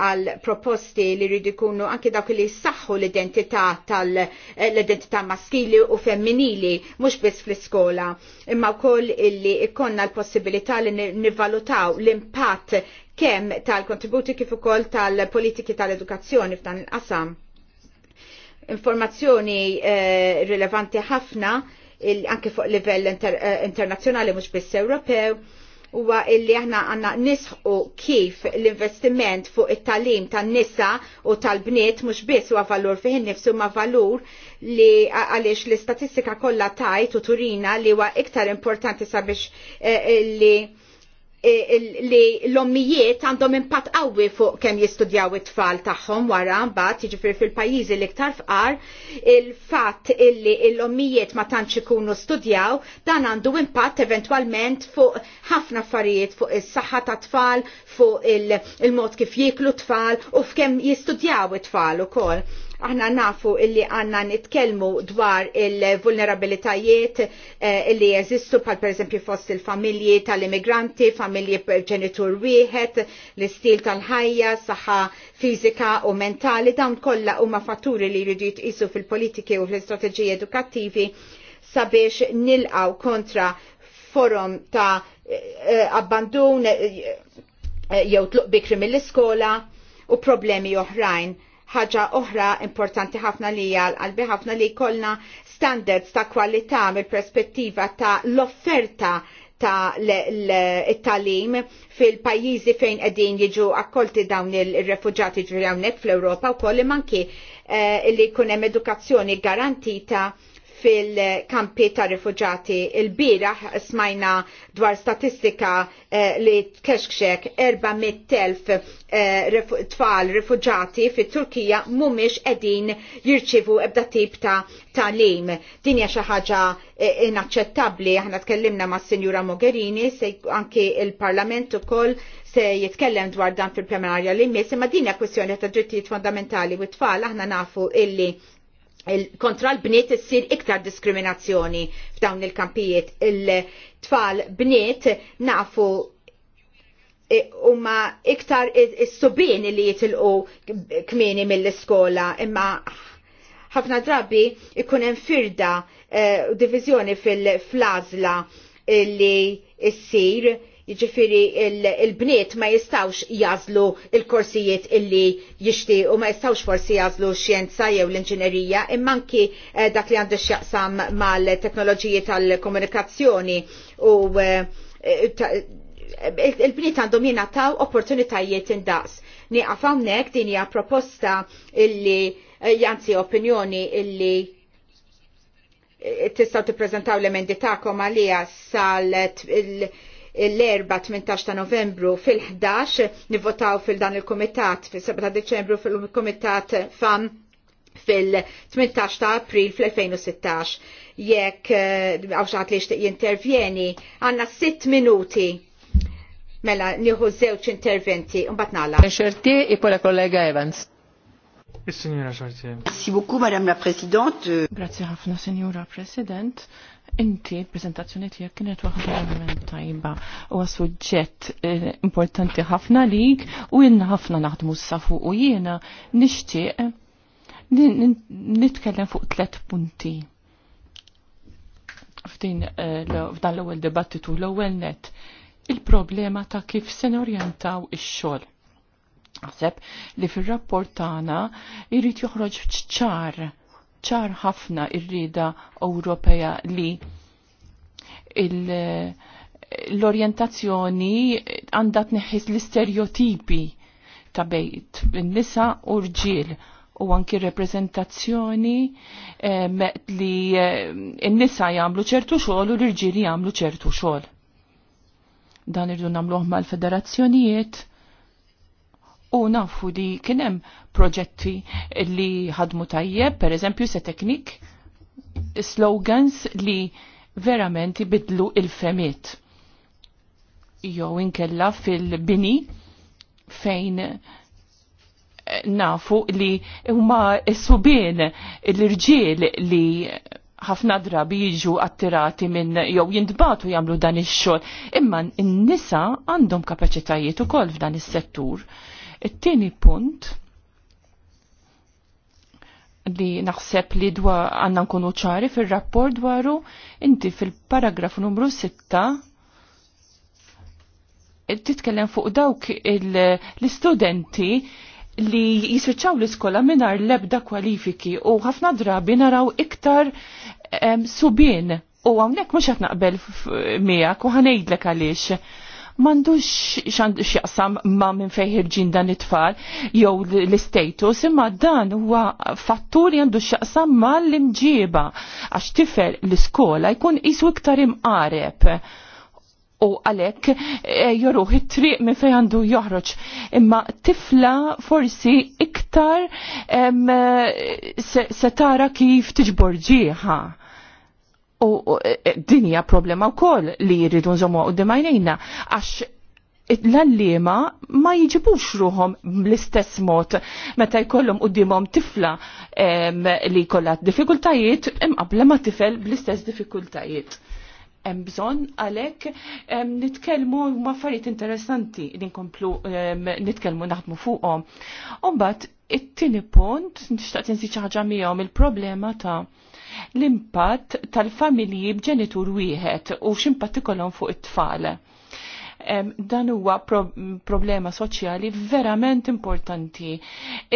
għal proposti li rridu jkunu anke dawk li saħħu l-identità tal-identità maskili u femminili mhux biss fl-iskola imma wkoll illi ikonna l-possibilità li nivvalutaw l-impatt kemm tal-kontributi kif ukoll tal-politiki tal-edukazzjoni f'dan il-qasam. Informazzjoni eh, rilevanti ħafna anke fuq livell inter, eh, internazzjonali mhux biss Ewropew huwa illi aħna għanna nisħu kif l-investiment fuq it-talim tan-nisa u tal-bniet mhux biss huwa valur fih innifsu ma valur li għaliex l-istatistika kollha tajt u turina li huwa iktar importanti sabiex eh, eh li Eh, li l-ommijiet għandhom impatt qawwi fuq kemm jistudjaw it-tfal tagħhom wara mbagħad jiġifieri fil-pajjiżi l-iktar fqar il-fatt illi l-ommijiet ma tantx ikunu studjaw dan għandu impatt eventwalment fuq ħafna affarijiet fuq is-saħħa ta' tfal, fuq il-mod kif jieklu tfal u f'kemm jistudjaw it-tfal ukoll Aħna nafu illi għanna nitkelmu dwar il-vulnerabilitajiet eh, illi jeżistu pal per eżempju fost il-familji tal-immigranti, familji ġenitur wieħed, l-istil tal-ħajja, saħħa fizika u mentali, dawn kollha huma fatturi li jridu jitqisu fil-politiki u fl-istrateġiji edukattivi sabiex nilqaw kontra forum ta' eh, abbandun eh, jew tluq bikri mill-iskola u problemi oħrajn ħaġa oħra importanti ħafna li għalbi ħafna li kollna standards ta' kwalità mill-perspettiva ta' l-offerta ta' l-talim fil-pajjiżi fejn qegħdin jiġu akkolti dawn il refugġati ġurjawnek hawnhekk fl-Ewropa wkoll manki eh, li jkun hemm edukazzjoni garantita fil-kampi ta' rifugjati. Il-biraħ smajna dwar statistika eh, li tkexkxek 400.000 eh, tfal rifugjati fit turkija mumiex edin jirċivu ebda tip ta' talim. Din hija xi ħaġa eh, inaċċettabbli aħna tkellimna ma' Sinjura Mogherini se anki il-Parlament ukoll se jitkellem dwar dan fil premarja li jmiss imma din hija kwestjoni ta' drittijiet fondamentali u tfal aħna nafu illi kontra l-bniet issir iktar diskriminazzjoni f'dawn il-kampijiet. Il-tfal bniet nafu e, huma iktar is-subin li jitilqu kmini mill-iskola imma ħafna drabi ikun hemm firda e, u diviżjoni fil għażla li ssir Jiġifieri il-bniet ma jistawx jazlu il-korsijiet illi jishti u ma jistawx forsi jażlu xjenza jew l-inġinerija imma anki eh, dak li għandu x'jaqsam mal-teknoloġiji tal-komunikazzjoni u eh, il-bniet għandhom jingħataw opportunitajiet indaqs. Nieqaf hawnhekk din hija proposta illi janzi eh, opinjoni illi tistaw tippreżentaw l-emendi tagħkom għalija sal l-4 18 ta' novembru fil-11 nivvotaw fil-dan il-komitat fil-7 ta' deċembru fil-komitat fam fil-18 ta' april fil-2016. Jekk eh, għawxat li xtiq jintervjeni, għanna 6 minuti mela nieħu zewċ interventi u mbagħad Xerti, Xorti ipola kollega Evans. Is-Sinjura Xorti. Grazie beaucoup, Madame la Presidente. Grazie ħafna, Sinjura President. Inti, prezentazzjoni tiegħek kienet waħda verament tajba u suġġett eh, importanti ħafna lik u jenna ħafna naħdmu s-safu u jiena nishtiq nitkellem fuq tlet punti. F'din eh, f'dan l-ewwel dibattitu l-ewwel net il-problema ta' kif se norjentaw ix-xogħol. Naħseb li fir-rapport tagħna jrid joħroġ ċar ċar ħafna ir-rida Ewropea li l-orientazzjoni għandha neħis l-istereotipi ta' bejt nisa u rġil u anki reprezentazzjoni eh, li n-nisa jagħmlu ċertu xogħol u l rġil jagħmlu ċertu xogħol. Dan irdu namluħ mal-federazzjonijiet U nafu li kienem proġetti li ħadmu tajjeb, per eżempju se teknik, slogans li verament bidlu il-femiet. Jow inkella fil-bini fejn nafu li huma s-subien l-irġiel li ħafna drabi jiġu attirati minn jew jintbatu jagħmlu dan ix-xogħol, imma n-nisa għandhom kapaċitajiet ukoll f'dan is-settur. It-tieni punt li naħseb li dwa għanna nkunu ċari fil-rapport dwaru inti fil paragrafu numru 6 titkellem fuq dawk l-istudenti li jiswiċċaw l-iskola minar lebda kwalifiki u ħafna drabi naraw iktar subien u għamnek mux għatnaqbel miegħek u ħanejdlek għaliex m'għandux x'jaqsam ma' minn fejn ħirġin dan it-tfal jew l-istatus, imma dan huwa fatturi għandu x'jaqsam l imġieba għax tifel l-iskola jkun jiswi iktar imqareb u għalek e, it-triq minn fejn għandu joħroġ. Imma tifla forsi iktar se, tara kif ġieħa u e, e, dinja problema wkoll li jridu nżomu u dimajnejna għax l-allima ma jiġibux ruhom l-istess mod meta jkollhom qudiemhom tifla li jkollha diffikultajiet imqabla ma tifel bl-istess diffikultajiet. Hemm bżonn għalhekk nitkellmu ma affarijiet interessanti li nkomplu nitkellmu naħdmu fuqhom. U mbagħad it-tieni punt nixtaq tinsi xi ħaġa miegħu il-problema ta' l-impatt tal-familji b'ġenitur wieħed u x'impatt ikollhom fuq it-tfal. Dan huwa pro problema soċjali verament importanti.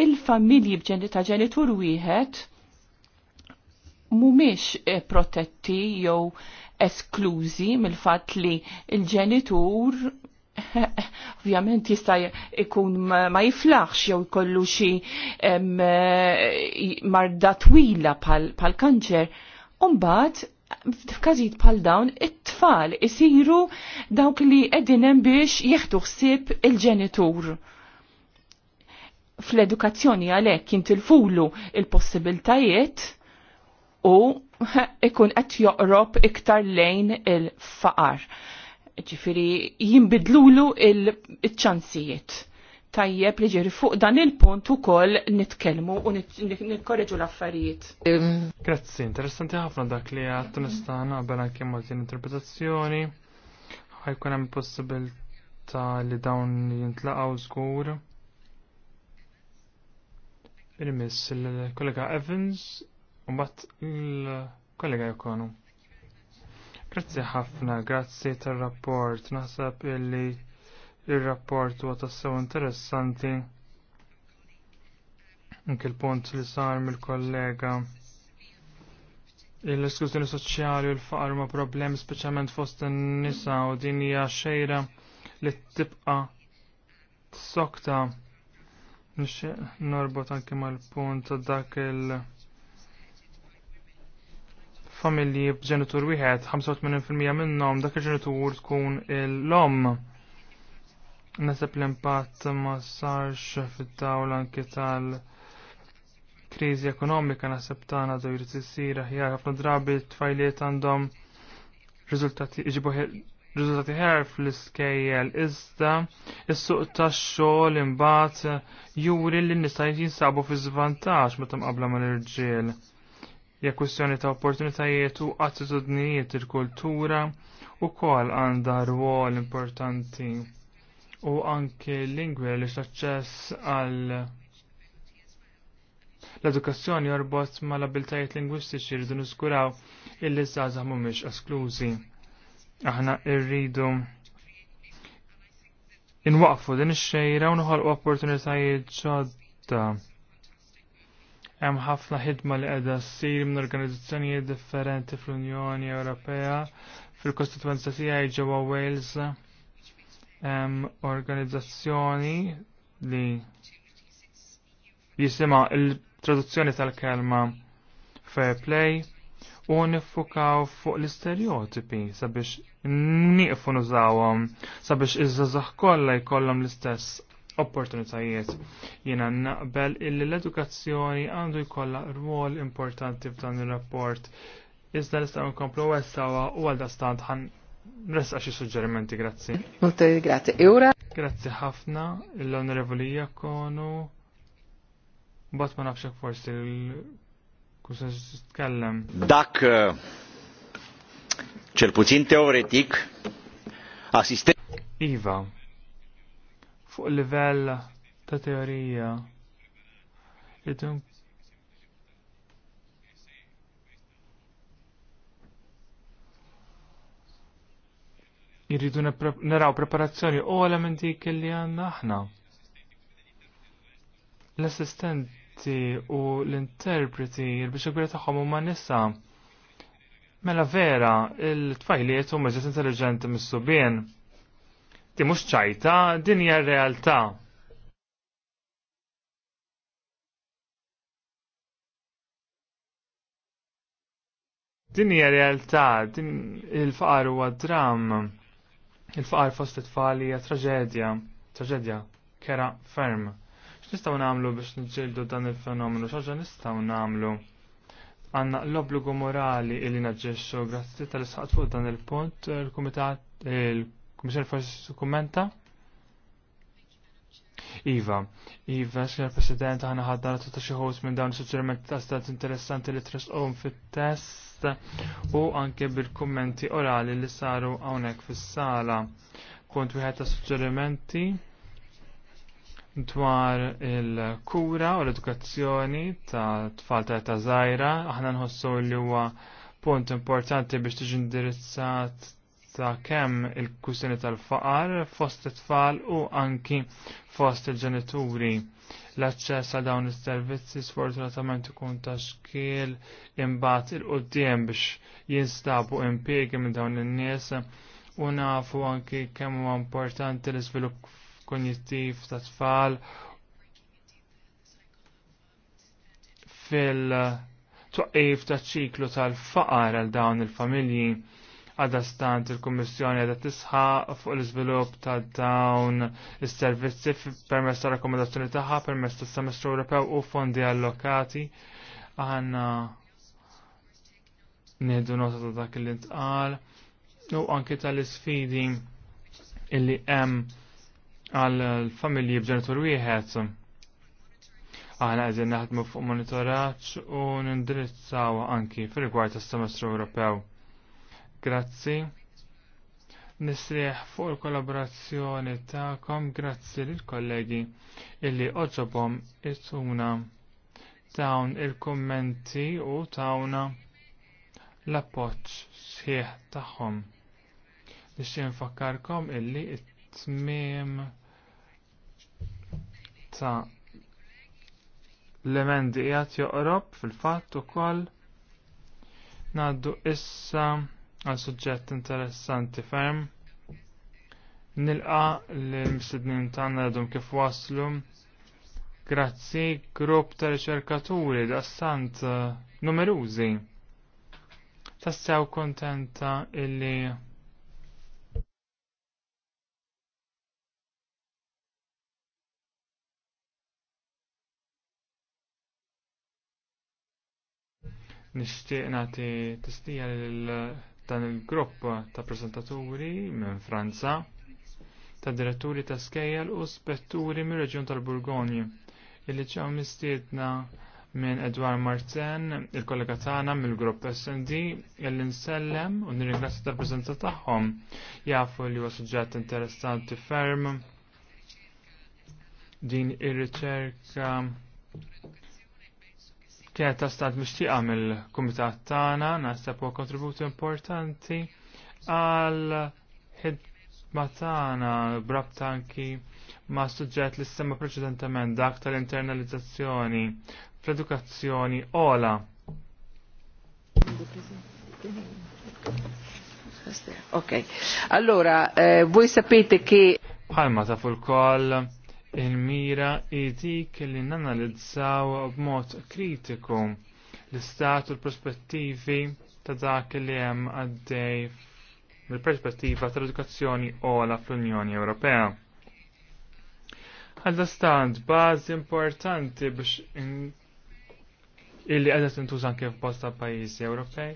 Il-familji ta' ġenitur wieħed mhumiex eh, protetti jew esklużi mill-fatt li l-ġenitur *laughs* ovvjament jista' ikun ma jiflaħx jew ikollu xi eh, marda twila pal kanċer. Umbagħad f'każijiet bħal dawn it-tfal isiru dawk li qegħdin hemm biex jieħdu ħsieb il-ġenitur. Fl-edukazzjoni għalhekk jintilfulu il-possibiltajiet u *laughs* ikun qed joqrob iktar lejn il-faqar ġifiri jimbidlulu il-ċansijiet. Tajjeb li ġiri fuq dan il-punt u koll nitkelmu u nitkorreġu l-affarijiet. Grazzi, interessanti ħafna dak li għattu nistana bħala kemm għal interpretazzjoni. Ħajkun hemm possibilità li dawn jintlaqgħu żgur. Il-miss il-kollega Evans u mbagħad il-kollega Jokonu. Grazzi ħafna, grazzi tal-rapport. Naħseb illi il-rapport huwa tassew interessanti. Anke l-punt li sar mill-kollega. Il-esklużjoni soċjali u l-faqar ma' problemi speċjalment fost in-nisa u din hija xejra li tibqa' t-sokta. Nixtieq norbot anke mal-punt ta' dak il- familji b'ġenitur wieħed 85% minnhom dak il-ġenitur tkun l-om. Naseb l-impatt ma sarx fit-dawl anke tal- kriżi ekonomika naseb tagħna do jrid issir aħjar ħafna drabi tfajliet għandhom riżultati Rizultati riżultati ħer fl-iskejjel iżda is-suq tax-xogħol imbagħad juri li nista' jinsabu fi żvantaġġ meta mqabbla mal-irġiel hija kwestjoni ta' opportunitajiet u attitudnijiet il-kultura u kol għandha rwol importanti u anke lingwi li l-aċċess għal l-edukazzjoni jorbot ma l-abiltajiet lingwistiċi rridu niskuraw illi żgħażagħ mhumiex esklużi. Aħna rridu inwaqfu din ix-xejra u noħolqu opportunitajiet ġodda Hemm ħafna ħidma li qiegħda ssir minn organizzazzjonijiet differenti fl-Unjoni Ewropea fil-kostituenza tiegħi ġewwa Wales hemm organizzazzjoni li jisima' il-traduzzjoni tal-kelma fair play u nifukaw fuq l-istereotipi sabiex niqfu nużawhom sabiex iż-żazax kollha jkollhom l-istess opportunitajiet. Jiena naqbel illi l-edukazzjoni għandu jkollha rwol importanti f'dan ir-rapport. Iżda nistgħu nkomplu għessawa u għal dastant ħan Resta xi suġġerimenti, grazzi. Molte grazzi. Ura. E grazzi ħafna, l-onorevoli Jakonu. Bat ma nafxek forsi l-kusen s tkellem Dak eh, ċelputin teoretik assistent. Iva, fuq livell ta' teorija li Irridu naraw preparazzjoni u elementi kelli għanna aħna. L-assistenti u l-interpreti il-biex taħħom tagħhom ma' nisa. Mela vera, il-tfajliet huma ġet intelligenti mis-subien. Ti mhux ċajta din hija r-realtà. Din hija realtà, din il-faqar huwa dram. Il-faqar fost it-tfal hija traġedja, traġedja kera ferm. X'nistgħu nagħmlu biex niġġieldu dan il-fenomenu, x'aġa nistgħu nagħmlu? għanna l-obbligu morali illi naġġessu grazzi tal-isħat fuq dan il-punt il-Kumitat il Kummissar forsi kommenta? Iva, Iva, xer President, ħana ħaddar ta' xieħos minn dawn suġġerimenti ta' stat interessanti li tresqom fit-test u anke bil-kommenti orali li saru hawnhekk fis-sala. Kont wieħed ta' suġġerimenti dwar il-kura u l-edukazzjoni ta' tfal ta' ta' zaħira, aħna nħossu li huwa punt importanti biex tiġi indirizzat ta' kemm il-kwistjoni tal-faqar fost it-tfal u anki fost il-ġenituri. L-aċċess għal dawn is-servizzi sfortunatament ikun ta' xkiel imbagħad il qoddim biex jinstabu impjiegi minn dawn in-nies u nafu anki kemm huwa importanti l-iżvilupp kognittiv ta' tfal fil- twaqif ta' ċiklu tal-faqar għal dawn il-familji għadastant stant il-Kommissjoni għada tisħa fuq l-izvilup ta' dawn il-servizzi permezz ta' rakkomandazzjoni taħħa, permezz ta' semestru Ewropew u fondi allokati. Għanna nieħdu nota ta' dak li ntqal u anki tal-isfidi illi hemm għal-familji b'ġenitur wieħed aħna qegħdin naħdmu fuq monitoraġġ u nindirizzaw anki fil-rigward tas semestru Ewropew. Grazzi. Nisriħ fuq il-kollaborazzjoni ta'kom grazzi lil kollegi illi oġobom it-tuna dawn il-kommenti u tawna l-appoċ sħiħ tagħhom. Nixtieq fakkarkom illi it-tmiem ta' l-emendi joqrob fil-fatt ukoll ngħaddu issa għal suġġett interessanti ferm. Nilqa l-mistednin tagħna għadhom kif waslu. Grazzi grupp ta' riċerkaturi daqstant eh, numerużi. Tassew kontenta illi nishtiqna nagħti tistija lil dan il-grupp ta' prezentaturi minn Franza, ta' diretturi ta' skejjel u spetturi mir reġjun tal-Burgonju, illi ċaw mistietna minn Edward Marten, il-kollega tagħna mill-grupp SD, illi nsellem u nirringrazzja ta' preżenza tagħhom. Jafu li huwa suġġett interessanti ferm din ir-riċerka Kien ta' stat mixtieqa mill-kumitat tagħna naħseb huwa kontributu importanti għal ħidma tagħna brab tanki ma' suġġett li semma preċedentement dak tal-internalizzazzjoni fl-edukazzjoni ola. Ok, allora, eh, voi sapete che... Palma ta' fulkoll Il-mira dik li nanalizzaw b'mod kritiku l-istat u l-prospettivi ta' dak li hemm għaddej mill-perspettiva tal-edukazzjoni ola fl-Unjoni Ewropea. Għadda stand bażi importanti biex illi għadda tintuż anke f'bosta pajjiżi Ewropej.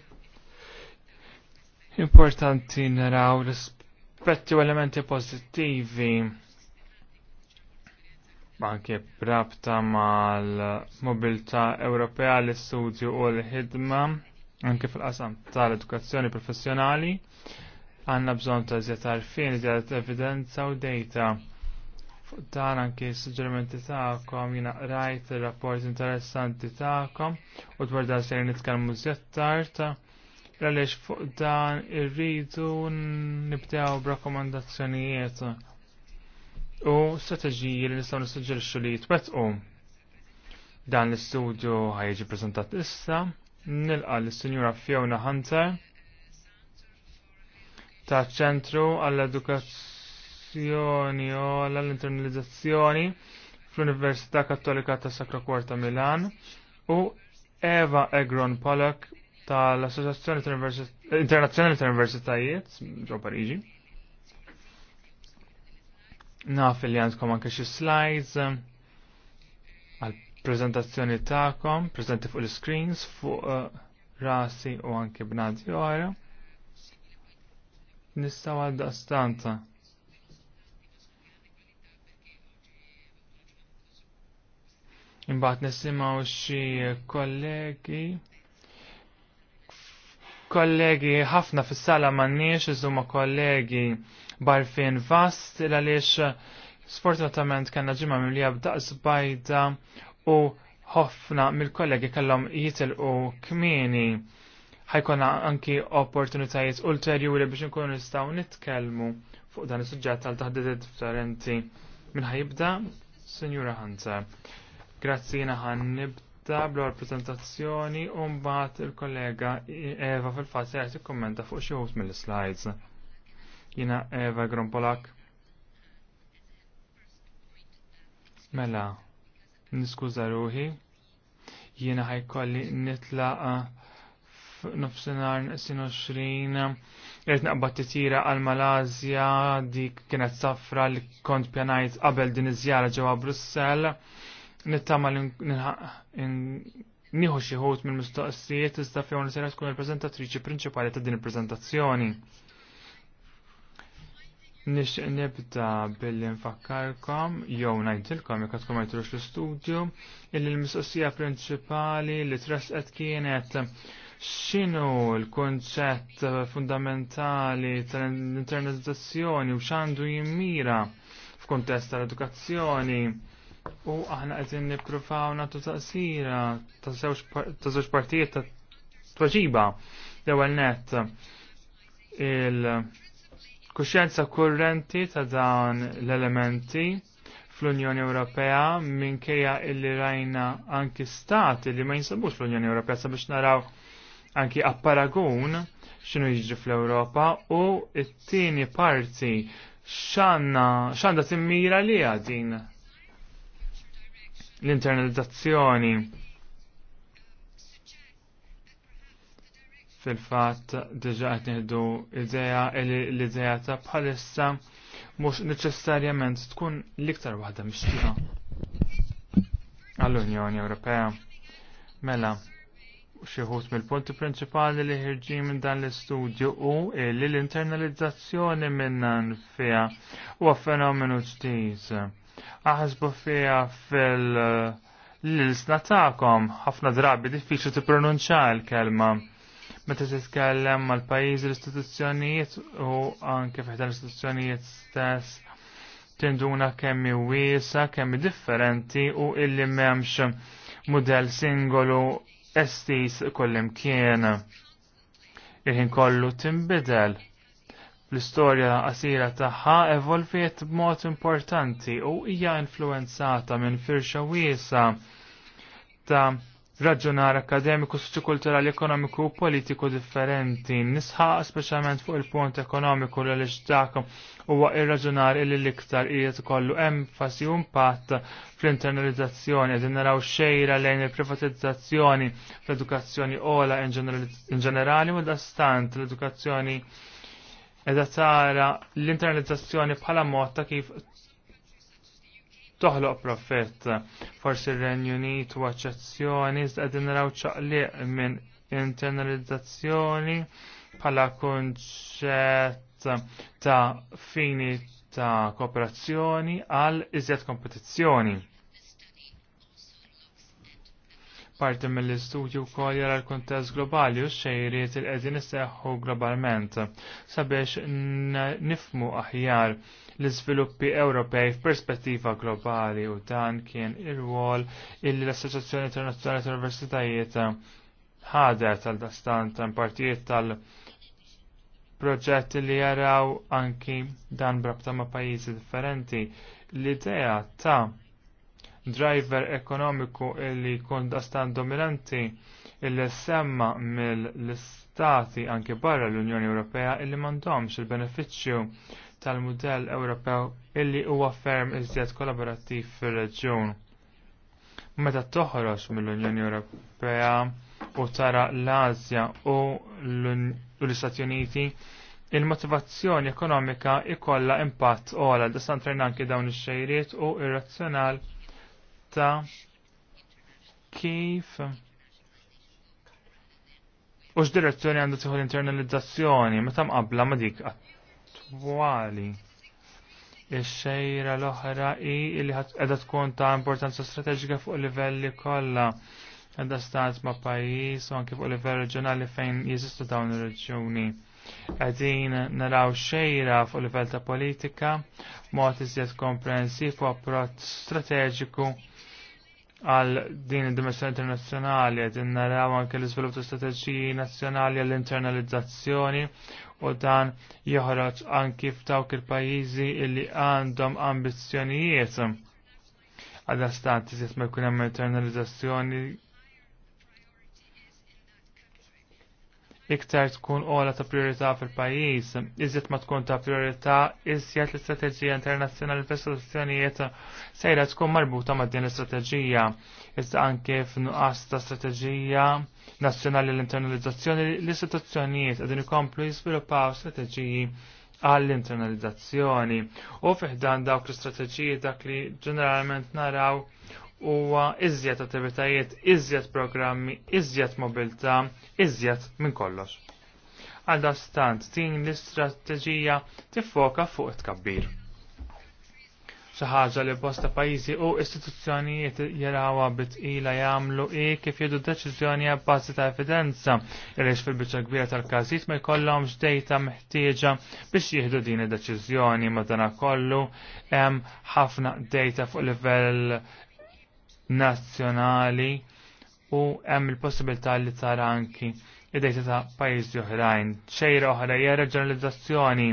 Importanti naraw l-aspetti u elementi pożittivi anke rabta mal-mobilità Ewropea l-istudju u l-ħidma anke fil-qasam tal-edukazzjoni professjonali għanna bżon ta' zjat arfin, zjat evidenza u data. Fuq dan anke s suġġerimenti ta'kom jina rajt il-rapport interessanti ta'kom u dwar dan se nitkellmu zjat tard. Għaliex fuq dan irridu nibdew b'rakkomandazzjonijiet u strateġiji li nistgħu nissuġġerixxu li jitwettqu. Dan l-istudju ħajġi ppreżentat issa, nilqa l-Sinjura Fiona Hunter ta' ċentru għall-edukazzjoni u għall-internalizzazzjoni fl-Università Kattolika ta' Sacra Cuor ta' Milan u Eva Egron Pollock tal-Assoċjazzjoni Internazzjonali ta' Universitajiet ġo Pariġi. Naf li għandkom anke xi slides eh, għal prezentazzjoni tagħkom, preżenti fuq l-screens fuq eh, rasi u anke bnadi oħra. Nistgħu għal daqstanza. Imbagħad nisimgħu xi kollegi kollegi ħafna fis-sala m'għandniex iżuma kollegi barfin vast il għaliex sfortunatament kellna ġimgħa mimlija b'daqs bajda u ħafna mill-kollegi kellhom jitilqu kmieni ħajkonna anki opportunitajiet ulterjuri biex nkunu nistgħu nitkellmu fuq dan is-suġġett tal taħdid differenti. minn ħajibda, Signora Hunter. Grazzi jiena ħan nibda tablu għal-prezentazzjoni u mbagħad il-kollega Eva fil-fatt se kommenta fuq xi wħud mill-slides. Jiena Eva Grompolak. Mela, niskuża ruħi. Jiena ħajkolli nitlaq nofsinhar sinu xrin. Irrit naqbad titira għal Malazja dik kienet safra li kont pjanajt qabel din iżjara ġewa ġewwa Brussell nittama nieħu xi ħut mill-mistoqsijiet iżda fejn li se tkun il-preżentatriċi prinċipali ta' din il-preżentazzjoni. Nixtieq nibda billi nfakkarkom jew ngħidilkom jekk tkun ma jtrux l studio illi l-mistoqsija prinċipali li trasqet kienet x'inhu l-konċett fundamentali tal-internetizzazzjoni u x'għandu jimmira f'kuntest tal-edukazzjoni u aħna qegħdin nippruvaw nagħtu taqsira ta' żewġ partijiet ta' tweġiba l-ewwel nett il-kuxjenza kurrenti ta' dawn l-elementi fl-Unjoni Ewropea minkejja illi rajna anki stati li ma jinsabux fl-Unjoni Ewropea sabiex naraw anki apparagun xinu jiġri fl-Europa u it-tieni parti xanna xanda timmira li għadin L-internalizzazzjoni fil-fat diġa qed nieħdu idea li l-idea ta' bħalissa mhux neċessarjament tkun l-iktar waħda mixtieqa għall-Unjoni Ewropea. Mela, xi mill-punti prinċipali li ħirġi minn dan l-istudju u li l-internalizzazzjoni minnan fiha huwa fenomenu ġdid aħsbu fija fil- eh, lilsna ta'kom ħafna drabi diffiċli tippronunċa l-kelma. Meta titkellem mal pajjiżi l-istituzzjonijiet u anke fiħda l-istituzzjonijiet stess tinduna kemm wiesa, kemm differenti u illi m'hemmx mudell singolu estis kollim kien. ħin kollu timbidel l-istorja qasira tagħha evolviet b'mod importanti u hija influenzata minn firxa wiesa ta' raġunar akademiku, soċikulturali, ekonomiku u politiku differenti. Nisħaq speċjalment fuq il-punt ekonomiku li dak huwa ir-raġunar il l-iktar qiegħed ikollu enfasi u impatt fl-internalizzazzjoni qegħdin naraw xejra lejn il-privatizzazzjoni fl-edukazzjoni ola in ġenerali u dastant l-edukazzjoni edha tara l-internalizzazzjoni bħala mod ta' kif toħloq profitt, Forsi r-Renju Unit u eċċezzjoni iżda qegħdin naraw ċaqliq minn internalizzazzjoni bħala kunċett ta' fini ta' kooperazzjoni għal iżjed kompetizzjoni. Parti mill-istudju wkoll jara l-kuntest globali u xejriet il qegħdin isseħħu globalment sabiex nifmu aħjar l-iżviluppi Ewropej f'perspettiva globali u dan kien ir wol illi l-Assoċjazzjoni Internazzjonali tal-Universitajiet ħadet għal dastant partijiet tal- proġetti li jaraw anki dan brabta ma' pajjiżi differenti. L-idea ta' driver ekonomiku illi jkun dastan dominanti illi semma mill-istati anke barra l-Unjoni Ewropea illi mandomx il-beneficju tal-modell Ewropew illi huwa ferm iżjed kollaborattiv fir-reġjun. Meta toħroġ mill-Unjoni Ewropea u tara l-Asja u l-Istati Uniti, il-motivazzjoni ekonomika ikolla impatt ola, dasan trajna anke dawn ix-xejriet u irrazzjonal ta' kif Ux direzzjoni għandu tieħu l-internalizzazzjoni meta mqabbla ma dik attwali. Ix-xejra l-oħra hi li qiegħda tkun ta' importanza strateġika fuq livelli kollha għadda stat ma' pajis u anki fuq livell reġjonali fejn jeżistu dawn ir-reġjuni. Għadin naraw xejra fuq livell ta' politika, mod iżjed komprensiv u approċċ strateġiku għal din id-dimensjoni internazzjonali qed innaraw anke l izvilup ta' strateġiji nazzjonali għall-internalizzazzjoni u dan joħroġ anki f'dawk il-pajjiżi illi għandhom ambizzjonijiet. astanti stant jkun hemm internalizzazzjoni iktar tkun ola ta' priorità fil-pajis, iżjed ma tkun ta' priorità, iżjed l-istrateġija internazzjonali fil-istituzzjonijiet sejra tkun marbuta ma' din l-istrateġija. Iżda anke f'nuqqas ta' strateġija nazzjonali l-internalizzazzjoni l-istituzzjonijiet għadin ikomplu jisviluppaw strateġiji għall-internalizzazzjoni. U fiħdan dawk l-istrateġiji dak li ġeneralment naraw huwa iżjed attivitajiet, iżjed programmi, iżjed mobilità, iżjed minn kollox. Għal stant din l-istrateġija tiffoka fuq it-kabbir. ħaġa li bosta pajjiżi u istituzzjonijiet jarawha bitqila jagħmlu i kif jiedu deċiżjoni għabbazi ta' evidenza għaliex fil bicċa kbira tal-każijiet ma jkollhomx dejta meħtieġa biex jieħdu din id-deċiżjoni kollu hemm ħafna dejta fuq livell nazzjonali u hemm il-possibilità li tara anki id-dejta ta' pajjiżi oħrajn. Xejra oħra hija reġjonalizzazzjoni.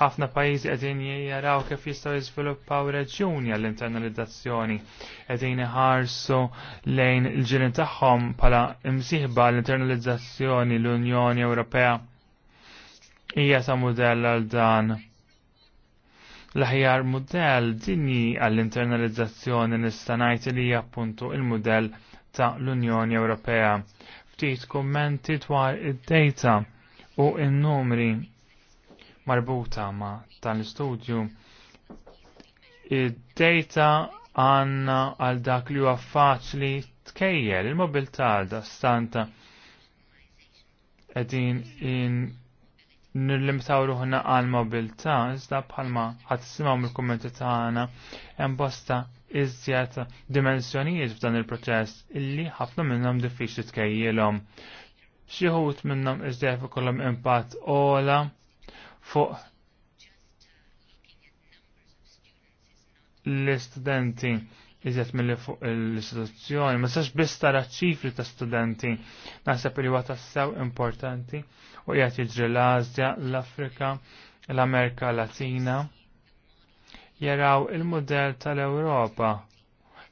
Ħafna pajjiżi qegħdin jaraw kif jistgħu jiżviluppaw reġjuni għall-internalizzazzjoni qegħdin iħarsu lejn il-ġirien tagħhom bħala imsieħba l-internalizzazzjoni l-Unjoni Ewropea hija ta' mudell għal dan l-ħjar modell dinji għall-internalizzazzjoni nista' ngħid li hija appuntu il-mudell ta' l-Unjoni Ewropea. Ftit kummenti dwar id-data u n-numri marbuta ma' tal-istudju. Id-data għanna għal dak li huwa faċli tkejjel il-mobilità da stanta qegħdin in nirlimitaw ruħna għal mobilta, iżda bħalma ħat simaw mill-kommenti tagħna hemm bosta iżjed dimensjonijiet f'dan il-proċess illi ħafna minnhom diffiċli tkejjilhom. Xi ħut minnhom iżjed ikollhom impatt ola fuq l-istudenti iżjed mill fuq l-istituzzjoni, ma sax biss tara ċifri ta' studenti, naħseb li huwa tassew importanti u jgħat jiġri l-Azja, l-Afrika, l-Amerika Latina. Jaraw il-modell tal-Ewropa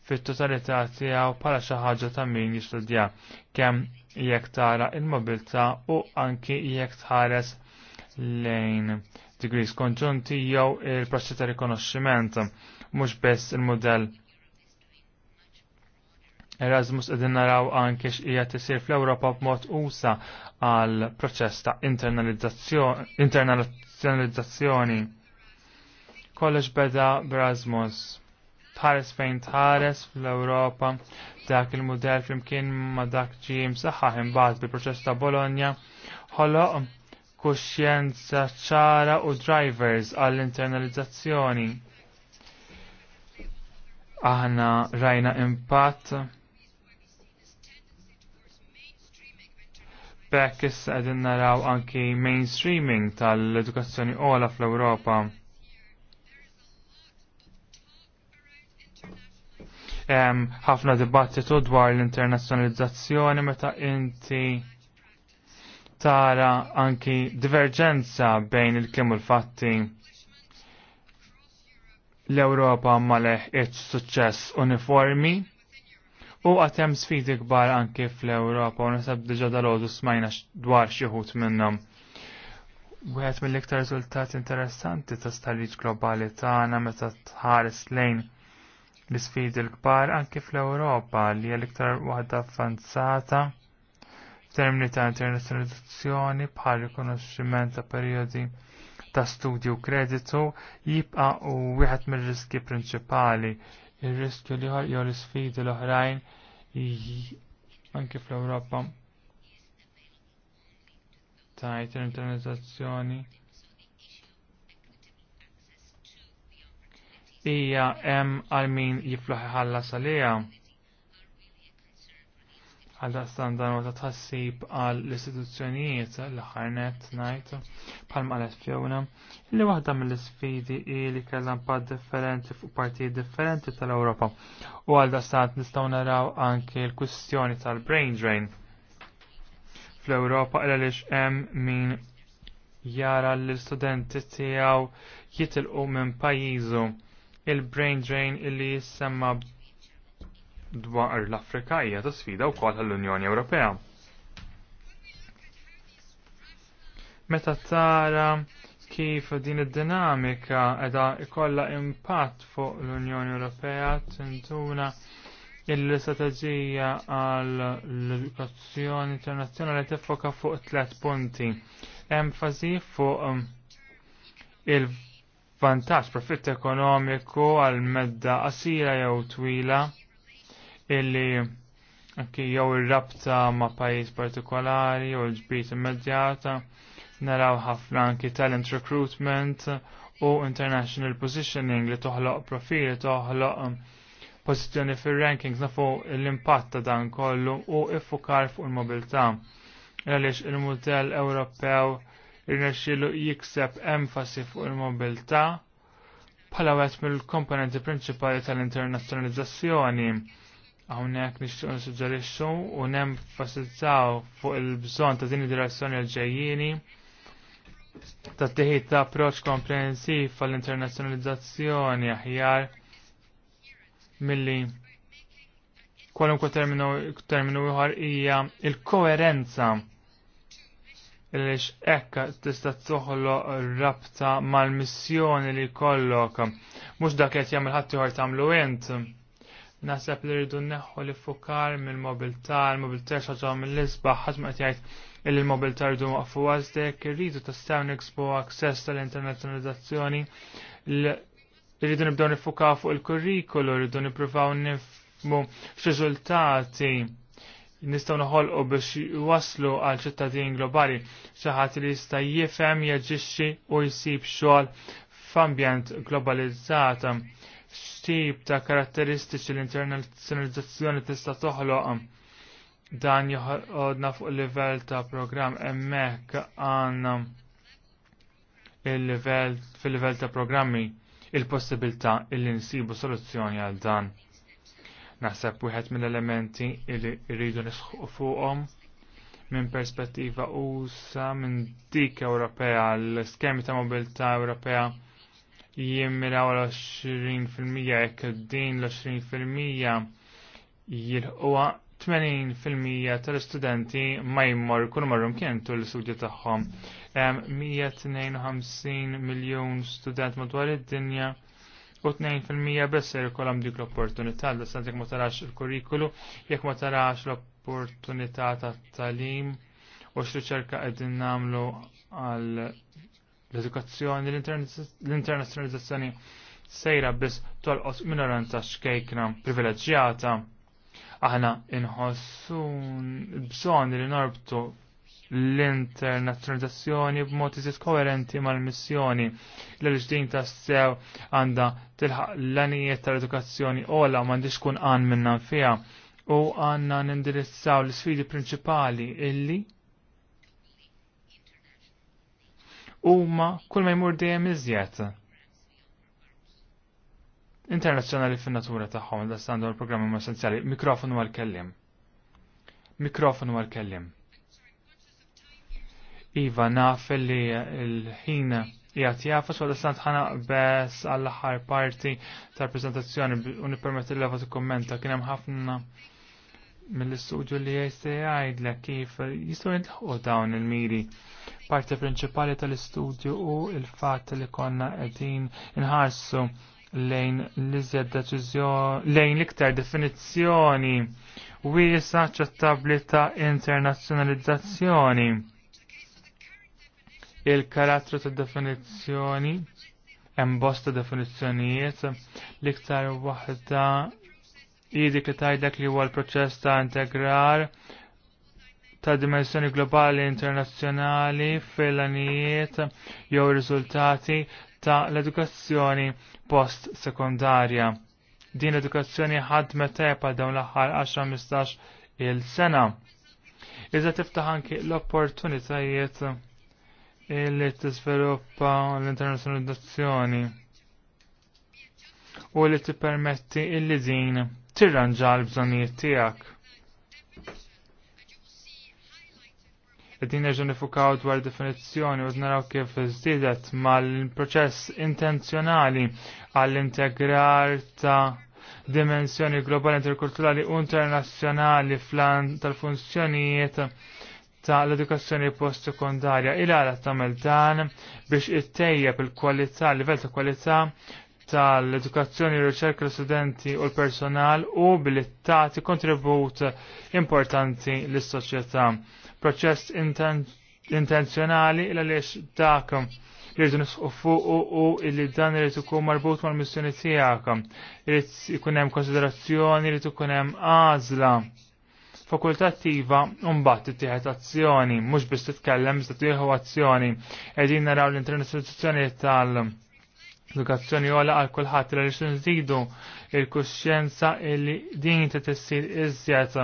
fit-totalità tiegħu bħala xi ħaġa ta' min jistudja kemm jekk tara il-mobilità u anki jekk tħares lejn degrees konġunti jew il-proċess ta' rikonoxximent mhux biss il-modell Erasmus qegħdin naraw anke x'qija tisir fl-Ewropa b'mod usa għal proċess ta' internalizzazzjoni. Kollox beda b'Erasmus tħares fejn tħares fl-Ewropa dak il-mudell flimkien ma dak ġim saħħaħ imbagħad bil-proċess ta' Bologna ħoloq kuxjenza ċara u drivers għall-internalizzazzjoni aħna rajna impatt Bekk issa qegħdin naraw anki mainstreaming tal-edukazzjoni ola fl-Ewropa. Hemm ħafna dibattitu dwar l-internazzjonalizzazzjoni meta inti tara anki diverġenza bejn il-kim u l-fatti l-Ewropa ma iċ suċċess uniformi u għatem sfidi kbar anki fl-Europa u nasab diġa dal ħodu smajna dwar xieħut minnom. Wieħed mill-iktar riżultat interessanti ta' stalliġ globali tagħna meta tħares lejn l-sfidi l-kbar anki fl-Europa li hija l-iktar waħda fanzata f'termini ta' internazjonalizzazzjoni bħal rikonoxximent ta' perjodi ta' studju kreditu jibqa' u wieħed mill-riski prinċipali il riskju li ħarqu l-sfidi l-oħrajn anke fl-Ewropa tajt l internetazzjoni Ija, hemm għal min jifluħi ħalla salija għal dan ta' tħassib għal l-istituzzjonijiet l ħarnet najt pal qalet fjona li waħda mill-sfidi li kellha pad differenti fuq partijiet differenti tal-Ewropa u għal daqstan nistgħu naraw anke l-kwistjoni tal-brain drain fl-Ewropa għaliex hemm min jara l-istudenti tiegħu jitilqu minn pajizu il-brain drain illi jissemma dwar l-Afrika hija ta' sfida wkoll għall-Unjoni Ewropea. Meta tara kif din id-dinamika edha ikolla impatt fuq l-Unjoni Ewropea tintuna il-strategija għal l-edukazzjoni internazzjonali tiffoka fuq tlet punti. Enfasi fuq um, il-vantaġġ profitt ekonomiku għal medda qasira jew twila illi anki jew ir-rabta ma' pajjiż partikolari u l-ġbit immedjata naraw ħafna anki talent recruitment u international positioning li toħloq profil, toħloq pozizjoni fil-rankings nafu l-impatt ta' dan kollu u iffukar fuq il-mobilità. Għaliex il-modell Ewropew irnexxielu jikseb enfasi fuq il-mobilità bħala wet mill-komponenti prinċipali tal-internazzjonalizzazzjoni Hawnhekk nixtieq nisuġġerixxu u nenfasizzaw fuq il-bżonn ta' din id-direzzjoni l ġejjini ta' t-tihit ta' approċċ komprensiv għall-internazzjonalizzazzjoni aħjar milli kwalunkwe terminu ieħor hija il-koerenza il-lix ekka tista toħlo rabta mal-missjoni li kollok. Mux dak qed jagħmel ħadd ieħor tagħmlu int. Naħseb li rridu neħħu li fukar mill-mobilità, il-mobilità xaġa mill-isba, ħazma għatjajt jgħid li l-mobilità rridu maqfu għazdek, irridu tastaw nixbu aċċess tal-internazzjonalizzazzjoni, rridu nibdew nifukaw fuq il-kurrikulu, rridu nippruvaw nifmu x'riżultati nistaw noħolqu biex waslu għal ċittadin globali xaħat li jista' jifhem jaġixxi u jsib xogħol f'ambjent globalizzata xtib ta' karatteristiċi l-internazzjonalizzazzjoni tista' toħloq dan joħodna fuq il-livell ta' programm emmek għanna il-livell fil-livell ta' programmi il-possibilità il nsibu soluzzjoni għal dan. Naħseb wieħed mill-elementi li rridu nisħu fuqhom minn perspettiva usa minn dik Ewropea l-skemi ta' mobilità Ewropea jimminaw l-20% jekk din l-20% jilħuwa 80% tal-istudenti ma jimmor kun marrum kientu l-studju tagħhom. 152 miljon student madwar id-dinja u 2% biss irkolhom dik l-opportunità l jekk ma tarax il-kurrikulu, jekk ma tarax l-opportunità tat-talim u x'riċerka id qegħdin nagħmlu għal l-edukazzjoni, l internazzjonizzazzjoni sejra biss tolqos minoranza xkejkna privileġġjata. Aħna inħossu bżon li norbtu l-internazzjonalizzazzjoni b'mod iżid koerenti mal-missjoni l ġdin ta' sew għandha tilħaq l-anijiet tal-edukazzjoni ola m'għandix kun għan minna fija u għanna nindirizzaw l-sfidi prinċipali illi huma kull ma jmur dejjem iżjed internazzjonali fin-natura tagħhom da għandhom l-programmi huma essenzjali. Mikrofonu għal-kellim. Mikrofonu għal-kellim. Iva naf li l-ħin jgħat jafas u għadastant ħana bes għall-ħar parti tal-prezentazzjoni u nipermetti l-level kommenta kienem ħafna mill-istudju li jgħajse għajdla kif jistu jintlaħu dawn il-miri. Parti prinċipali tal-istudju u il-fat li konna għedin inħarsu lejn l-iżjed deċizjoni, lejn l-iktar definizzjoni u jisa ta' internazzjonalizzazzjoni. Il-karattru ta' definizzjoni, embosta definizzjonijiet, l-iktar wahda jidik li tajdek li huwa l-proċess ta' integrar ta' dimensjoni globali internazzjonali fil-anijiet jew riżultati ta' l-edukazzjoni post-sekundarja. Din l-edukazzjoni ħadmet tepa dawn l-aħħar 10-15 il-sena. Iżda tiftaħ anki l-opportunitajiet li t-sviluppa l-internazzjonalizzazzjoni u li t-permetti il-li din tirranġa l-bżonijiet tiegħek. Qegħdin nerġa' nifukaw dwar definizzjoni u naraw kif żdiedet mal-proċess intenzjonali għall-integrar ta' dimensjoni globali interkulturali u internazzjonali flan tal-funzjonijiet ta' l-edukazzjoni post-sekundarja il għala ta' dan biex it-tejja il-kwalità, livell ta' kwalità tal-edukazzjoni, r riċerka l-studenti u l-personal u billi tagħti kontribut importanti l-soċjetà. Proċess intenzjonali l għaliex dak li rridu nisqu fuq u li dan irid ikun marbut mal-missjoni tiegħek. Irid ikun hemm konsiderazzjoni, irid ikun hemm għażla fakultattiva mbagħad tittieħed azzjoni, mhux biss titkellem iżda tieħu azzjoni. Qegħdin naraw l-internalizzazzjoni tal- edukazzjoni għala għal kulħadd li rix zidu il il li din ta' tissir iżjed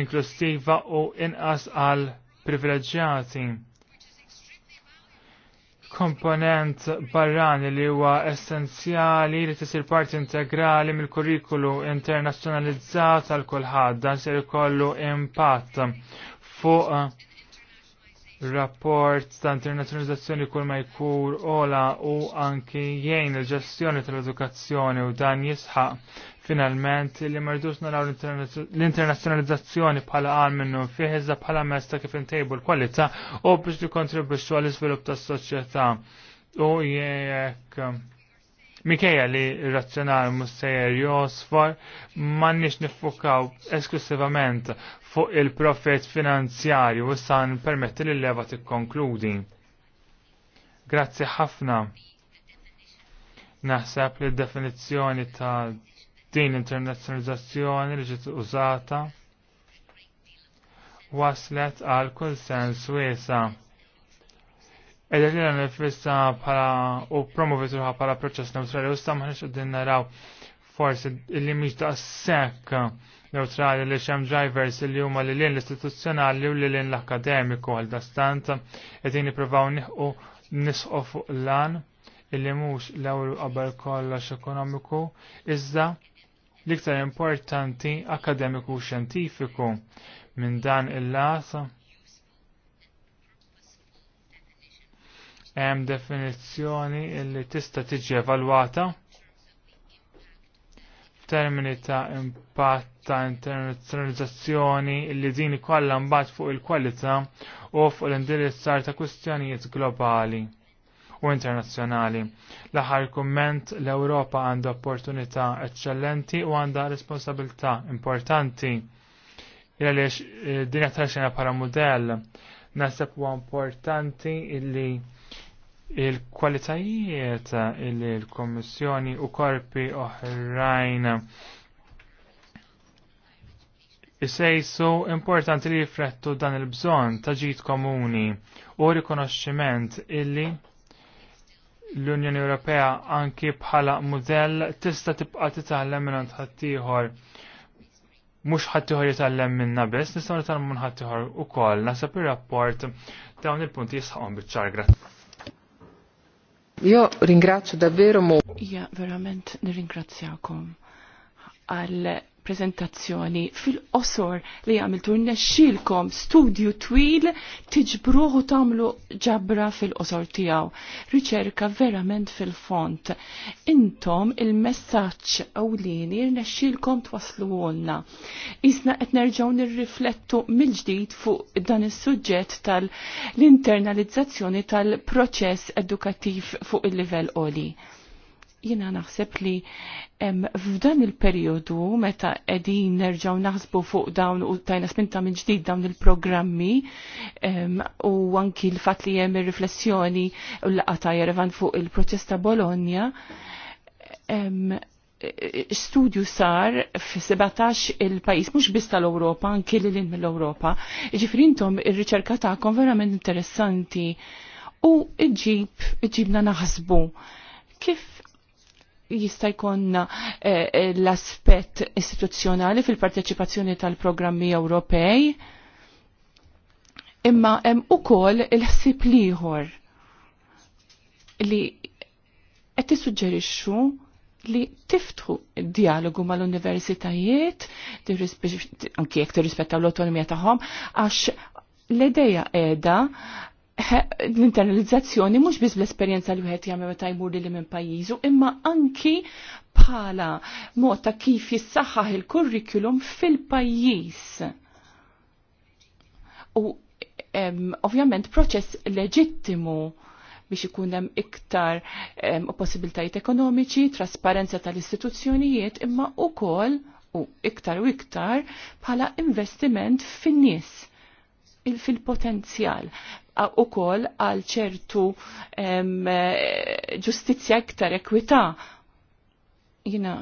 inklusiva u inqas għal privileġġjati. Komponent barrani li huwa essenzjali li tisir parti integrali mill-kurrikulu internazzjonalizzat għal kulħadd dan se jkollu impatt fuq rapport ta' internazzjonalizzazzjoni kull ma jkur ola u anki jgħin il-ġestjoni tal-edukazzjoni u dan jisħaq finalment li mardux naraw l-internazzjonalizzazzjoni bħala għal minnu fiħizza bħala mess ta' kif intejbu l-kwalità u biex li kontribuċu għall-iżvilupp tas-soċjetà u jekk Mikeja li razzjonar mussejer josfor mannix nifukaw esklusivament fuq il-profit finanzjarju u san permetti li leva tikkonkludi. Grazzi ħafna. Naħseb li d-definizzjoni ta' din internazzjonalizzazzjoni li ġiet użata waslet għal kull sens wiesa' Edha li għan nifissa bħala u promovitur bħala proċess neutrali u samħanix għaddin naraw forsi li miex da' sekk neutrali li xem drivers li huma li l-in l-istituzzjonali u li l-in l-akademiku għal dastant edin niprofaw u nisqo fuq lan illi mux l-ewlu qabel kollox ekonomiku iżda l-iktar importanti akademiku u xjentifiku minn dan il-lat hemm definizzjoni li tista' tiġi evalwata f'termini ta' impatt ta' internazzjonalizzazzjoni illi din kollha mbagħad fuq il-kwalità u fuq l-indirizzar ta' kwistjonijiet globali u internazzjonali. L-aħħar kumment l-Ewropa għandha opportunità eċċellenti u għandha responsabilità importanti. Għaliex eh, din qed bħala mudell naħseb huwa importanti illi il-kwalitajiet li l-Kommissjoni u korpi oħrajn su importanti li jifrettu dan il-bżon ta' ġid komuni u rikonoxximent illi l-Unjoni Ewropea anki bħala mudell tista' tibqa' titgħallem minn ħaddieħor mhux ħaddieħor jitgħallem minna biss, Nistgħu nitallem minn ħaddieħor ukoll. koll. Nasab rapport dawn il-punti jisħaqhom bitċar, grazie. Jo ringrazzju davvero mo. Ja, verament nirringrazzjakom għal prezentazzjoni fil-qosor li għamiltu nnexxilkom studju twil tiġbruħu tamlu ġabra fil-qosor tijaw. Riċerka verament fil-font. Intom il messaġġ ewlieni rnexxilkom twaslu għolna. Isna qed nerġgħu nirriflettu mill-ġdid fuq dan is-suġġett tal-internalizzazzjoni tal-proċess edukattiv fuq il-livell oli jina naħseb li f'dan il-periodu meta edin nerġaw naħsbu fuq dawn u tajna sminta minn ġdid dawn il-programmi u anki l-fat li jem il-riflessjoni u l-laqata jerevan fuq il-protesta Bologna studju sar f 17 il-pajis, mux biss tal-Europa, anki li l-in mill-Europa. Ġifrintom, il-riċerka ta'kom verament interessanti u iġib, iġibna naħsbu kif jista' jkollna eh, eh, l-aspett istituzzjonali fil-parteċipazzjoni tal-programmi Ewropej, imma hemm ukoll il-ħsieb liħor li qed tissuġġerixxu li tiftħu d dialogu mal-universitajiet, anke jekk tirrispettaw l-autonomija tagħhom, għax l idea qiegħda l-internalizzazzjoni mhux biss bl-esperjenza li wieħed jagħmel meta jmur lili minn pajjiżu, imma anki bħala mod ta' kif jissaħħaħ il-kurrikulum fil-pajjiż. U ovvjament proċess leġittimu biex ikun hemm iktar possibiltajiet ekonomiċi, trasparenza tal-istituzzjonijiet, imma ukoll u iktar u iktar bħala investiment fin-nies fil-potenzjal u kol għal ċertu eh, ġustizja iktar ekwita. Jina,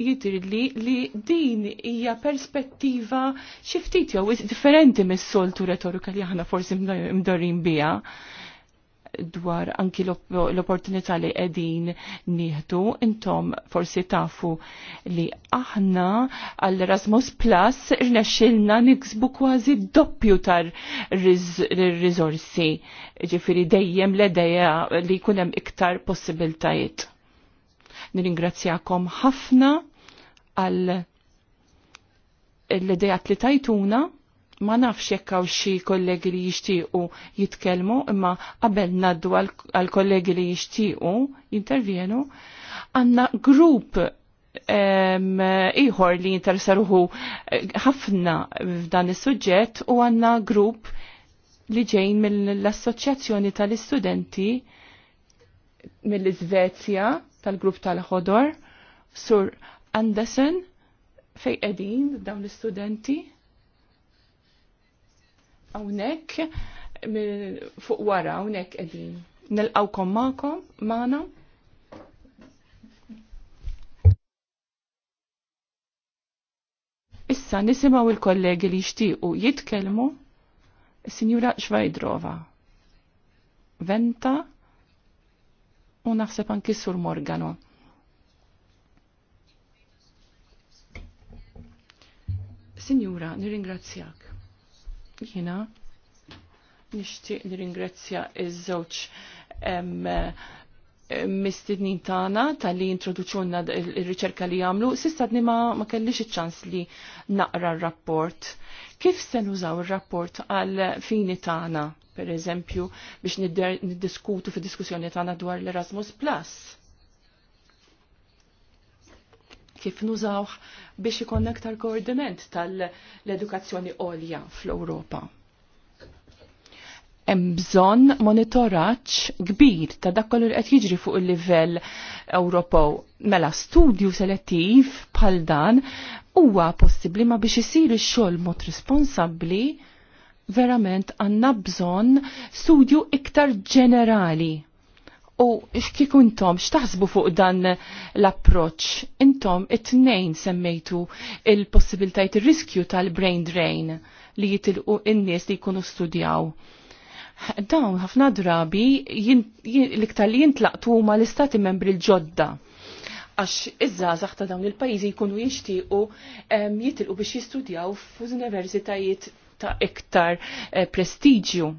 jidirli li din hija perspettiva xiftit jew differenti mis-soltu retorika li aħna forsi mdorin bija dwar anki l-opportunità li qegħdin nieħdu intom forsi tafu li aħna għall Erasmus Plus irnexxilna niksbu kważi doppju tar rizorsi ġifiri dejjem l-edeja li jkun hemm iktar possibiltajiet. Nirringrazzjakom ħafna għal l-idejat li tajtuna ma nafx jekk hawn xi kollegi li jixtiequ jitkellmu, imma qabel naddu għal kollegi li jixtiequ jintervjenu, għandna grupp ieħor li jinteressaruhu eh, ħafna f'dan is-suġġett u għandna grupp li ġejn mill-Assoċjazzjoni tal-Istudenti mill-Iżvezja tal-grupp tal-ħodor, Sur Anderson, fej qegħdin dawn l-istudenti hawnhekk fuq wara hawnhekk qegħdin. Nilqawkom magħkom maħna. Issa nisimgħu il-kollegi li jixtiequ jitkellmu Sinjura Xvajdrova. Venta u naħseb anki Sur Morgano. Sinjura, nirringrazzjak jina nishtiq nir-ingrazzja iż-żewġ mistidnin tagħna tal-li introduċunna il-riċerka li jagħmlu, sistadni ma, ma kellix iċ-ċans li naqra r-rapport. Kif se nużaw ir-rapport għal fini tagħna, per eżempju, biex niddiskutu fid diskussjoni tagħna dwar l-Erasmus Plus? kif nużawħ biex ikon aktar koordinament tal-edukazzjoni għolja fl-Ewropa. Hemm bżonn monitoraġġ kbir ta' dak kollu li qed jiġri fuq il-livell Ewropew. Mela studju selettiv bħal dan huwa possibbli ma biex isir ix-xogħol mod responsabbli verament għandna bżonn studju iktar ġenerali U x'kik x'taħsbu fuq dan l-approċċ? Intom it-tnejn semmejtu il-possibiltajt ir-riskju tal-brain drain li jitilqu in-nies li jkunu studjaw. Dawn ħafna drabi l-iktar li jintlaqtu huma l-istati membri l-ġodda għax iż-żgħażagħ ta' dawn il-pajjiżi jkunu jixtiequ ehm, jitilqu biex jistudjaw f'universitajiet ta' iktar eh, prestiġju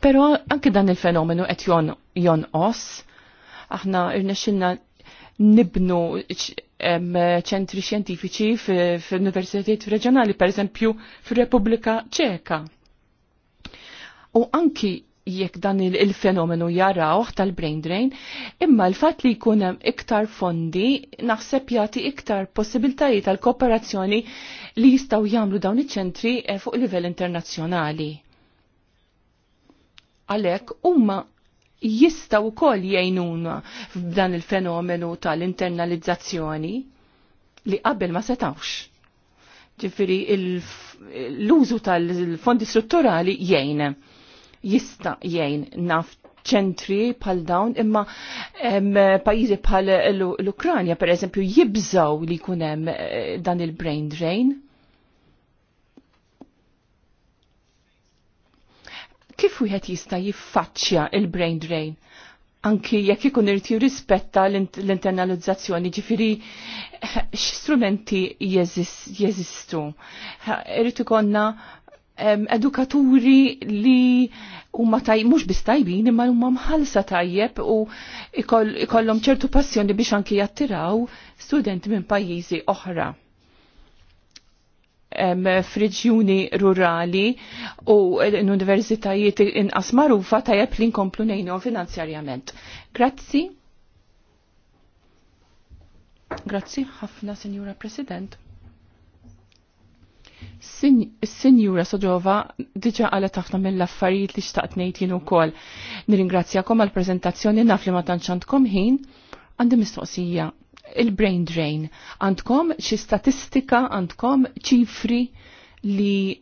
Pero anke dan il-fenomenu qed jonqos, aħna irnexxilna nibnu ċentri xjentifiċi fil-universitet reġjonali, per eżempju repubblika Ċeka. U anki jekk dan il-fenomenu oħ tal-brain drain, imma l-fatt li jkun hemm iktar fondi naħseb jagħti iktar possibiltajiet tal-kooperazzjoni li jistgħu jagħmlu dawn iċ-ċentri eh, fuq livell internazzjonali. Għalek, umma jistaw kol jgħinuna f'dan il-fenomenu tal-internalizzazzjoni li qabel ma setawx. Ġifiri, l-użu tal-fondi strutturali jgħin. Jista jajn naf ċentri pal dawn imma pajizi pal l-Ukranja per eżempju jibżaw li kunem eh, dan il-brain drain kif wieħed jista' jiffaċċja il-brain drain? Anki jekk ikun irid jirrispetta l-internalizzazzjoni, ġifieri x'strumenti jeżistu. Irid ikonna edukaturi li huma taj mhux biss tajbin imma huma mħallsa tajjeb u ikollhom ċertu passjoni biex anki jattiraw studenti minn pajjiżi oħra friġjuni rurali u l-universitajiet inqas ta' tajab li nkomplu nejnu finanzjarjament. Grazzi. Grazzi ħafna, Signora President. Sinjura Soġova diġa għalet ħafna mill-affarijiet li xtaqt ngħid jien ukoll. Nirringrazzjakom għall-preżentazzjoni naf li ma tanċantkom ħin għandi mistoqsija il-brain drain. Għandkom xi statistika, għandkom ċifri li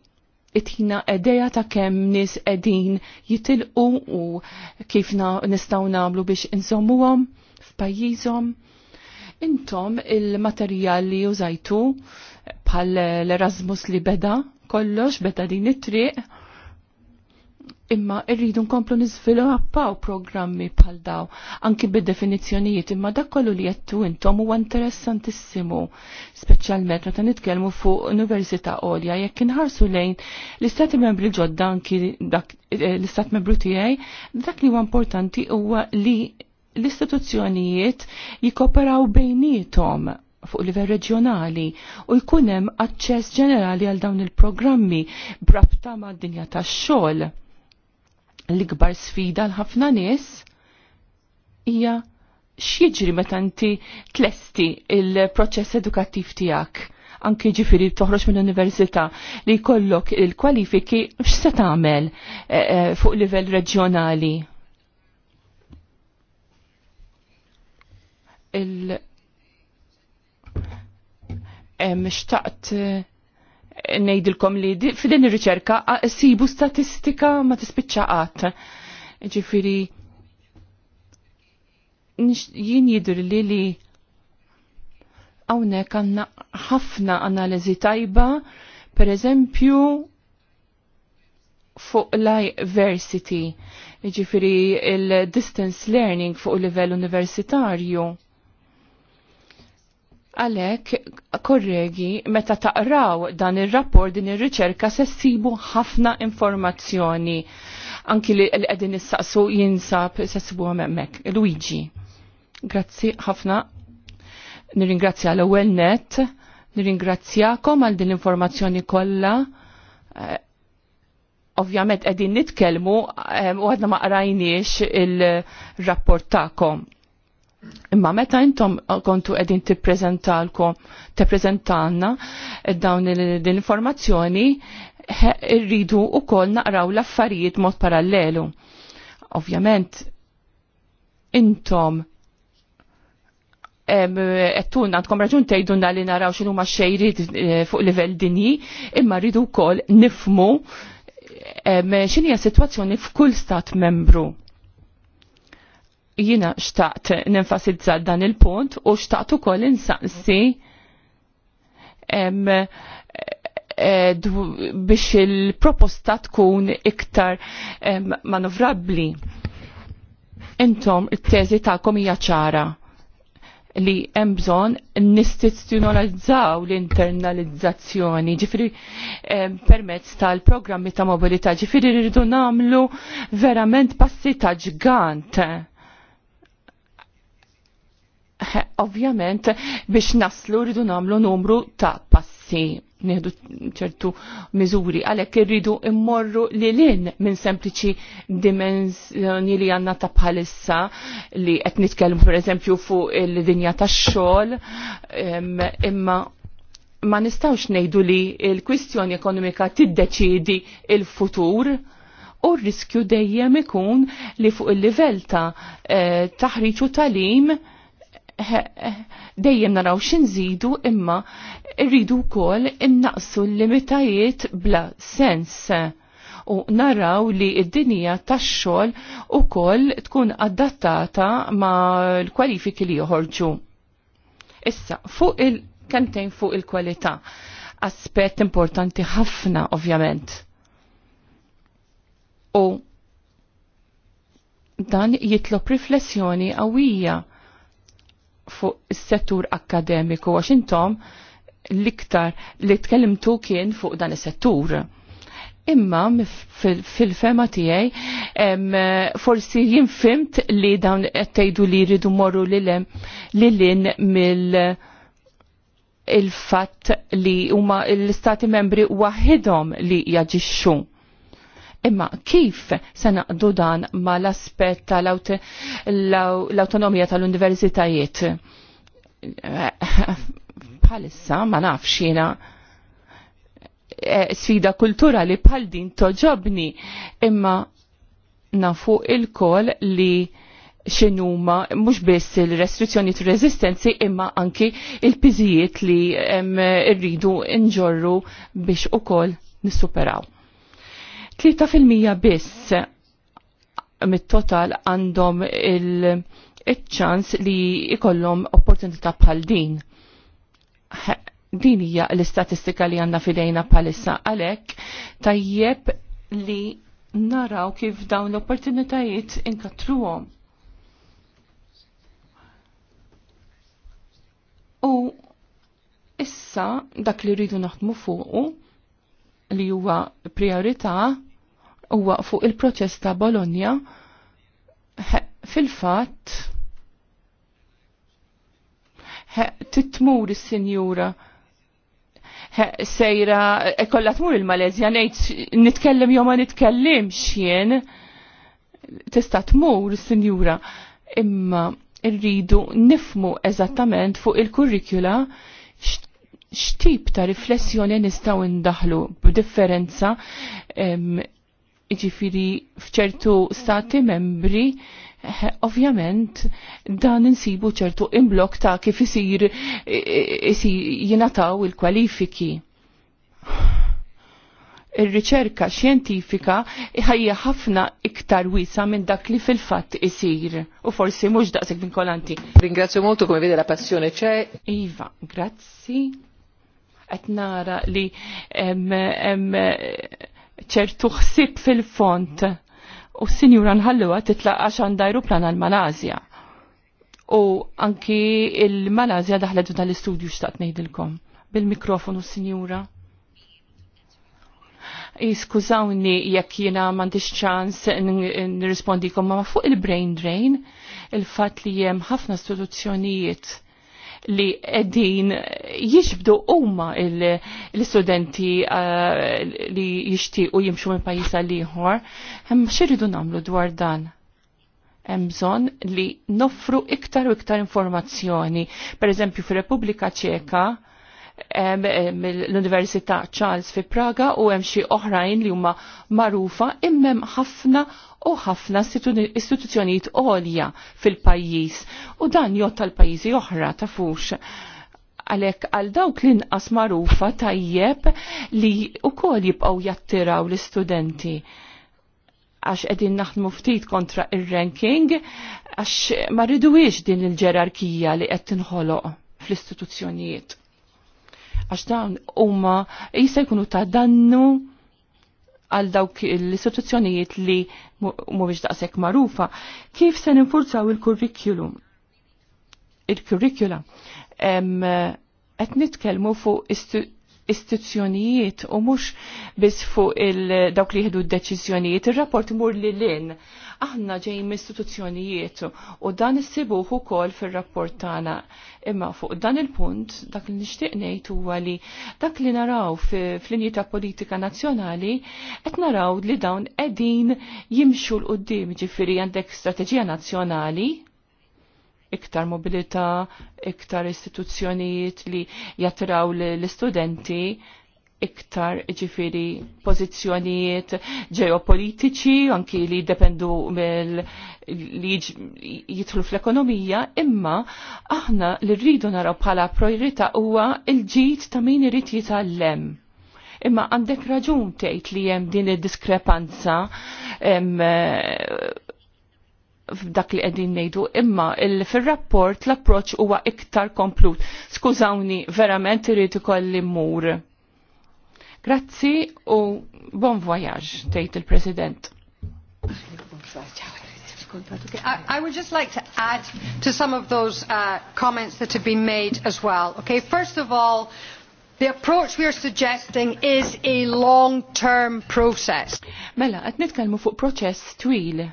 itina edeja ta' kemm nis edin jitilqu u kif nistaw namlu biex insommuhom f'pajjiżhom. Intom il-materjal li użajtu bħal l-Erasmus li beda kollox beda din it-triq imma irridu nkomplu għappaw programmi bħal daw anki bid definizjonijiet imma dak kollu li jettu intom huwa interessantissimu speċjalment meta nitkellmu fuq Università Olja, jekk inħarsu lejn l-istati membri ġodda anki eh, l-istat membru tiegħi dak li huwa importanti huwa li l-istituzzjonijiet jikoperaw bejnietom fuq livell reġjonali u jkun hemm aċċess ġenerali għal dawn il-programmi brabta mad-dinja tax-xogħol l-ikbar sfida l-ħafna nies hija x'jiġri meta inti tlesti il-proċess edukattiv tiegħek anki ġifiri toħroġ minn università li jkollok il-kwalifiki x'se tagħmel eh, eh, fuq livell reġjonali. Il- xtaqt eh, nejdilkom li f'din ir-riċerka sibu statistika ma tispiċċa qatt. Ġifiri, jien jidur li li għawnek għanna ħafna analizi tajba, per eżempju, fuq l-diversity, ġifiri il-distance learning fuq il livell universitarju Għalek, korregi, meta taqraw dan il-rapport din il-riċerka se sibu ħafna informazzjoni. Anki li l-edin nissaqsu jinsab se sibu għamemmek. Luigi, grazzi ħafna. Nirringrazzja l ewwel net, nirringrazzjakom għal din l-informazzjoni kollha eh, ovvjament qegħdin nitkelmu eh, u għadna ma qrajniex il-rapport tagħkom. Imma meta intom kontu edin t-prezentanna dawn l-informazzjoni, rridu u koll naqraw l-affarijiet mod parallelu. Ovvjament, intom għettun għandkom raġun tejdun li naraw xinu ma xejrid eh, fuq livell dinji, imma rridu kol nifmu xinija situazzjoni f'kull stat membru jina xtaqt nenfasizza dan il-punt u xtaqt u koll insaqsi e, e, biex il-proposta tkun iktar manovrabli. Intom, il-teżi ta' hija ċara li hemm bżonn nistituzzjonalizzaw l-internalizzazzjoni, ġifiri permezz tal-programmi ta' mobilità, ġifiri rridu namlu verament passi ta' ġgant Eh, ovvjament biex naslu rridu namlu numru ta' passi nieħdu ċertu miżuri għalhekk irridu immorru li lin minn sempliċi dimensjoni li għandna ta' bħalissa li qed nitkellmu pereżempju fuq il-dinja tax-xogħol imma ma nistawx nejdu li l kwistjoni ekonomika tiddeċiedi il-futur u r-riskju dejjem ikun li fuq il-livell ta' eh, taħriġ u talim dejjem naraw zidu imma rridu wkoll innaqsu l-limitajiet bla sens u naraw li id-dinja tax-xogħol ukoll tkun adattata ma' l-kwalifiki li joħorġu. Issa, fuq il kantejn fuq il-kwalità, aspett importanti ħafna ovvjament. U dan jitlob riflessjoni qawwija fuq is-settur akkademiku għax intom l-iktar li tkellimtu kien fuq dan is-settur. Imma fil-fema tiegħi forsi jinfimt li dawn qed tgħidu li jridu morru lilin mill il-fatt li huma l-istati membri waħidhom li jaġixxu Imma kif se naqdu dan ma l-aspett tal-autonomija tal-universitajiet? Bħalissa eh, ma nafx jiena eh, sfida kulturali bħal din toġobni imma nafu il-kol li xinuma mux biss il-restrizzjoni resistenzi imma anki il-pizijiet li rridu nġorru biex u kol nissuperaw. 3% biss mit-total għandhom il-ċans li ikollhom opportunità bħal din. Din hija l-istatistika li għandna fidejna bħalissa għalhekk tajjeb li naraw kif dawn l-opportunitajiet inkatruhom. U issa dak li rridu naħdmu fuqu li huwa priorità huwa fuq il-proċess ta' Bologna fil-fatt titmur is-sinjura sejra e kollha tmur il-Malezja ngħid nitkellem jew ma nitkellimx jien tista' tmur is-sinjura imma rridu nifmu eżattament fuq il-kurrikula xtip ta' riflessjoni nistaw indaħlu b'differenza ġifiri fċertu stati membri eh, ovvjament dan insibu ċertu imblok ta' kif isir jinataw il-kwalifiki. Ir-riċerka xjentifika ħajja ħafna iktar wisa minn dak li fil-fatt isir u forsi mhux daqshekk vinkolanti. Ringrazzju molto come vede la passione c'è. Iva, grazzi qed nara li eh, ċertu ħsieb fil-font u s-sinjura nħalluha titlaqqa dajru plan għal Malazja. U anki il-Malazja daħledu tal-istudju xtaqt ngħidilkom bil-mikrofonu s-sinjura. Iskużawni jekk jiena m'għandix ċans nirrispondikom ma fuq il-brain drain, il-fatt li hemm ħafna istituzzjonijiet li qegħdin jixbdu huma l-istudenti eh, li jixtiequ jimxu minn pajjiż għal ieħor, hemm x'iridu nagħmlu dwar dan? Hemm bżonn li noffru iktar u iktar informazzjoni. Per eżempju, fir-Repubblika Ċeka mill-Università Charles fi Praga u hemm xi oħrajn li huma magħrufa immem ħafna u ħafna istituzzjonijiet għolja fil-pajjiż u dan jotta l-pajjiżi oħra tafux għalek għal dawk l-inqas magħrufa tajjeb li wkoll jibqgħu jattiraw l-istudenti għax edin naħdmu ftit kontra ir ranking għax ma rridu din il-ġerarkija li qed tinħoloq fl-istituzzjonijiet għax dawn huma jista' jkunu ta' dannu għal dawk l-istituzzjonijiet li mhuwiex daqshekk magħrufa, kif se ninfurzaw il-kurrikulum? Il-kurrikula. Qed nitkellmu fuq istituzzjonijiet u mhux biss fuq dawk li jieħdu d-deċiżjonijiet. Ir-rapport mur li lin aħna ġej mill-istituzzjonijiet u dan issibuh ukoll fir-rapport tagħna. Imma fuq dan il-punt dak li nixtieq ngħid huwa li dak li naraw fl-linji ta' politika nazzjonali qed naraw li dawn qegħdin jimxu l qudiem ġifieri għandek strateġija nazzjonali iktar mobilità, iktar istituzzjonijiet li jattraw l-istudenti, iktar ġifiri pozizjonijiet ġeopolitiċi, anki li dependu mill li jitħlu fl-ekonomija, imma aħna li rridu naraw bħala priorita huwa il-ġid ta' min irid jitgħallem. Imma għandek raġun tgħid li hemm din id-diskrepanza f'dak li qegħdin ngħidu, imma fir-rapport l-approċċ huwa iktar komplut. Skużawni, verament irid ikolli mur Grazzi u bon voyage, tejt il-President. I would just like to add to some of those uh, comments that have been made as well. Okay, first of all, The approach we are suggesting is a long-term process. Mela, qed nitkellmu fuq proċess twil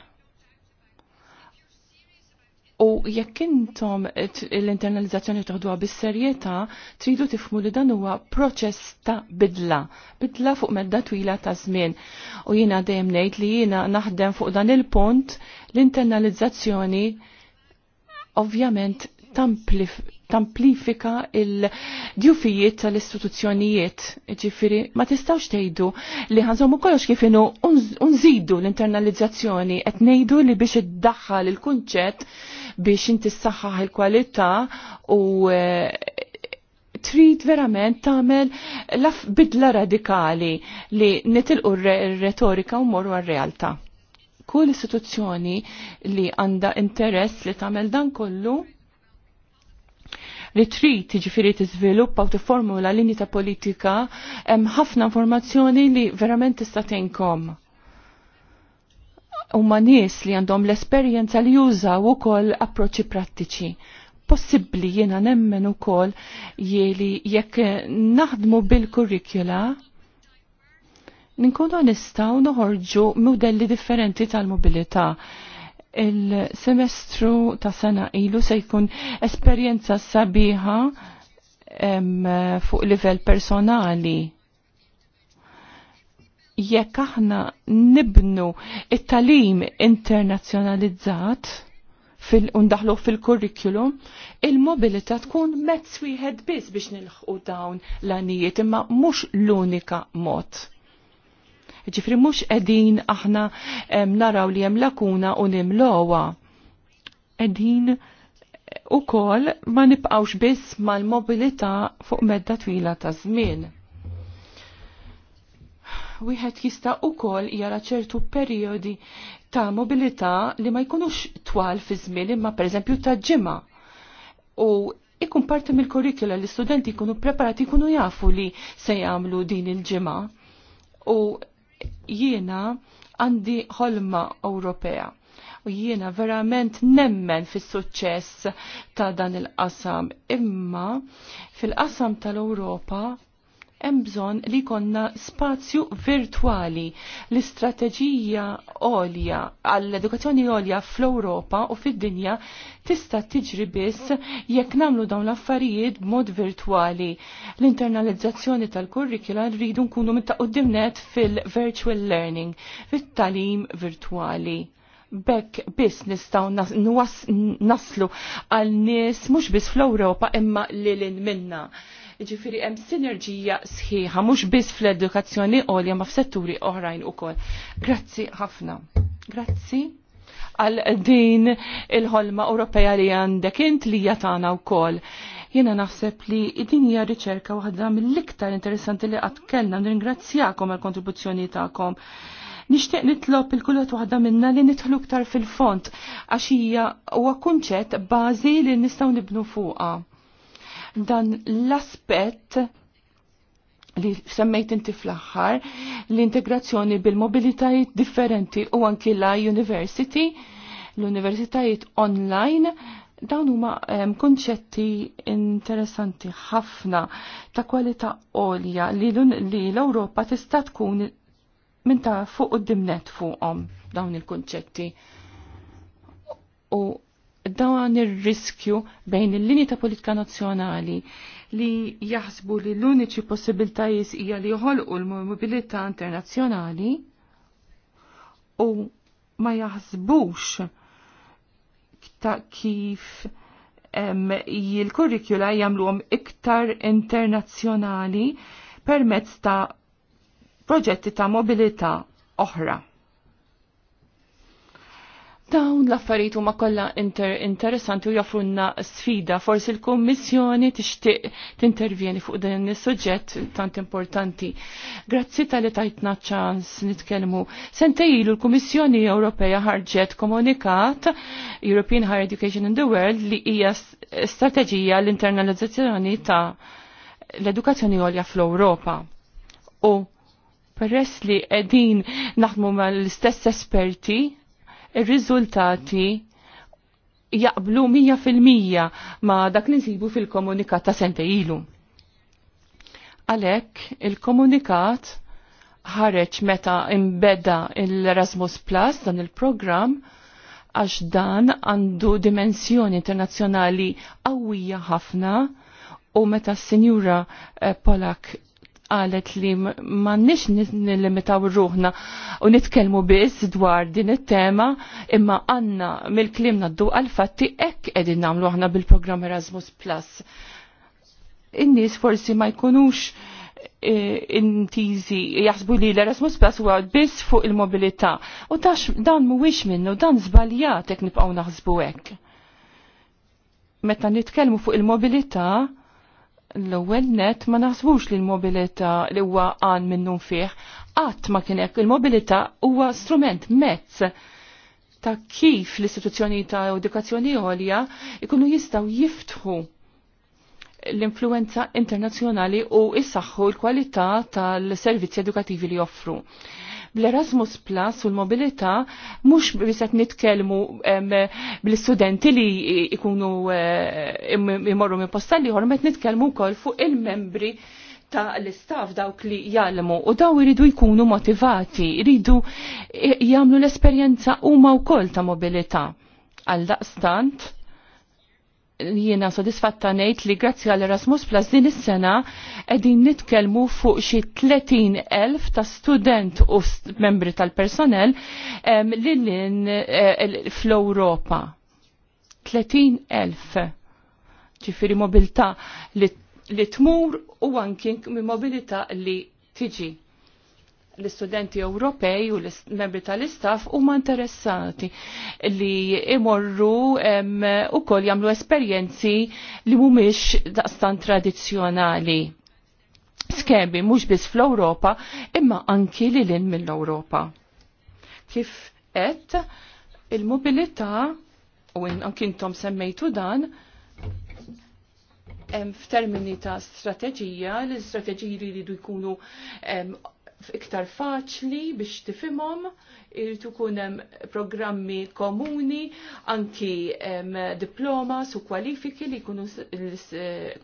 U jekk intom l-internalizzazzjoni taħduha bis-serjetà, tridu tifmu li dan huwa proċess ta' bidla, bidla fuq medda twila ta' żmien. U jiena dejjem ngħid li jiena naħdem fuq dan il-punt l-internalizzazzjoni ovvjament tamplifika il-djufijiet tal-istituzzjonijiet. Ġifiri, ma tistawx tgħidu li ħanżommu kollox kif unżidu l-internalizzazzjoni qed ngħidu li biex iddaħħal il-kunċett biex inti ssaħħaħ il-kwalità u e, trid verament tagħmel laf bidla radikali li nitilqu r-retorika u morru għal realtà Kull istituzzjoni li għandha interess li tagħmel dan kollu li trid jiġifieri tiżviluppa u tifformula linji ta' politika hemm ħafna informazzjoni li verament tista' tinkom. Huma nies li għandhom l-esperjenza li jużaw ukoll approċċi prattiċi possibbli jiena nemmen ukoll jeli jekk naħdmu bil-kurrikula ninkunu nistaw noħorġu modelli differenti tal-mobilità il-semestru ta' sena ilu se jkun esperjenza sabiħa fuq livell personali. Jekk aħna nibnu it-talim internazzjonalizzat fil-undaħlu fil-kurrikulum, il-mobilita tkun mezz wieħed biss biex nilħqu dawn l-anijiet imma mhux l-unika mod Ġifri mux edin aħna naraw li jem lakuna u nimlowa. Edin u kol ma nibqawx biss mal-mobilita fuq medda twila ta' żmien. Wieħed jista' ukoll jara ċertu perjodi ta' mobilità li ma jkunux twal fi żmien imma pereżempju ta' ġimgħa. U ikun parti mill-kurrikula li studenti jkunu preparati jkunu jafu li se jagħmlu din il-ġimgħa. U jiena għandi ħolma Ewropea u jiena verament nemmen fis suċċess ta' dan il-qasam. Imma fil-qasam tal-Ewropa hemm bżonn li konna spazju virtwali l-istrateġija għolja għall-edukazzjoni għolja fl-Ewropa u fid-dinja tista' tiġri biss jekk nagħmlu dawn l-affarijiet b'mod virtwali. L-internalizzazzjoni tal-kurrikula rridu nkunu mittaqoddimnet fil-virtual learning, fit-talim virtwali bekk biss nistaw naslu għal nies mhux biss fl-Ewropa imma lil minna. Ġifiri hemm sinerġija sħiħa mhux biss fl-edukazzjoni għolja ma f'setturi oħrajn ukoll. Grazzi ħafna. Grazzi għal din il-ħolma Ewropea li għandek int li jatana u kol. naħseb li din hija riċerka waħda mill-iktar interessanti li qatt kellna nringrazzjakom għall kontribuzzjoni tagħkom. Nixtieq nitlob il-kullat waħda minna li nidħlu ktar fil-font għax hija huwa kunċett bażi li nistgħu nibnu fuqha dan l-aspett li semmejt inti fl-aħħar l-integrazzjoni bil-mobilitajiet differenti u anki la university l-universitajiet online dawn huma konċetti interessanti ħafna ta' kwalità għolja li l-Ewropa tista' tkun minn ta' fuq u dimnet fuqhom dawn il-konċetti. U dan ir-riskju bejn il-linji ta' politika nazzjonali li jaħsbu li l-uniċi possibiltajiet hija li joħolqu l-mobilità internazzjonali u ma jaħsbux ta' kif jil kurrikula jagħmluhom iktar internazzjonali permezz ta' proġetti ta' mobilità oħra. Dawn l-affarijiet huma kollha inter interessanti u jafrunna sfida forsi l-Kummissjoni tixtieq tintervjeni fuq din is-suġġett tant importanti. Grazzi tal-li tajtna ċans nitkellmu. ilu l-Kummissjoni Ewropea ħarġet komunikat European Higher Education in the World li hija strateġija l-internalizzazzjoni ta' l-edukazzjoni għolja fl-Ewropa. U peress li qegħdin naħdmu mal-istess esperti ir-riżultati jaqblu 100% ma dak li nsibu fil-komunikat ta' sente ilu. Għalek, il-komunikat ħareċ meta imbeda il-Erasmus Plus dan il-program għax dan għandu dimensjoni internazzjonali qawwija ħafna u meta s senjura eh, Polak qalet li m'għandniex nillimitaw ruħna u nitkellmu biss dwar din it-tema imma għandna mill d-du għal-fatti hekk qegħdin nagħmlu aħna bil-programm Erasmus Plus. In-nies forsi ma jkunux e, intizi jaħsbu li l-Erasmus Plus huwa biss fuq il-mobilità. U tax dan mhuwiex minnu, dan żbaljat jekk nibqgħu naħsbu hekk. Meta nitkellmu fuq il-mobilità, l-ewwel net ma naħsbux li l-mobilità li huwa għan minnu fih, qatt ma kien hekk il-mobilità huwa strument mezz ta' kif l-istituzzjoni ta' edukazzjoni għolja ikunu jistaw jiftħu l-influenza internazzjonali u jissaħħu l-kwalità tal-servizzi edukativi li joffru. Bl-Erasmus Plus u l-mobilità mhux biset nitkellmu bl-istudenti li ikunu imorru minn posta li met nitkellmu wkoll fuq il-membri ta' l-istaff dawk li jgħalmu u daw iridu jkunu motivati, iridu jagħmlu l ma' huma wkoll ta' mobilità. Għal daqstant, jiena sodisfatta ngħid li grazzi għal Erasmus Plus din is-sena qegħdin nitkellmu fuq xi 30 elf ta' student u membri tal-personell lin eh, fl-Ewropa. 30,000 elf. Ġifieri mobilità li tmur u anki mobilità li tiġi l-istudenti Ewropej u l-membri tal-istaff huma interessati li imorru u koll jamlu esperjenzi li mhumiex daqstan tradizzjonali. Skemi mhux biss fl-Ewropa imma anki li lin mill-Ewropa. Kif qed il-mobilità u anki intom semmejtu dan f'termini ta' strateġija, l-istrateġiji jridu jkunu iktar faċli biex tifimhom irid ikun hemm programmi komuni, anki diplomas u kwalifiki li jkunu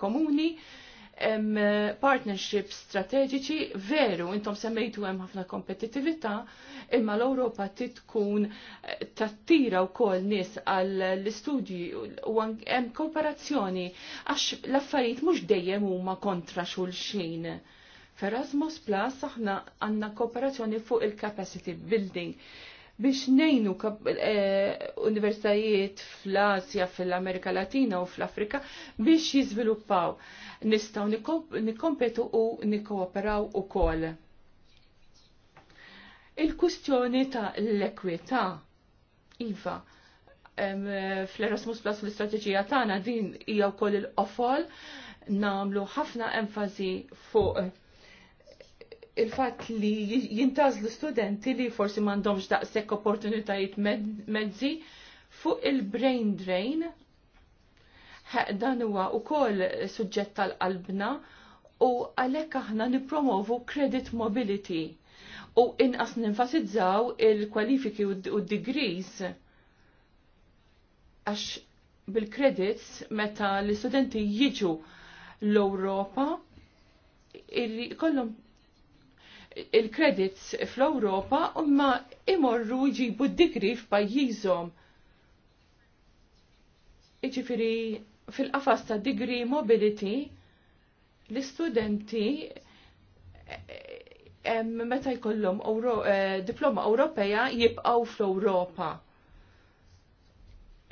komuni partnerships partnership strategiċi veru, intom semmejtu hemm ħafna kompetitività, imma l-Ewropa titkun eh, tattira wkoll nies għal l-istudji u hemm kooperazzjoni għax l-affarijiet mhux dejjem huma kontra xulxin. F'Erasmus Plus aħna għandna kooperazzjoni fuq il-capacity building biex nejnu eh, universitajiet fl-Asja, fil-Amerika Latina u fl-Afrika biex jizviluppaw. Nistaw nikompetu u nikooperaw u kol. Il-kustjoni ta' l-ekwita, Iva, fl-Erasmus Plus fl-istrateġija tagħna din hija wkoll il-qofol namlu ħafna enfasi fuq il-fat li jintaz l-studenti li forsi mandomx daqsek opportunitajiet mezzi fuq il-brain drain dan huwa ukoll suġġett tal-qalbna u għalhekk aħna nippromovu credit mobility u inqas ninfasizzaw il-kwalifiki u d-degrees għax bil-credits meta l-istudenti jiġu l-Ewropa illi kollhom il-credits fl-Europa imma imorru jġibu d-digri f'pajjiżhom. Iġifiri fil-qafas ta' degree mobility l-istudenti eh, meta jkollhom eh, diploma Ewropea jibqgħu fl-Ewropa.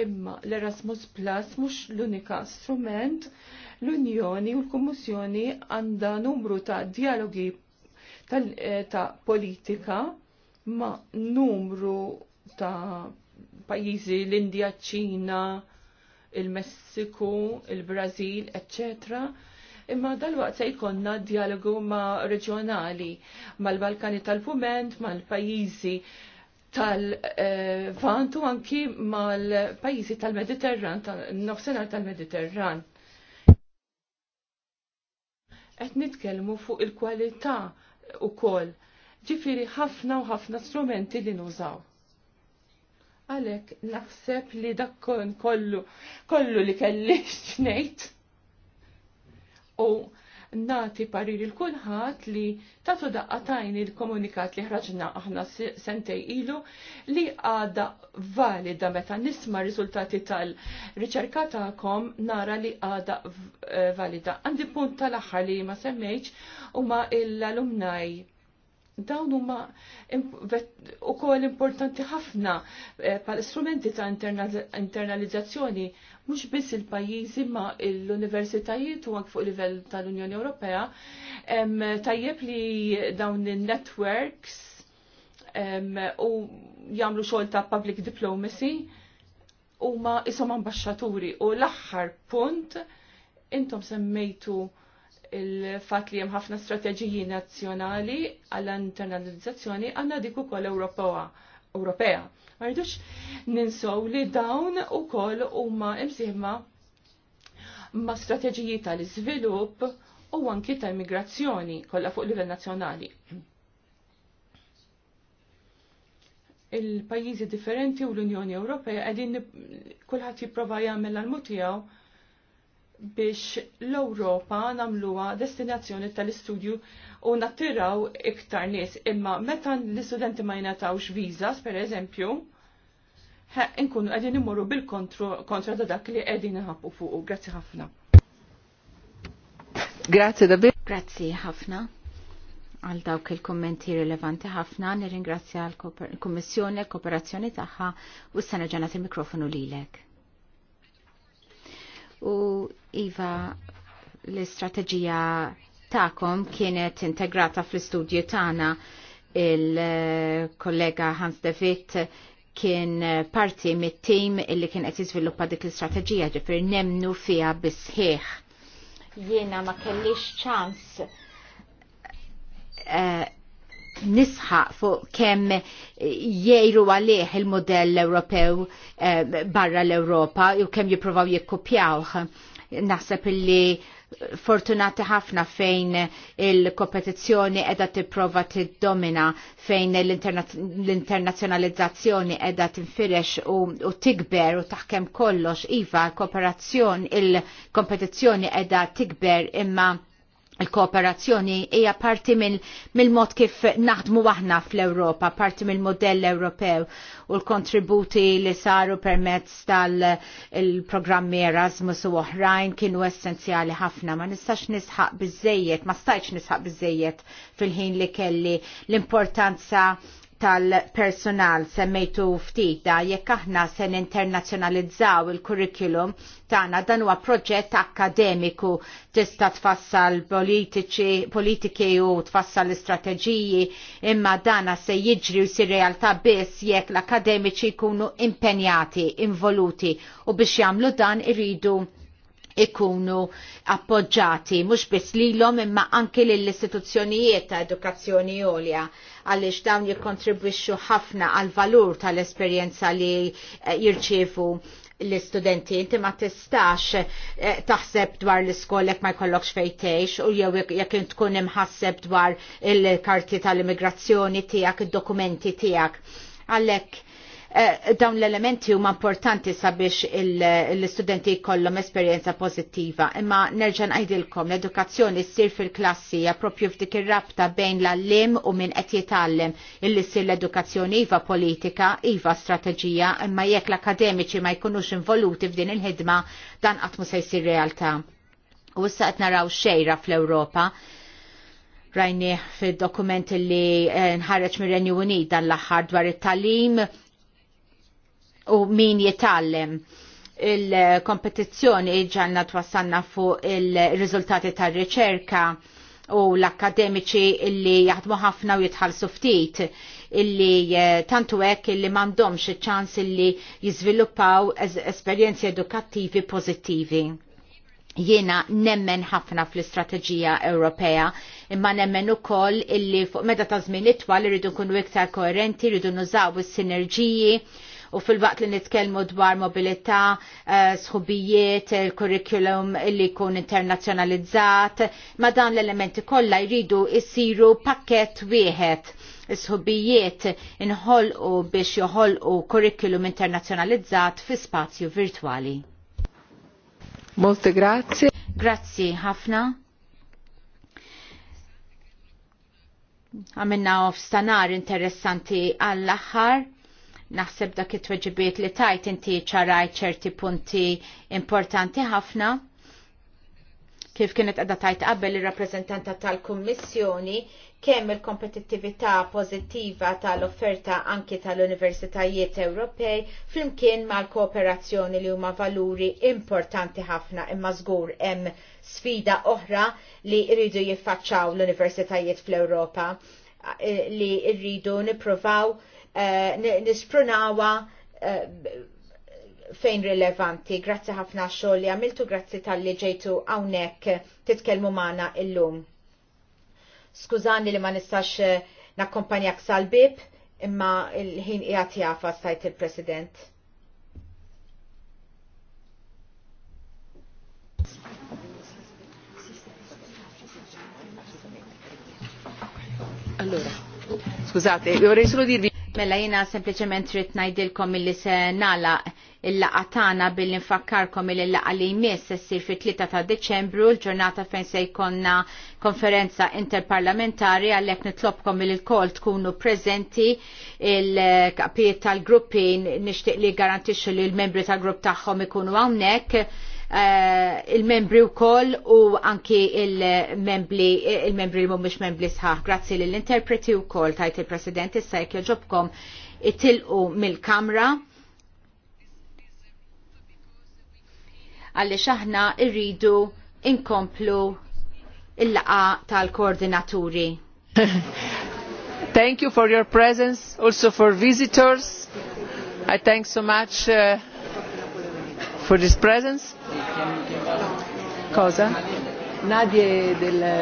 Imma l-Erasmus Plus mhux l-unika strument l-Unjoni u l-Kummissjoni għandha numru ta' dialogi Eh, ta' politika ma' numru ta' pajizi l-Indija, ċina, il-Messiku, il-Brazil, eccetera, imma dal-waqt se jkonna dialogu ma' reġjonali mal-Balkani tal-Pument, mal-pajjiżi tal-Vantu anki mal-pajjiżi tal-Mediterran, tal-nofsenar tal-Mediterran. Qed nitkellmu fuq il-kwalità u kol. Ġifiri ħafna u ħafna strumenti li nużaw. Għalek, naħseb li dakkon kollu, kollu li kelli xnejt. *laughs* U nati pariri l kulħat li tatu daqqatajn il-komunikat li ħraġna aħna sentej ilu li għada valida meta nisma riżultati tal-riċerka ta'kom nara li għada eh, valida. Għandi punt tal-axħar li ma semmejċ u ma il-alumnaj dawn huma ukoll importanti ħafna eh, pal istrumenti ta' internalizzazzjoni mhux biss il-pajjiżi ma l-universitajiet u anke fuq livell tal-Unjoni Ewropea tajjeb li dawn in-networks u jagħmlu xogħol ta' public diplomacy huma isom ambaxxaturi u l-aħħar punt intom semmejtu il-fat li hemm ħafna strateġiji nazzjonali għall-internalizzazzjoni għandna dik ukoll Ewropa Ewropea. Ma rridux ninsow li dawn ukoll huma u ma' strategiji tal-iżvilupp u anki tal-migrazzjoni kollha fuq livell nazzjonali. Il-pajjiżi differenti u l-Unjoni Ewropea qegħdin kulħadd jipprova jagħmel l-mutijaw biex l-Europa namluwa destinazzjoni tal-istudju u nattiraw iktar nies. Imma meta l-istudenti ma jnatawx vizas, per eżempju, nkunu qegħdin immorru bil-kontra ta' dak li qegħdin iħabbu fuq. Grazzi ħafna. Grazie Dabi. Grazzi ħafna għal dawk il-kommenti rilevanti ħafna, nirringrazzja l-Kommissjoni, l-Kooperazzjoni tagħha u s sanaġanat il-mikrofonu lilek u Iva l-istrateġija ta'kom kienet integrata fl-istudju tagħna il-kollega Hans De Witt kien parti mit-tim illi kien qed jiżviluppa dik l-istrateġija ġifier nemnu fiha bisħieħ. Jiena ma kellix ċans uh, nisħaq fuq kemm eh, jgħiru għalih il-modell Ewropew eh, barra l-Ewropa u kemm jipprovaw jikkupjawh. Naħseb illi fortunati ħafna fejn il-kompetizzjoni edha tipprova tiddomina fejn l-internazzjonalizzazzjoni edha tinfirex u, u tikber u taħkem kollox iva l il-kompetizzjoni edha tikber imma Il-kooperazzjoni hija parti mill-mod kif naħdmu aħna fl-Ewropa, parti mill-modell Ewropew u l-kontributi li saru permezz tal-programmi Erasmus u oħrajn kienu essenzjali ħafna. Ma nistax nisħaq biżejjed, ma stajċ nisħaq biżejjed fil-ħin li kelli l-importanza tal-personal semmejtu ftita jekk aħna se internazzjonalizzaw il-kurrikulum tagħna dan huwa proġett akademiku tista' tfassal politiċi politiki u tfassal istrateġiji imma dana se jiġri u sir realtà biss jekk l-akademiċi jkunu impenjati, involuti u biex jagħmlu dan iridu ikunu appoġġati mhux biss lilhom imma anki lill-istituzzjonijiet ta' edukazzjoni għolja għaliex dawn jikkontribwixxu ħafna għal valur tal-esperjenza li eh, jirċievu l-istudenti, inti ma tistax eh, taħseb dwar l-iskolek ma jkollokx fejtejx u jew jekk tkun imħasseb dwar il-karti tal-immigrazzjoni tiegħek, id-dokumenti tiegħek. Għalhekk Eh, dawn l-elementi huma importanti sabiex l-istudenti jkollhom esperjenza pożittiva, imma nerġa' ngħidilkom l-edukazzjoni ssir fil-klassi hija proprju f'dik ir-rabta bejn l-allim u min qed jitgħallem illi ssir l-edukazzjoni iva politika, iva strateġija, imma jekk l-akademiċi ma jkunux involuti f'din il-ħidma dan qatt mu se jsir realtà. U issa qed naraw xejra fl-Ewropa rajni fil-dokument li eh, nħarreċ mir renju Unit dan l aħħar dwar it-talim u min jitallem il-kompetizzjoni ġanna twassanna fuq il-riżultati tar-riċerka u l-akademiċi illi jaħdmu ħafna u jitħallsu ftit illi eh, tantu hekk illi m'għandhomx iċ-ċans illi jizviluppaw esperjenzi edukattivi pożittivi. Jiena nemmen ħafna fl-istrateġija Ewropea imma nemmen ukoll illi fuq meta ta' żmien itwal irridu nkunu iktar koerenti, irridu nużaw is-sinerġiji u fil-waqt li nitkellmu dwar mobilità, eh, sħubijiet, il-kurrikulum li jkun internazzjonalizzat, ma dan l-elementi kollha jridu jsiru pakkett wieħed sħubijiet inħolqu biex joħolqu kurrikulum internazzjonalizzat fi spazju virtwali. Molte grazie. Grazzi ħafna. Għamilna off stanar interessanti għall-aħħar Naħseb dak it-tweġibiet li tajt inti ċarajt ċerti punti importanti ħafna. Kif kienet għadda tajt qabel il-rappresentanta tal-Kummissjoni kemm il-kompetittività pożittiva tal-offerta anki tal-Universitajiet Ewropej flimkien mal-kooperazzjoni li huma valuri importanti ħafna imma żgur hemm sfida oħra li rridu jiffaċċaw l-Universitajiet fl-Ewropa eh, li rridu nippruvaw Eh, nisprunawa eh, fejn rilevanti. Grazzi ħafna xogħol li għamiltu, grazzi tal-li ġejtu hawnhekk titkellmu magħna illum. Skużani li ma nistax eh, nakkompanjak sal-bib, imma il-ħin qiegħed għafa stajt il-President. Allora, scusate, vorrei solo dirvi Mela jina sempliciment trid ngħidilkom illi se nala il-laqa tagħna billi nfakkarkom il laqa li jmiss se ssir fit-3 ta' Deċembru l-ġurnata fejn se jkollna konferenza interparlamentari għalhekk nitlobkom il kol tkunu prezenti il kapiet tal gruppin nixtieq li garantisġu li l-membri tal-grupp tagħhom ikunu hawnhekk Eh, il-membri u koll u anki il-membri il-membri li mumiex membri sħaħ. Grazzi l-interpreti u koll tajt il-President issa jek joġobkom itilqu mill-kamra. Għalli xaħna irridu inkomplu il-laqa tal-koordinaturi. *laughs* Thank you for your presence, also for visitors. I thank so much uh, for this presence. Cosa? Nadie del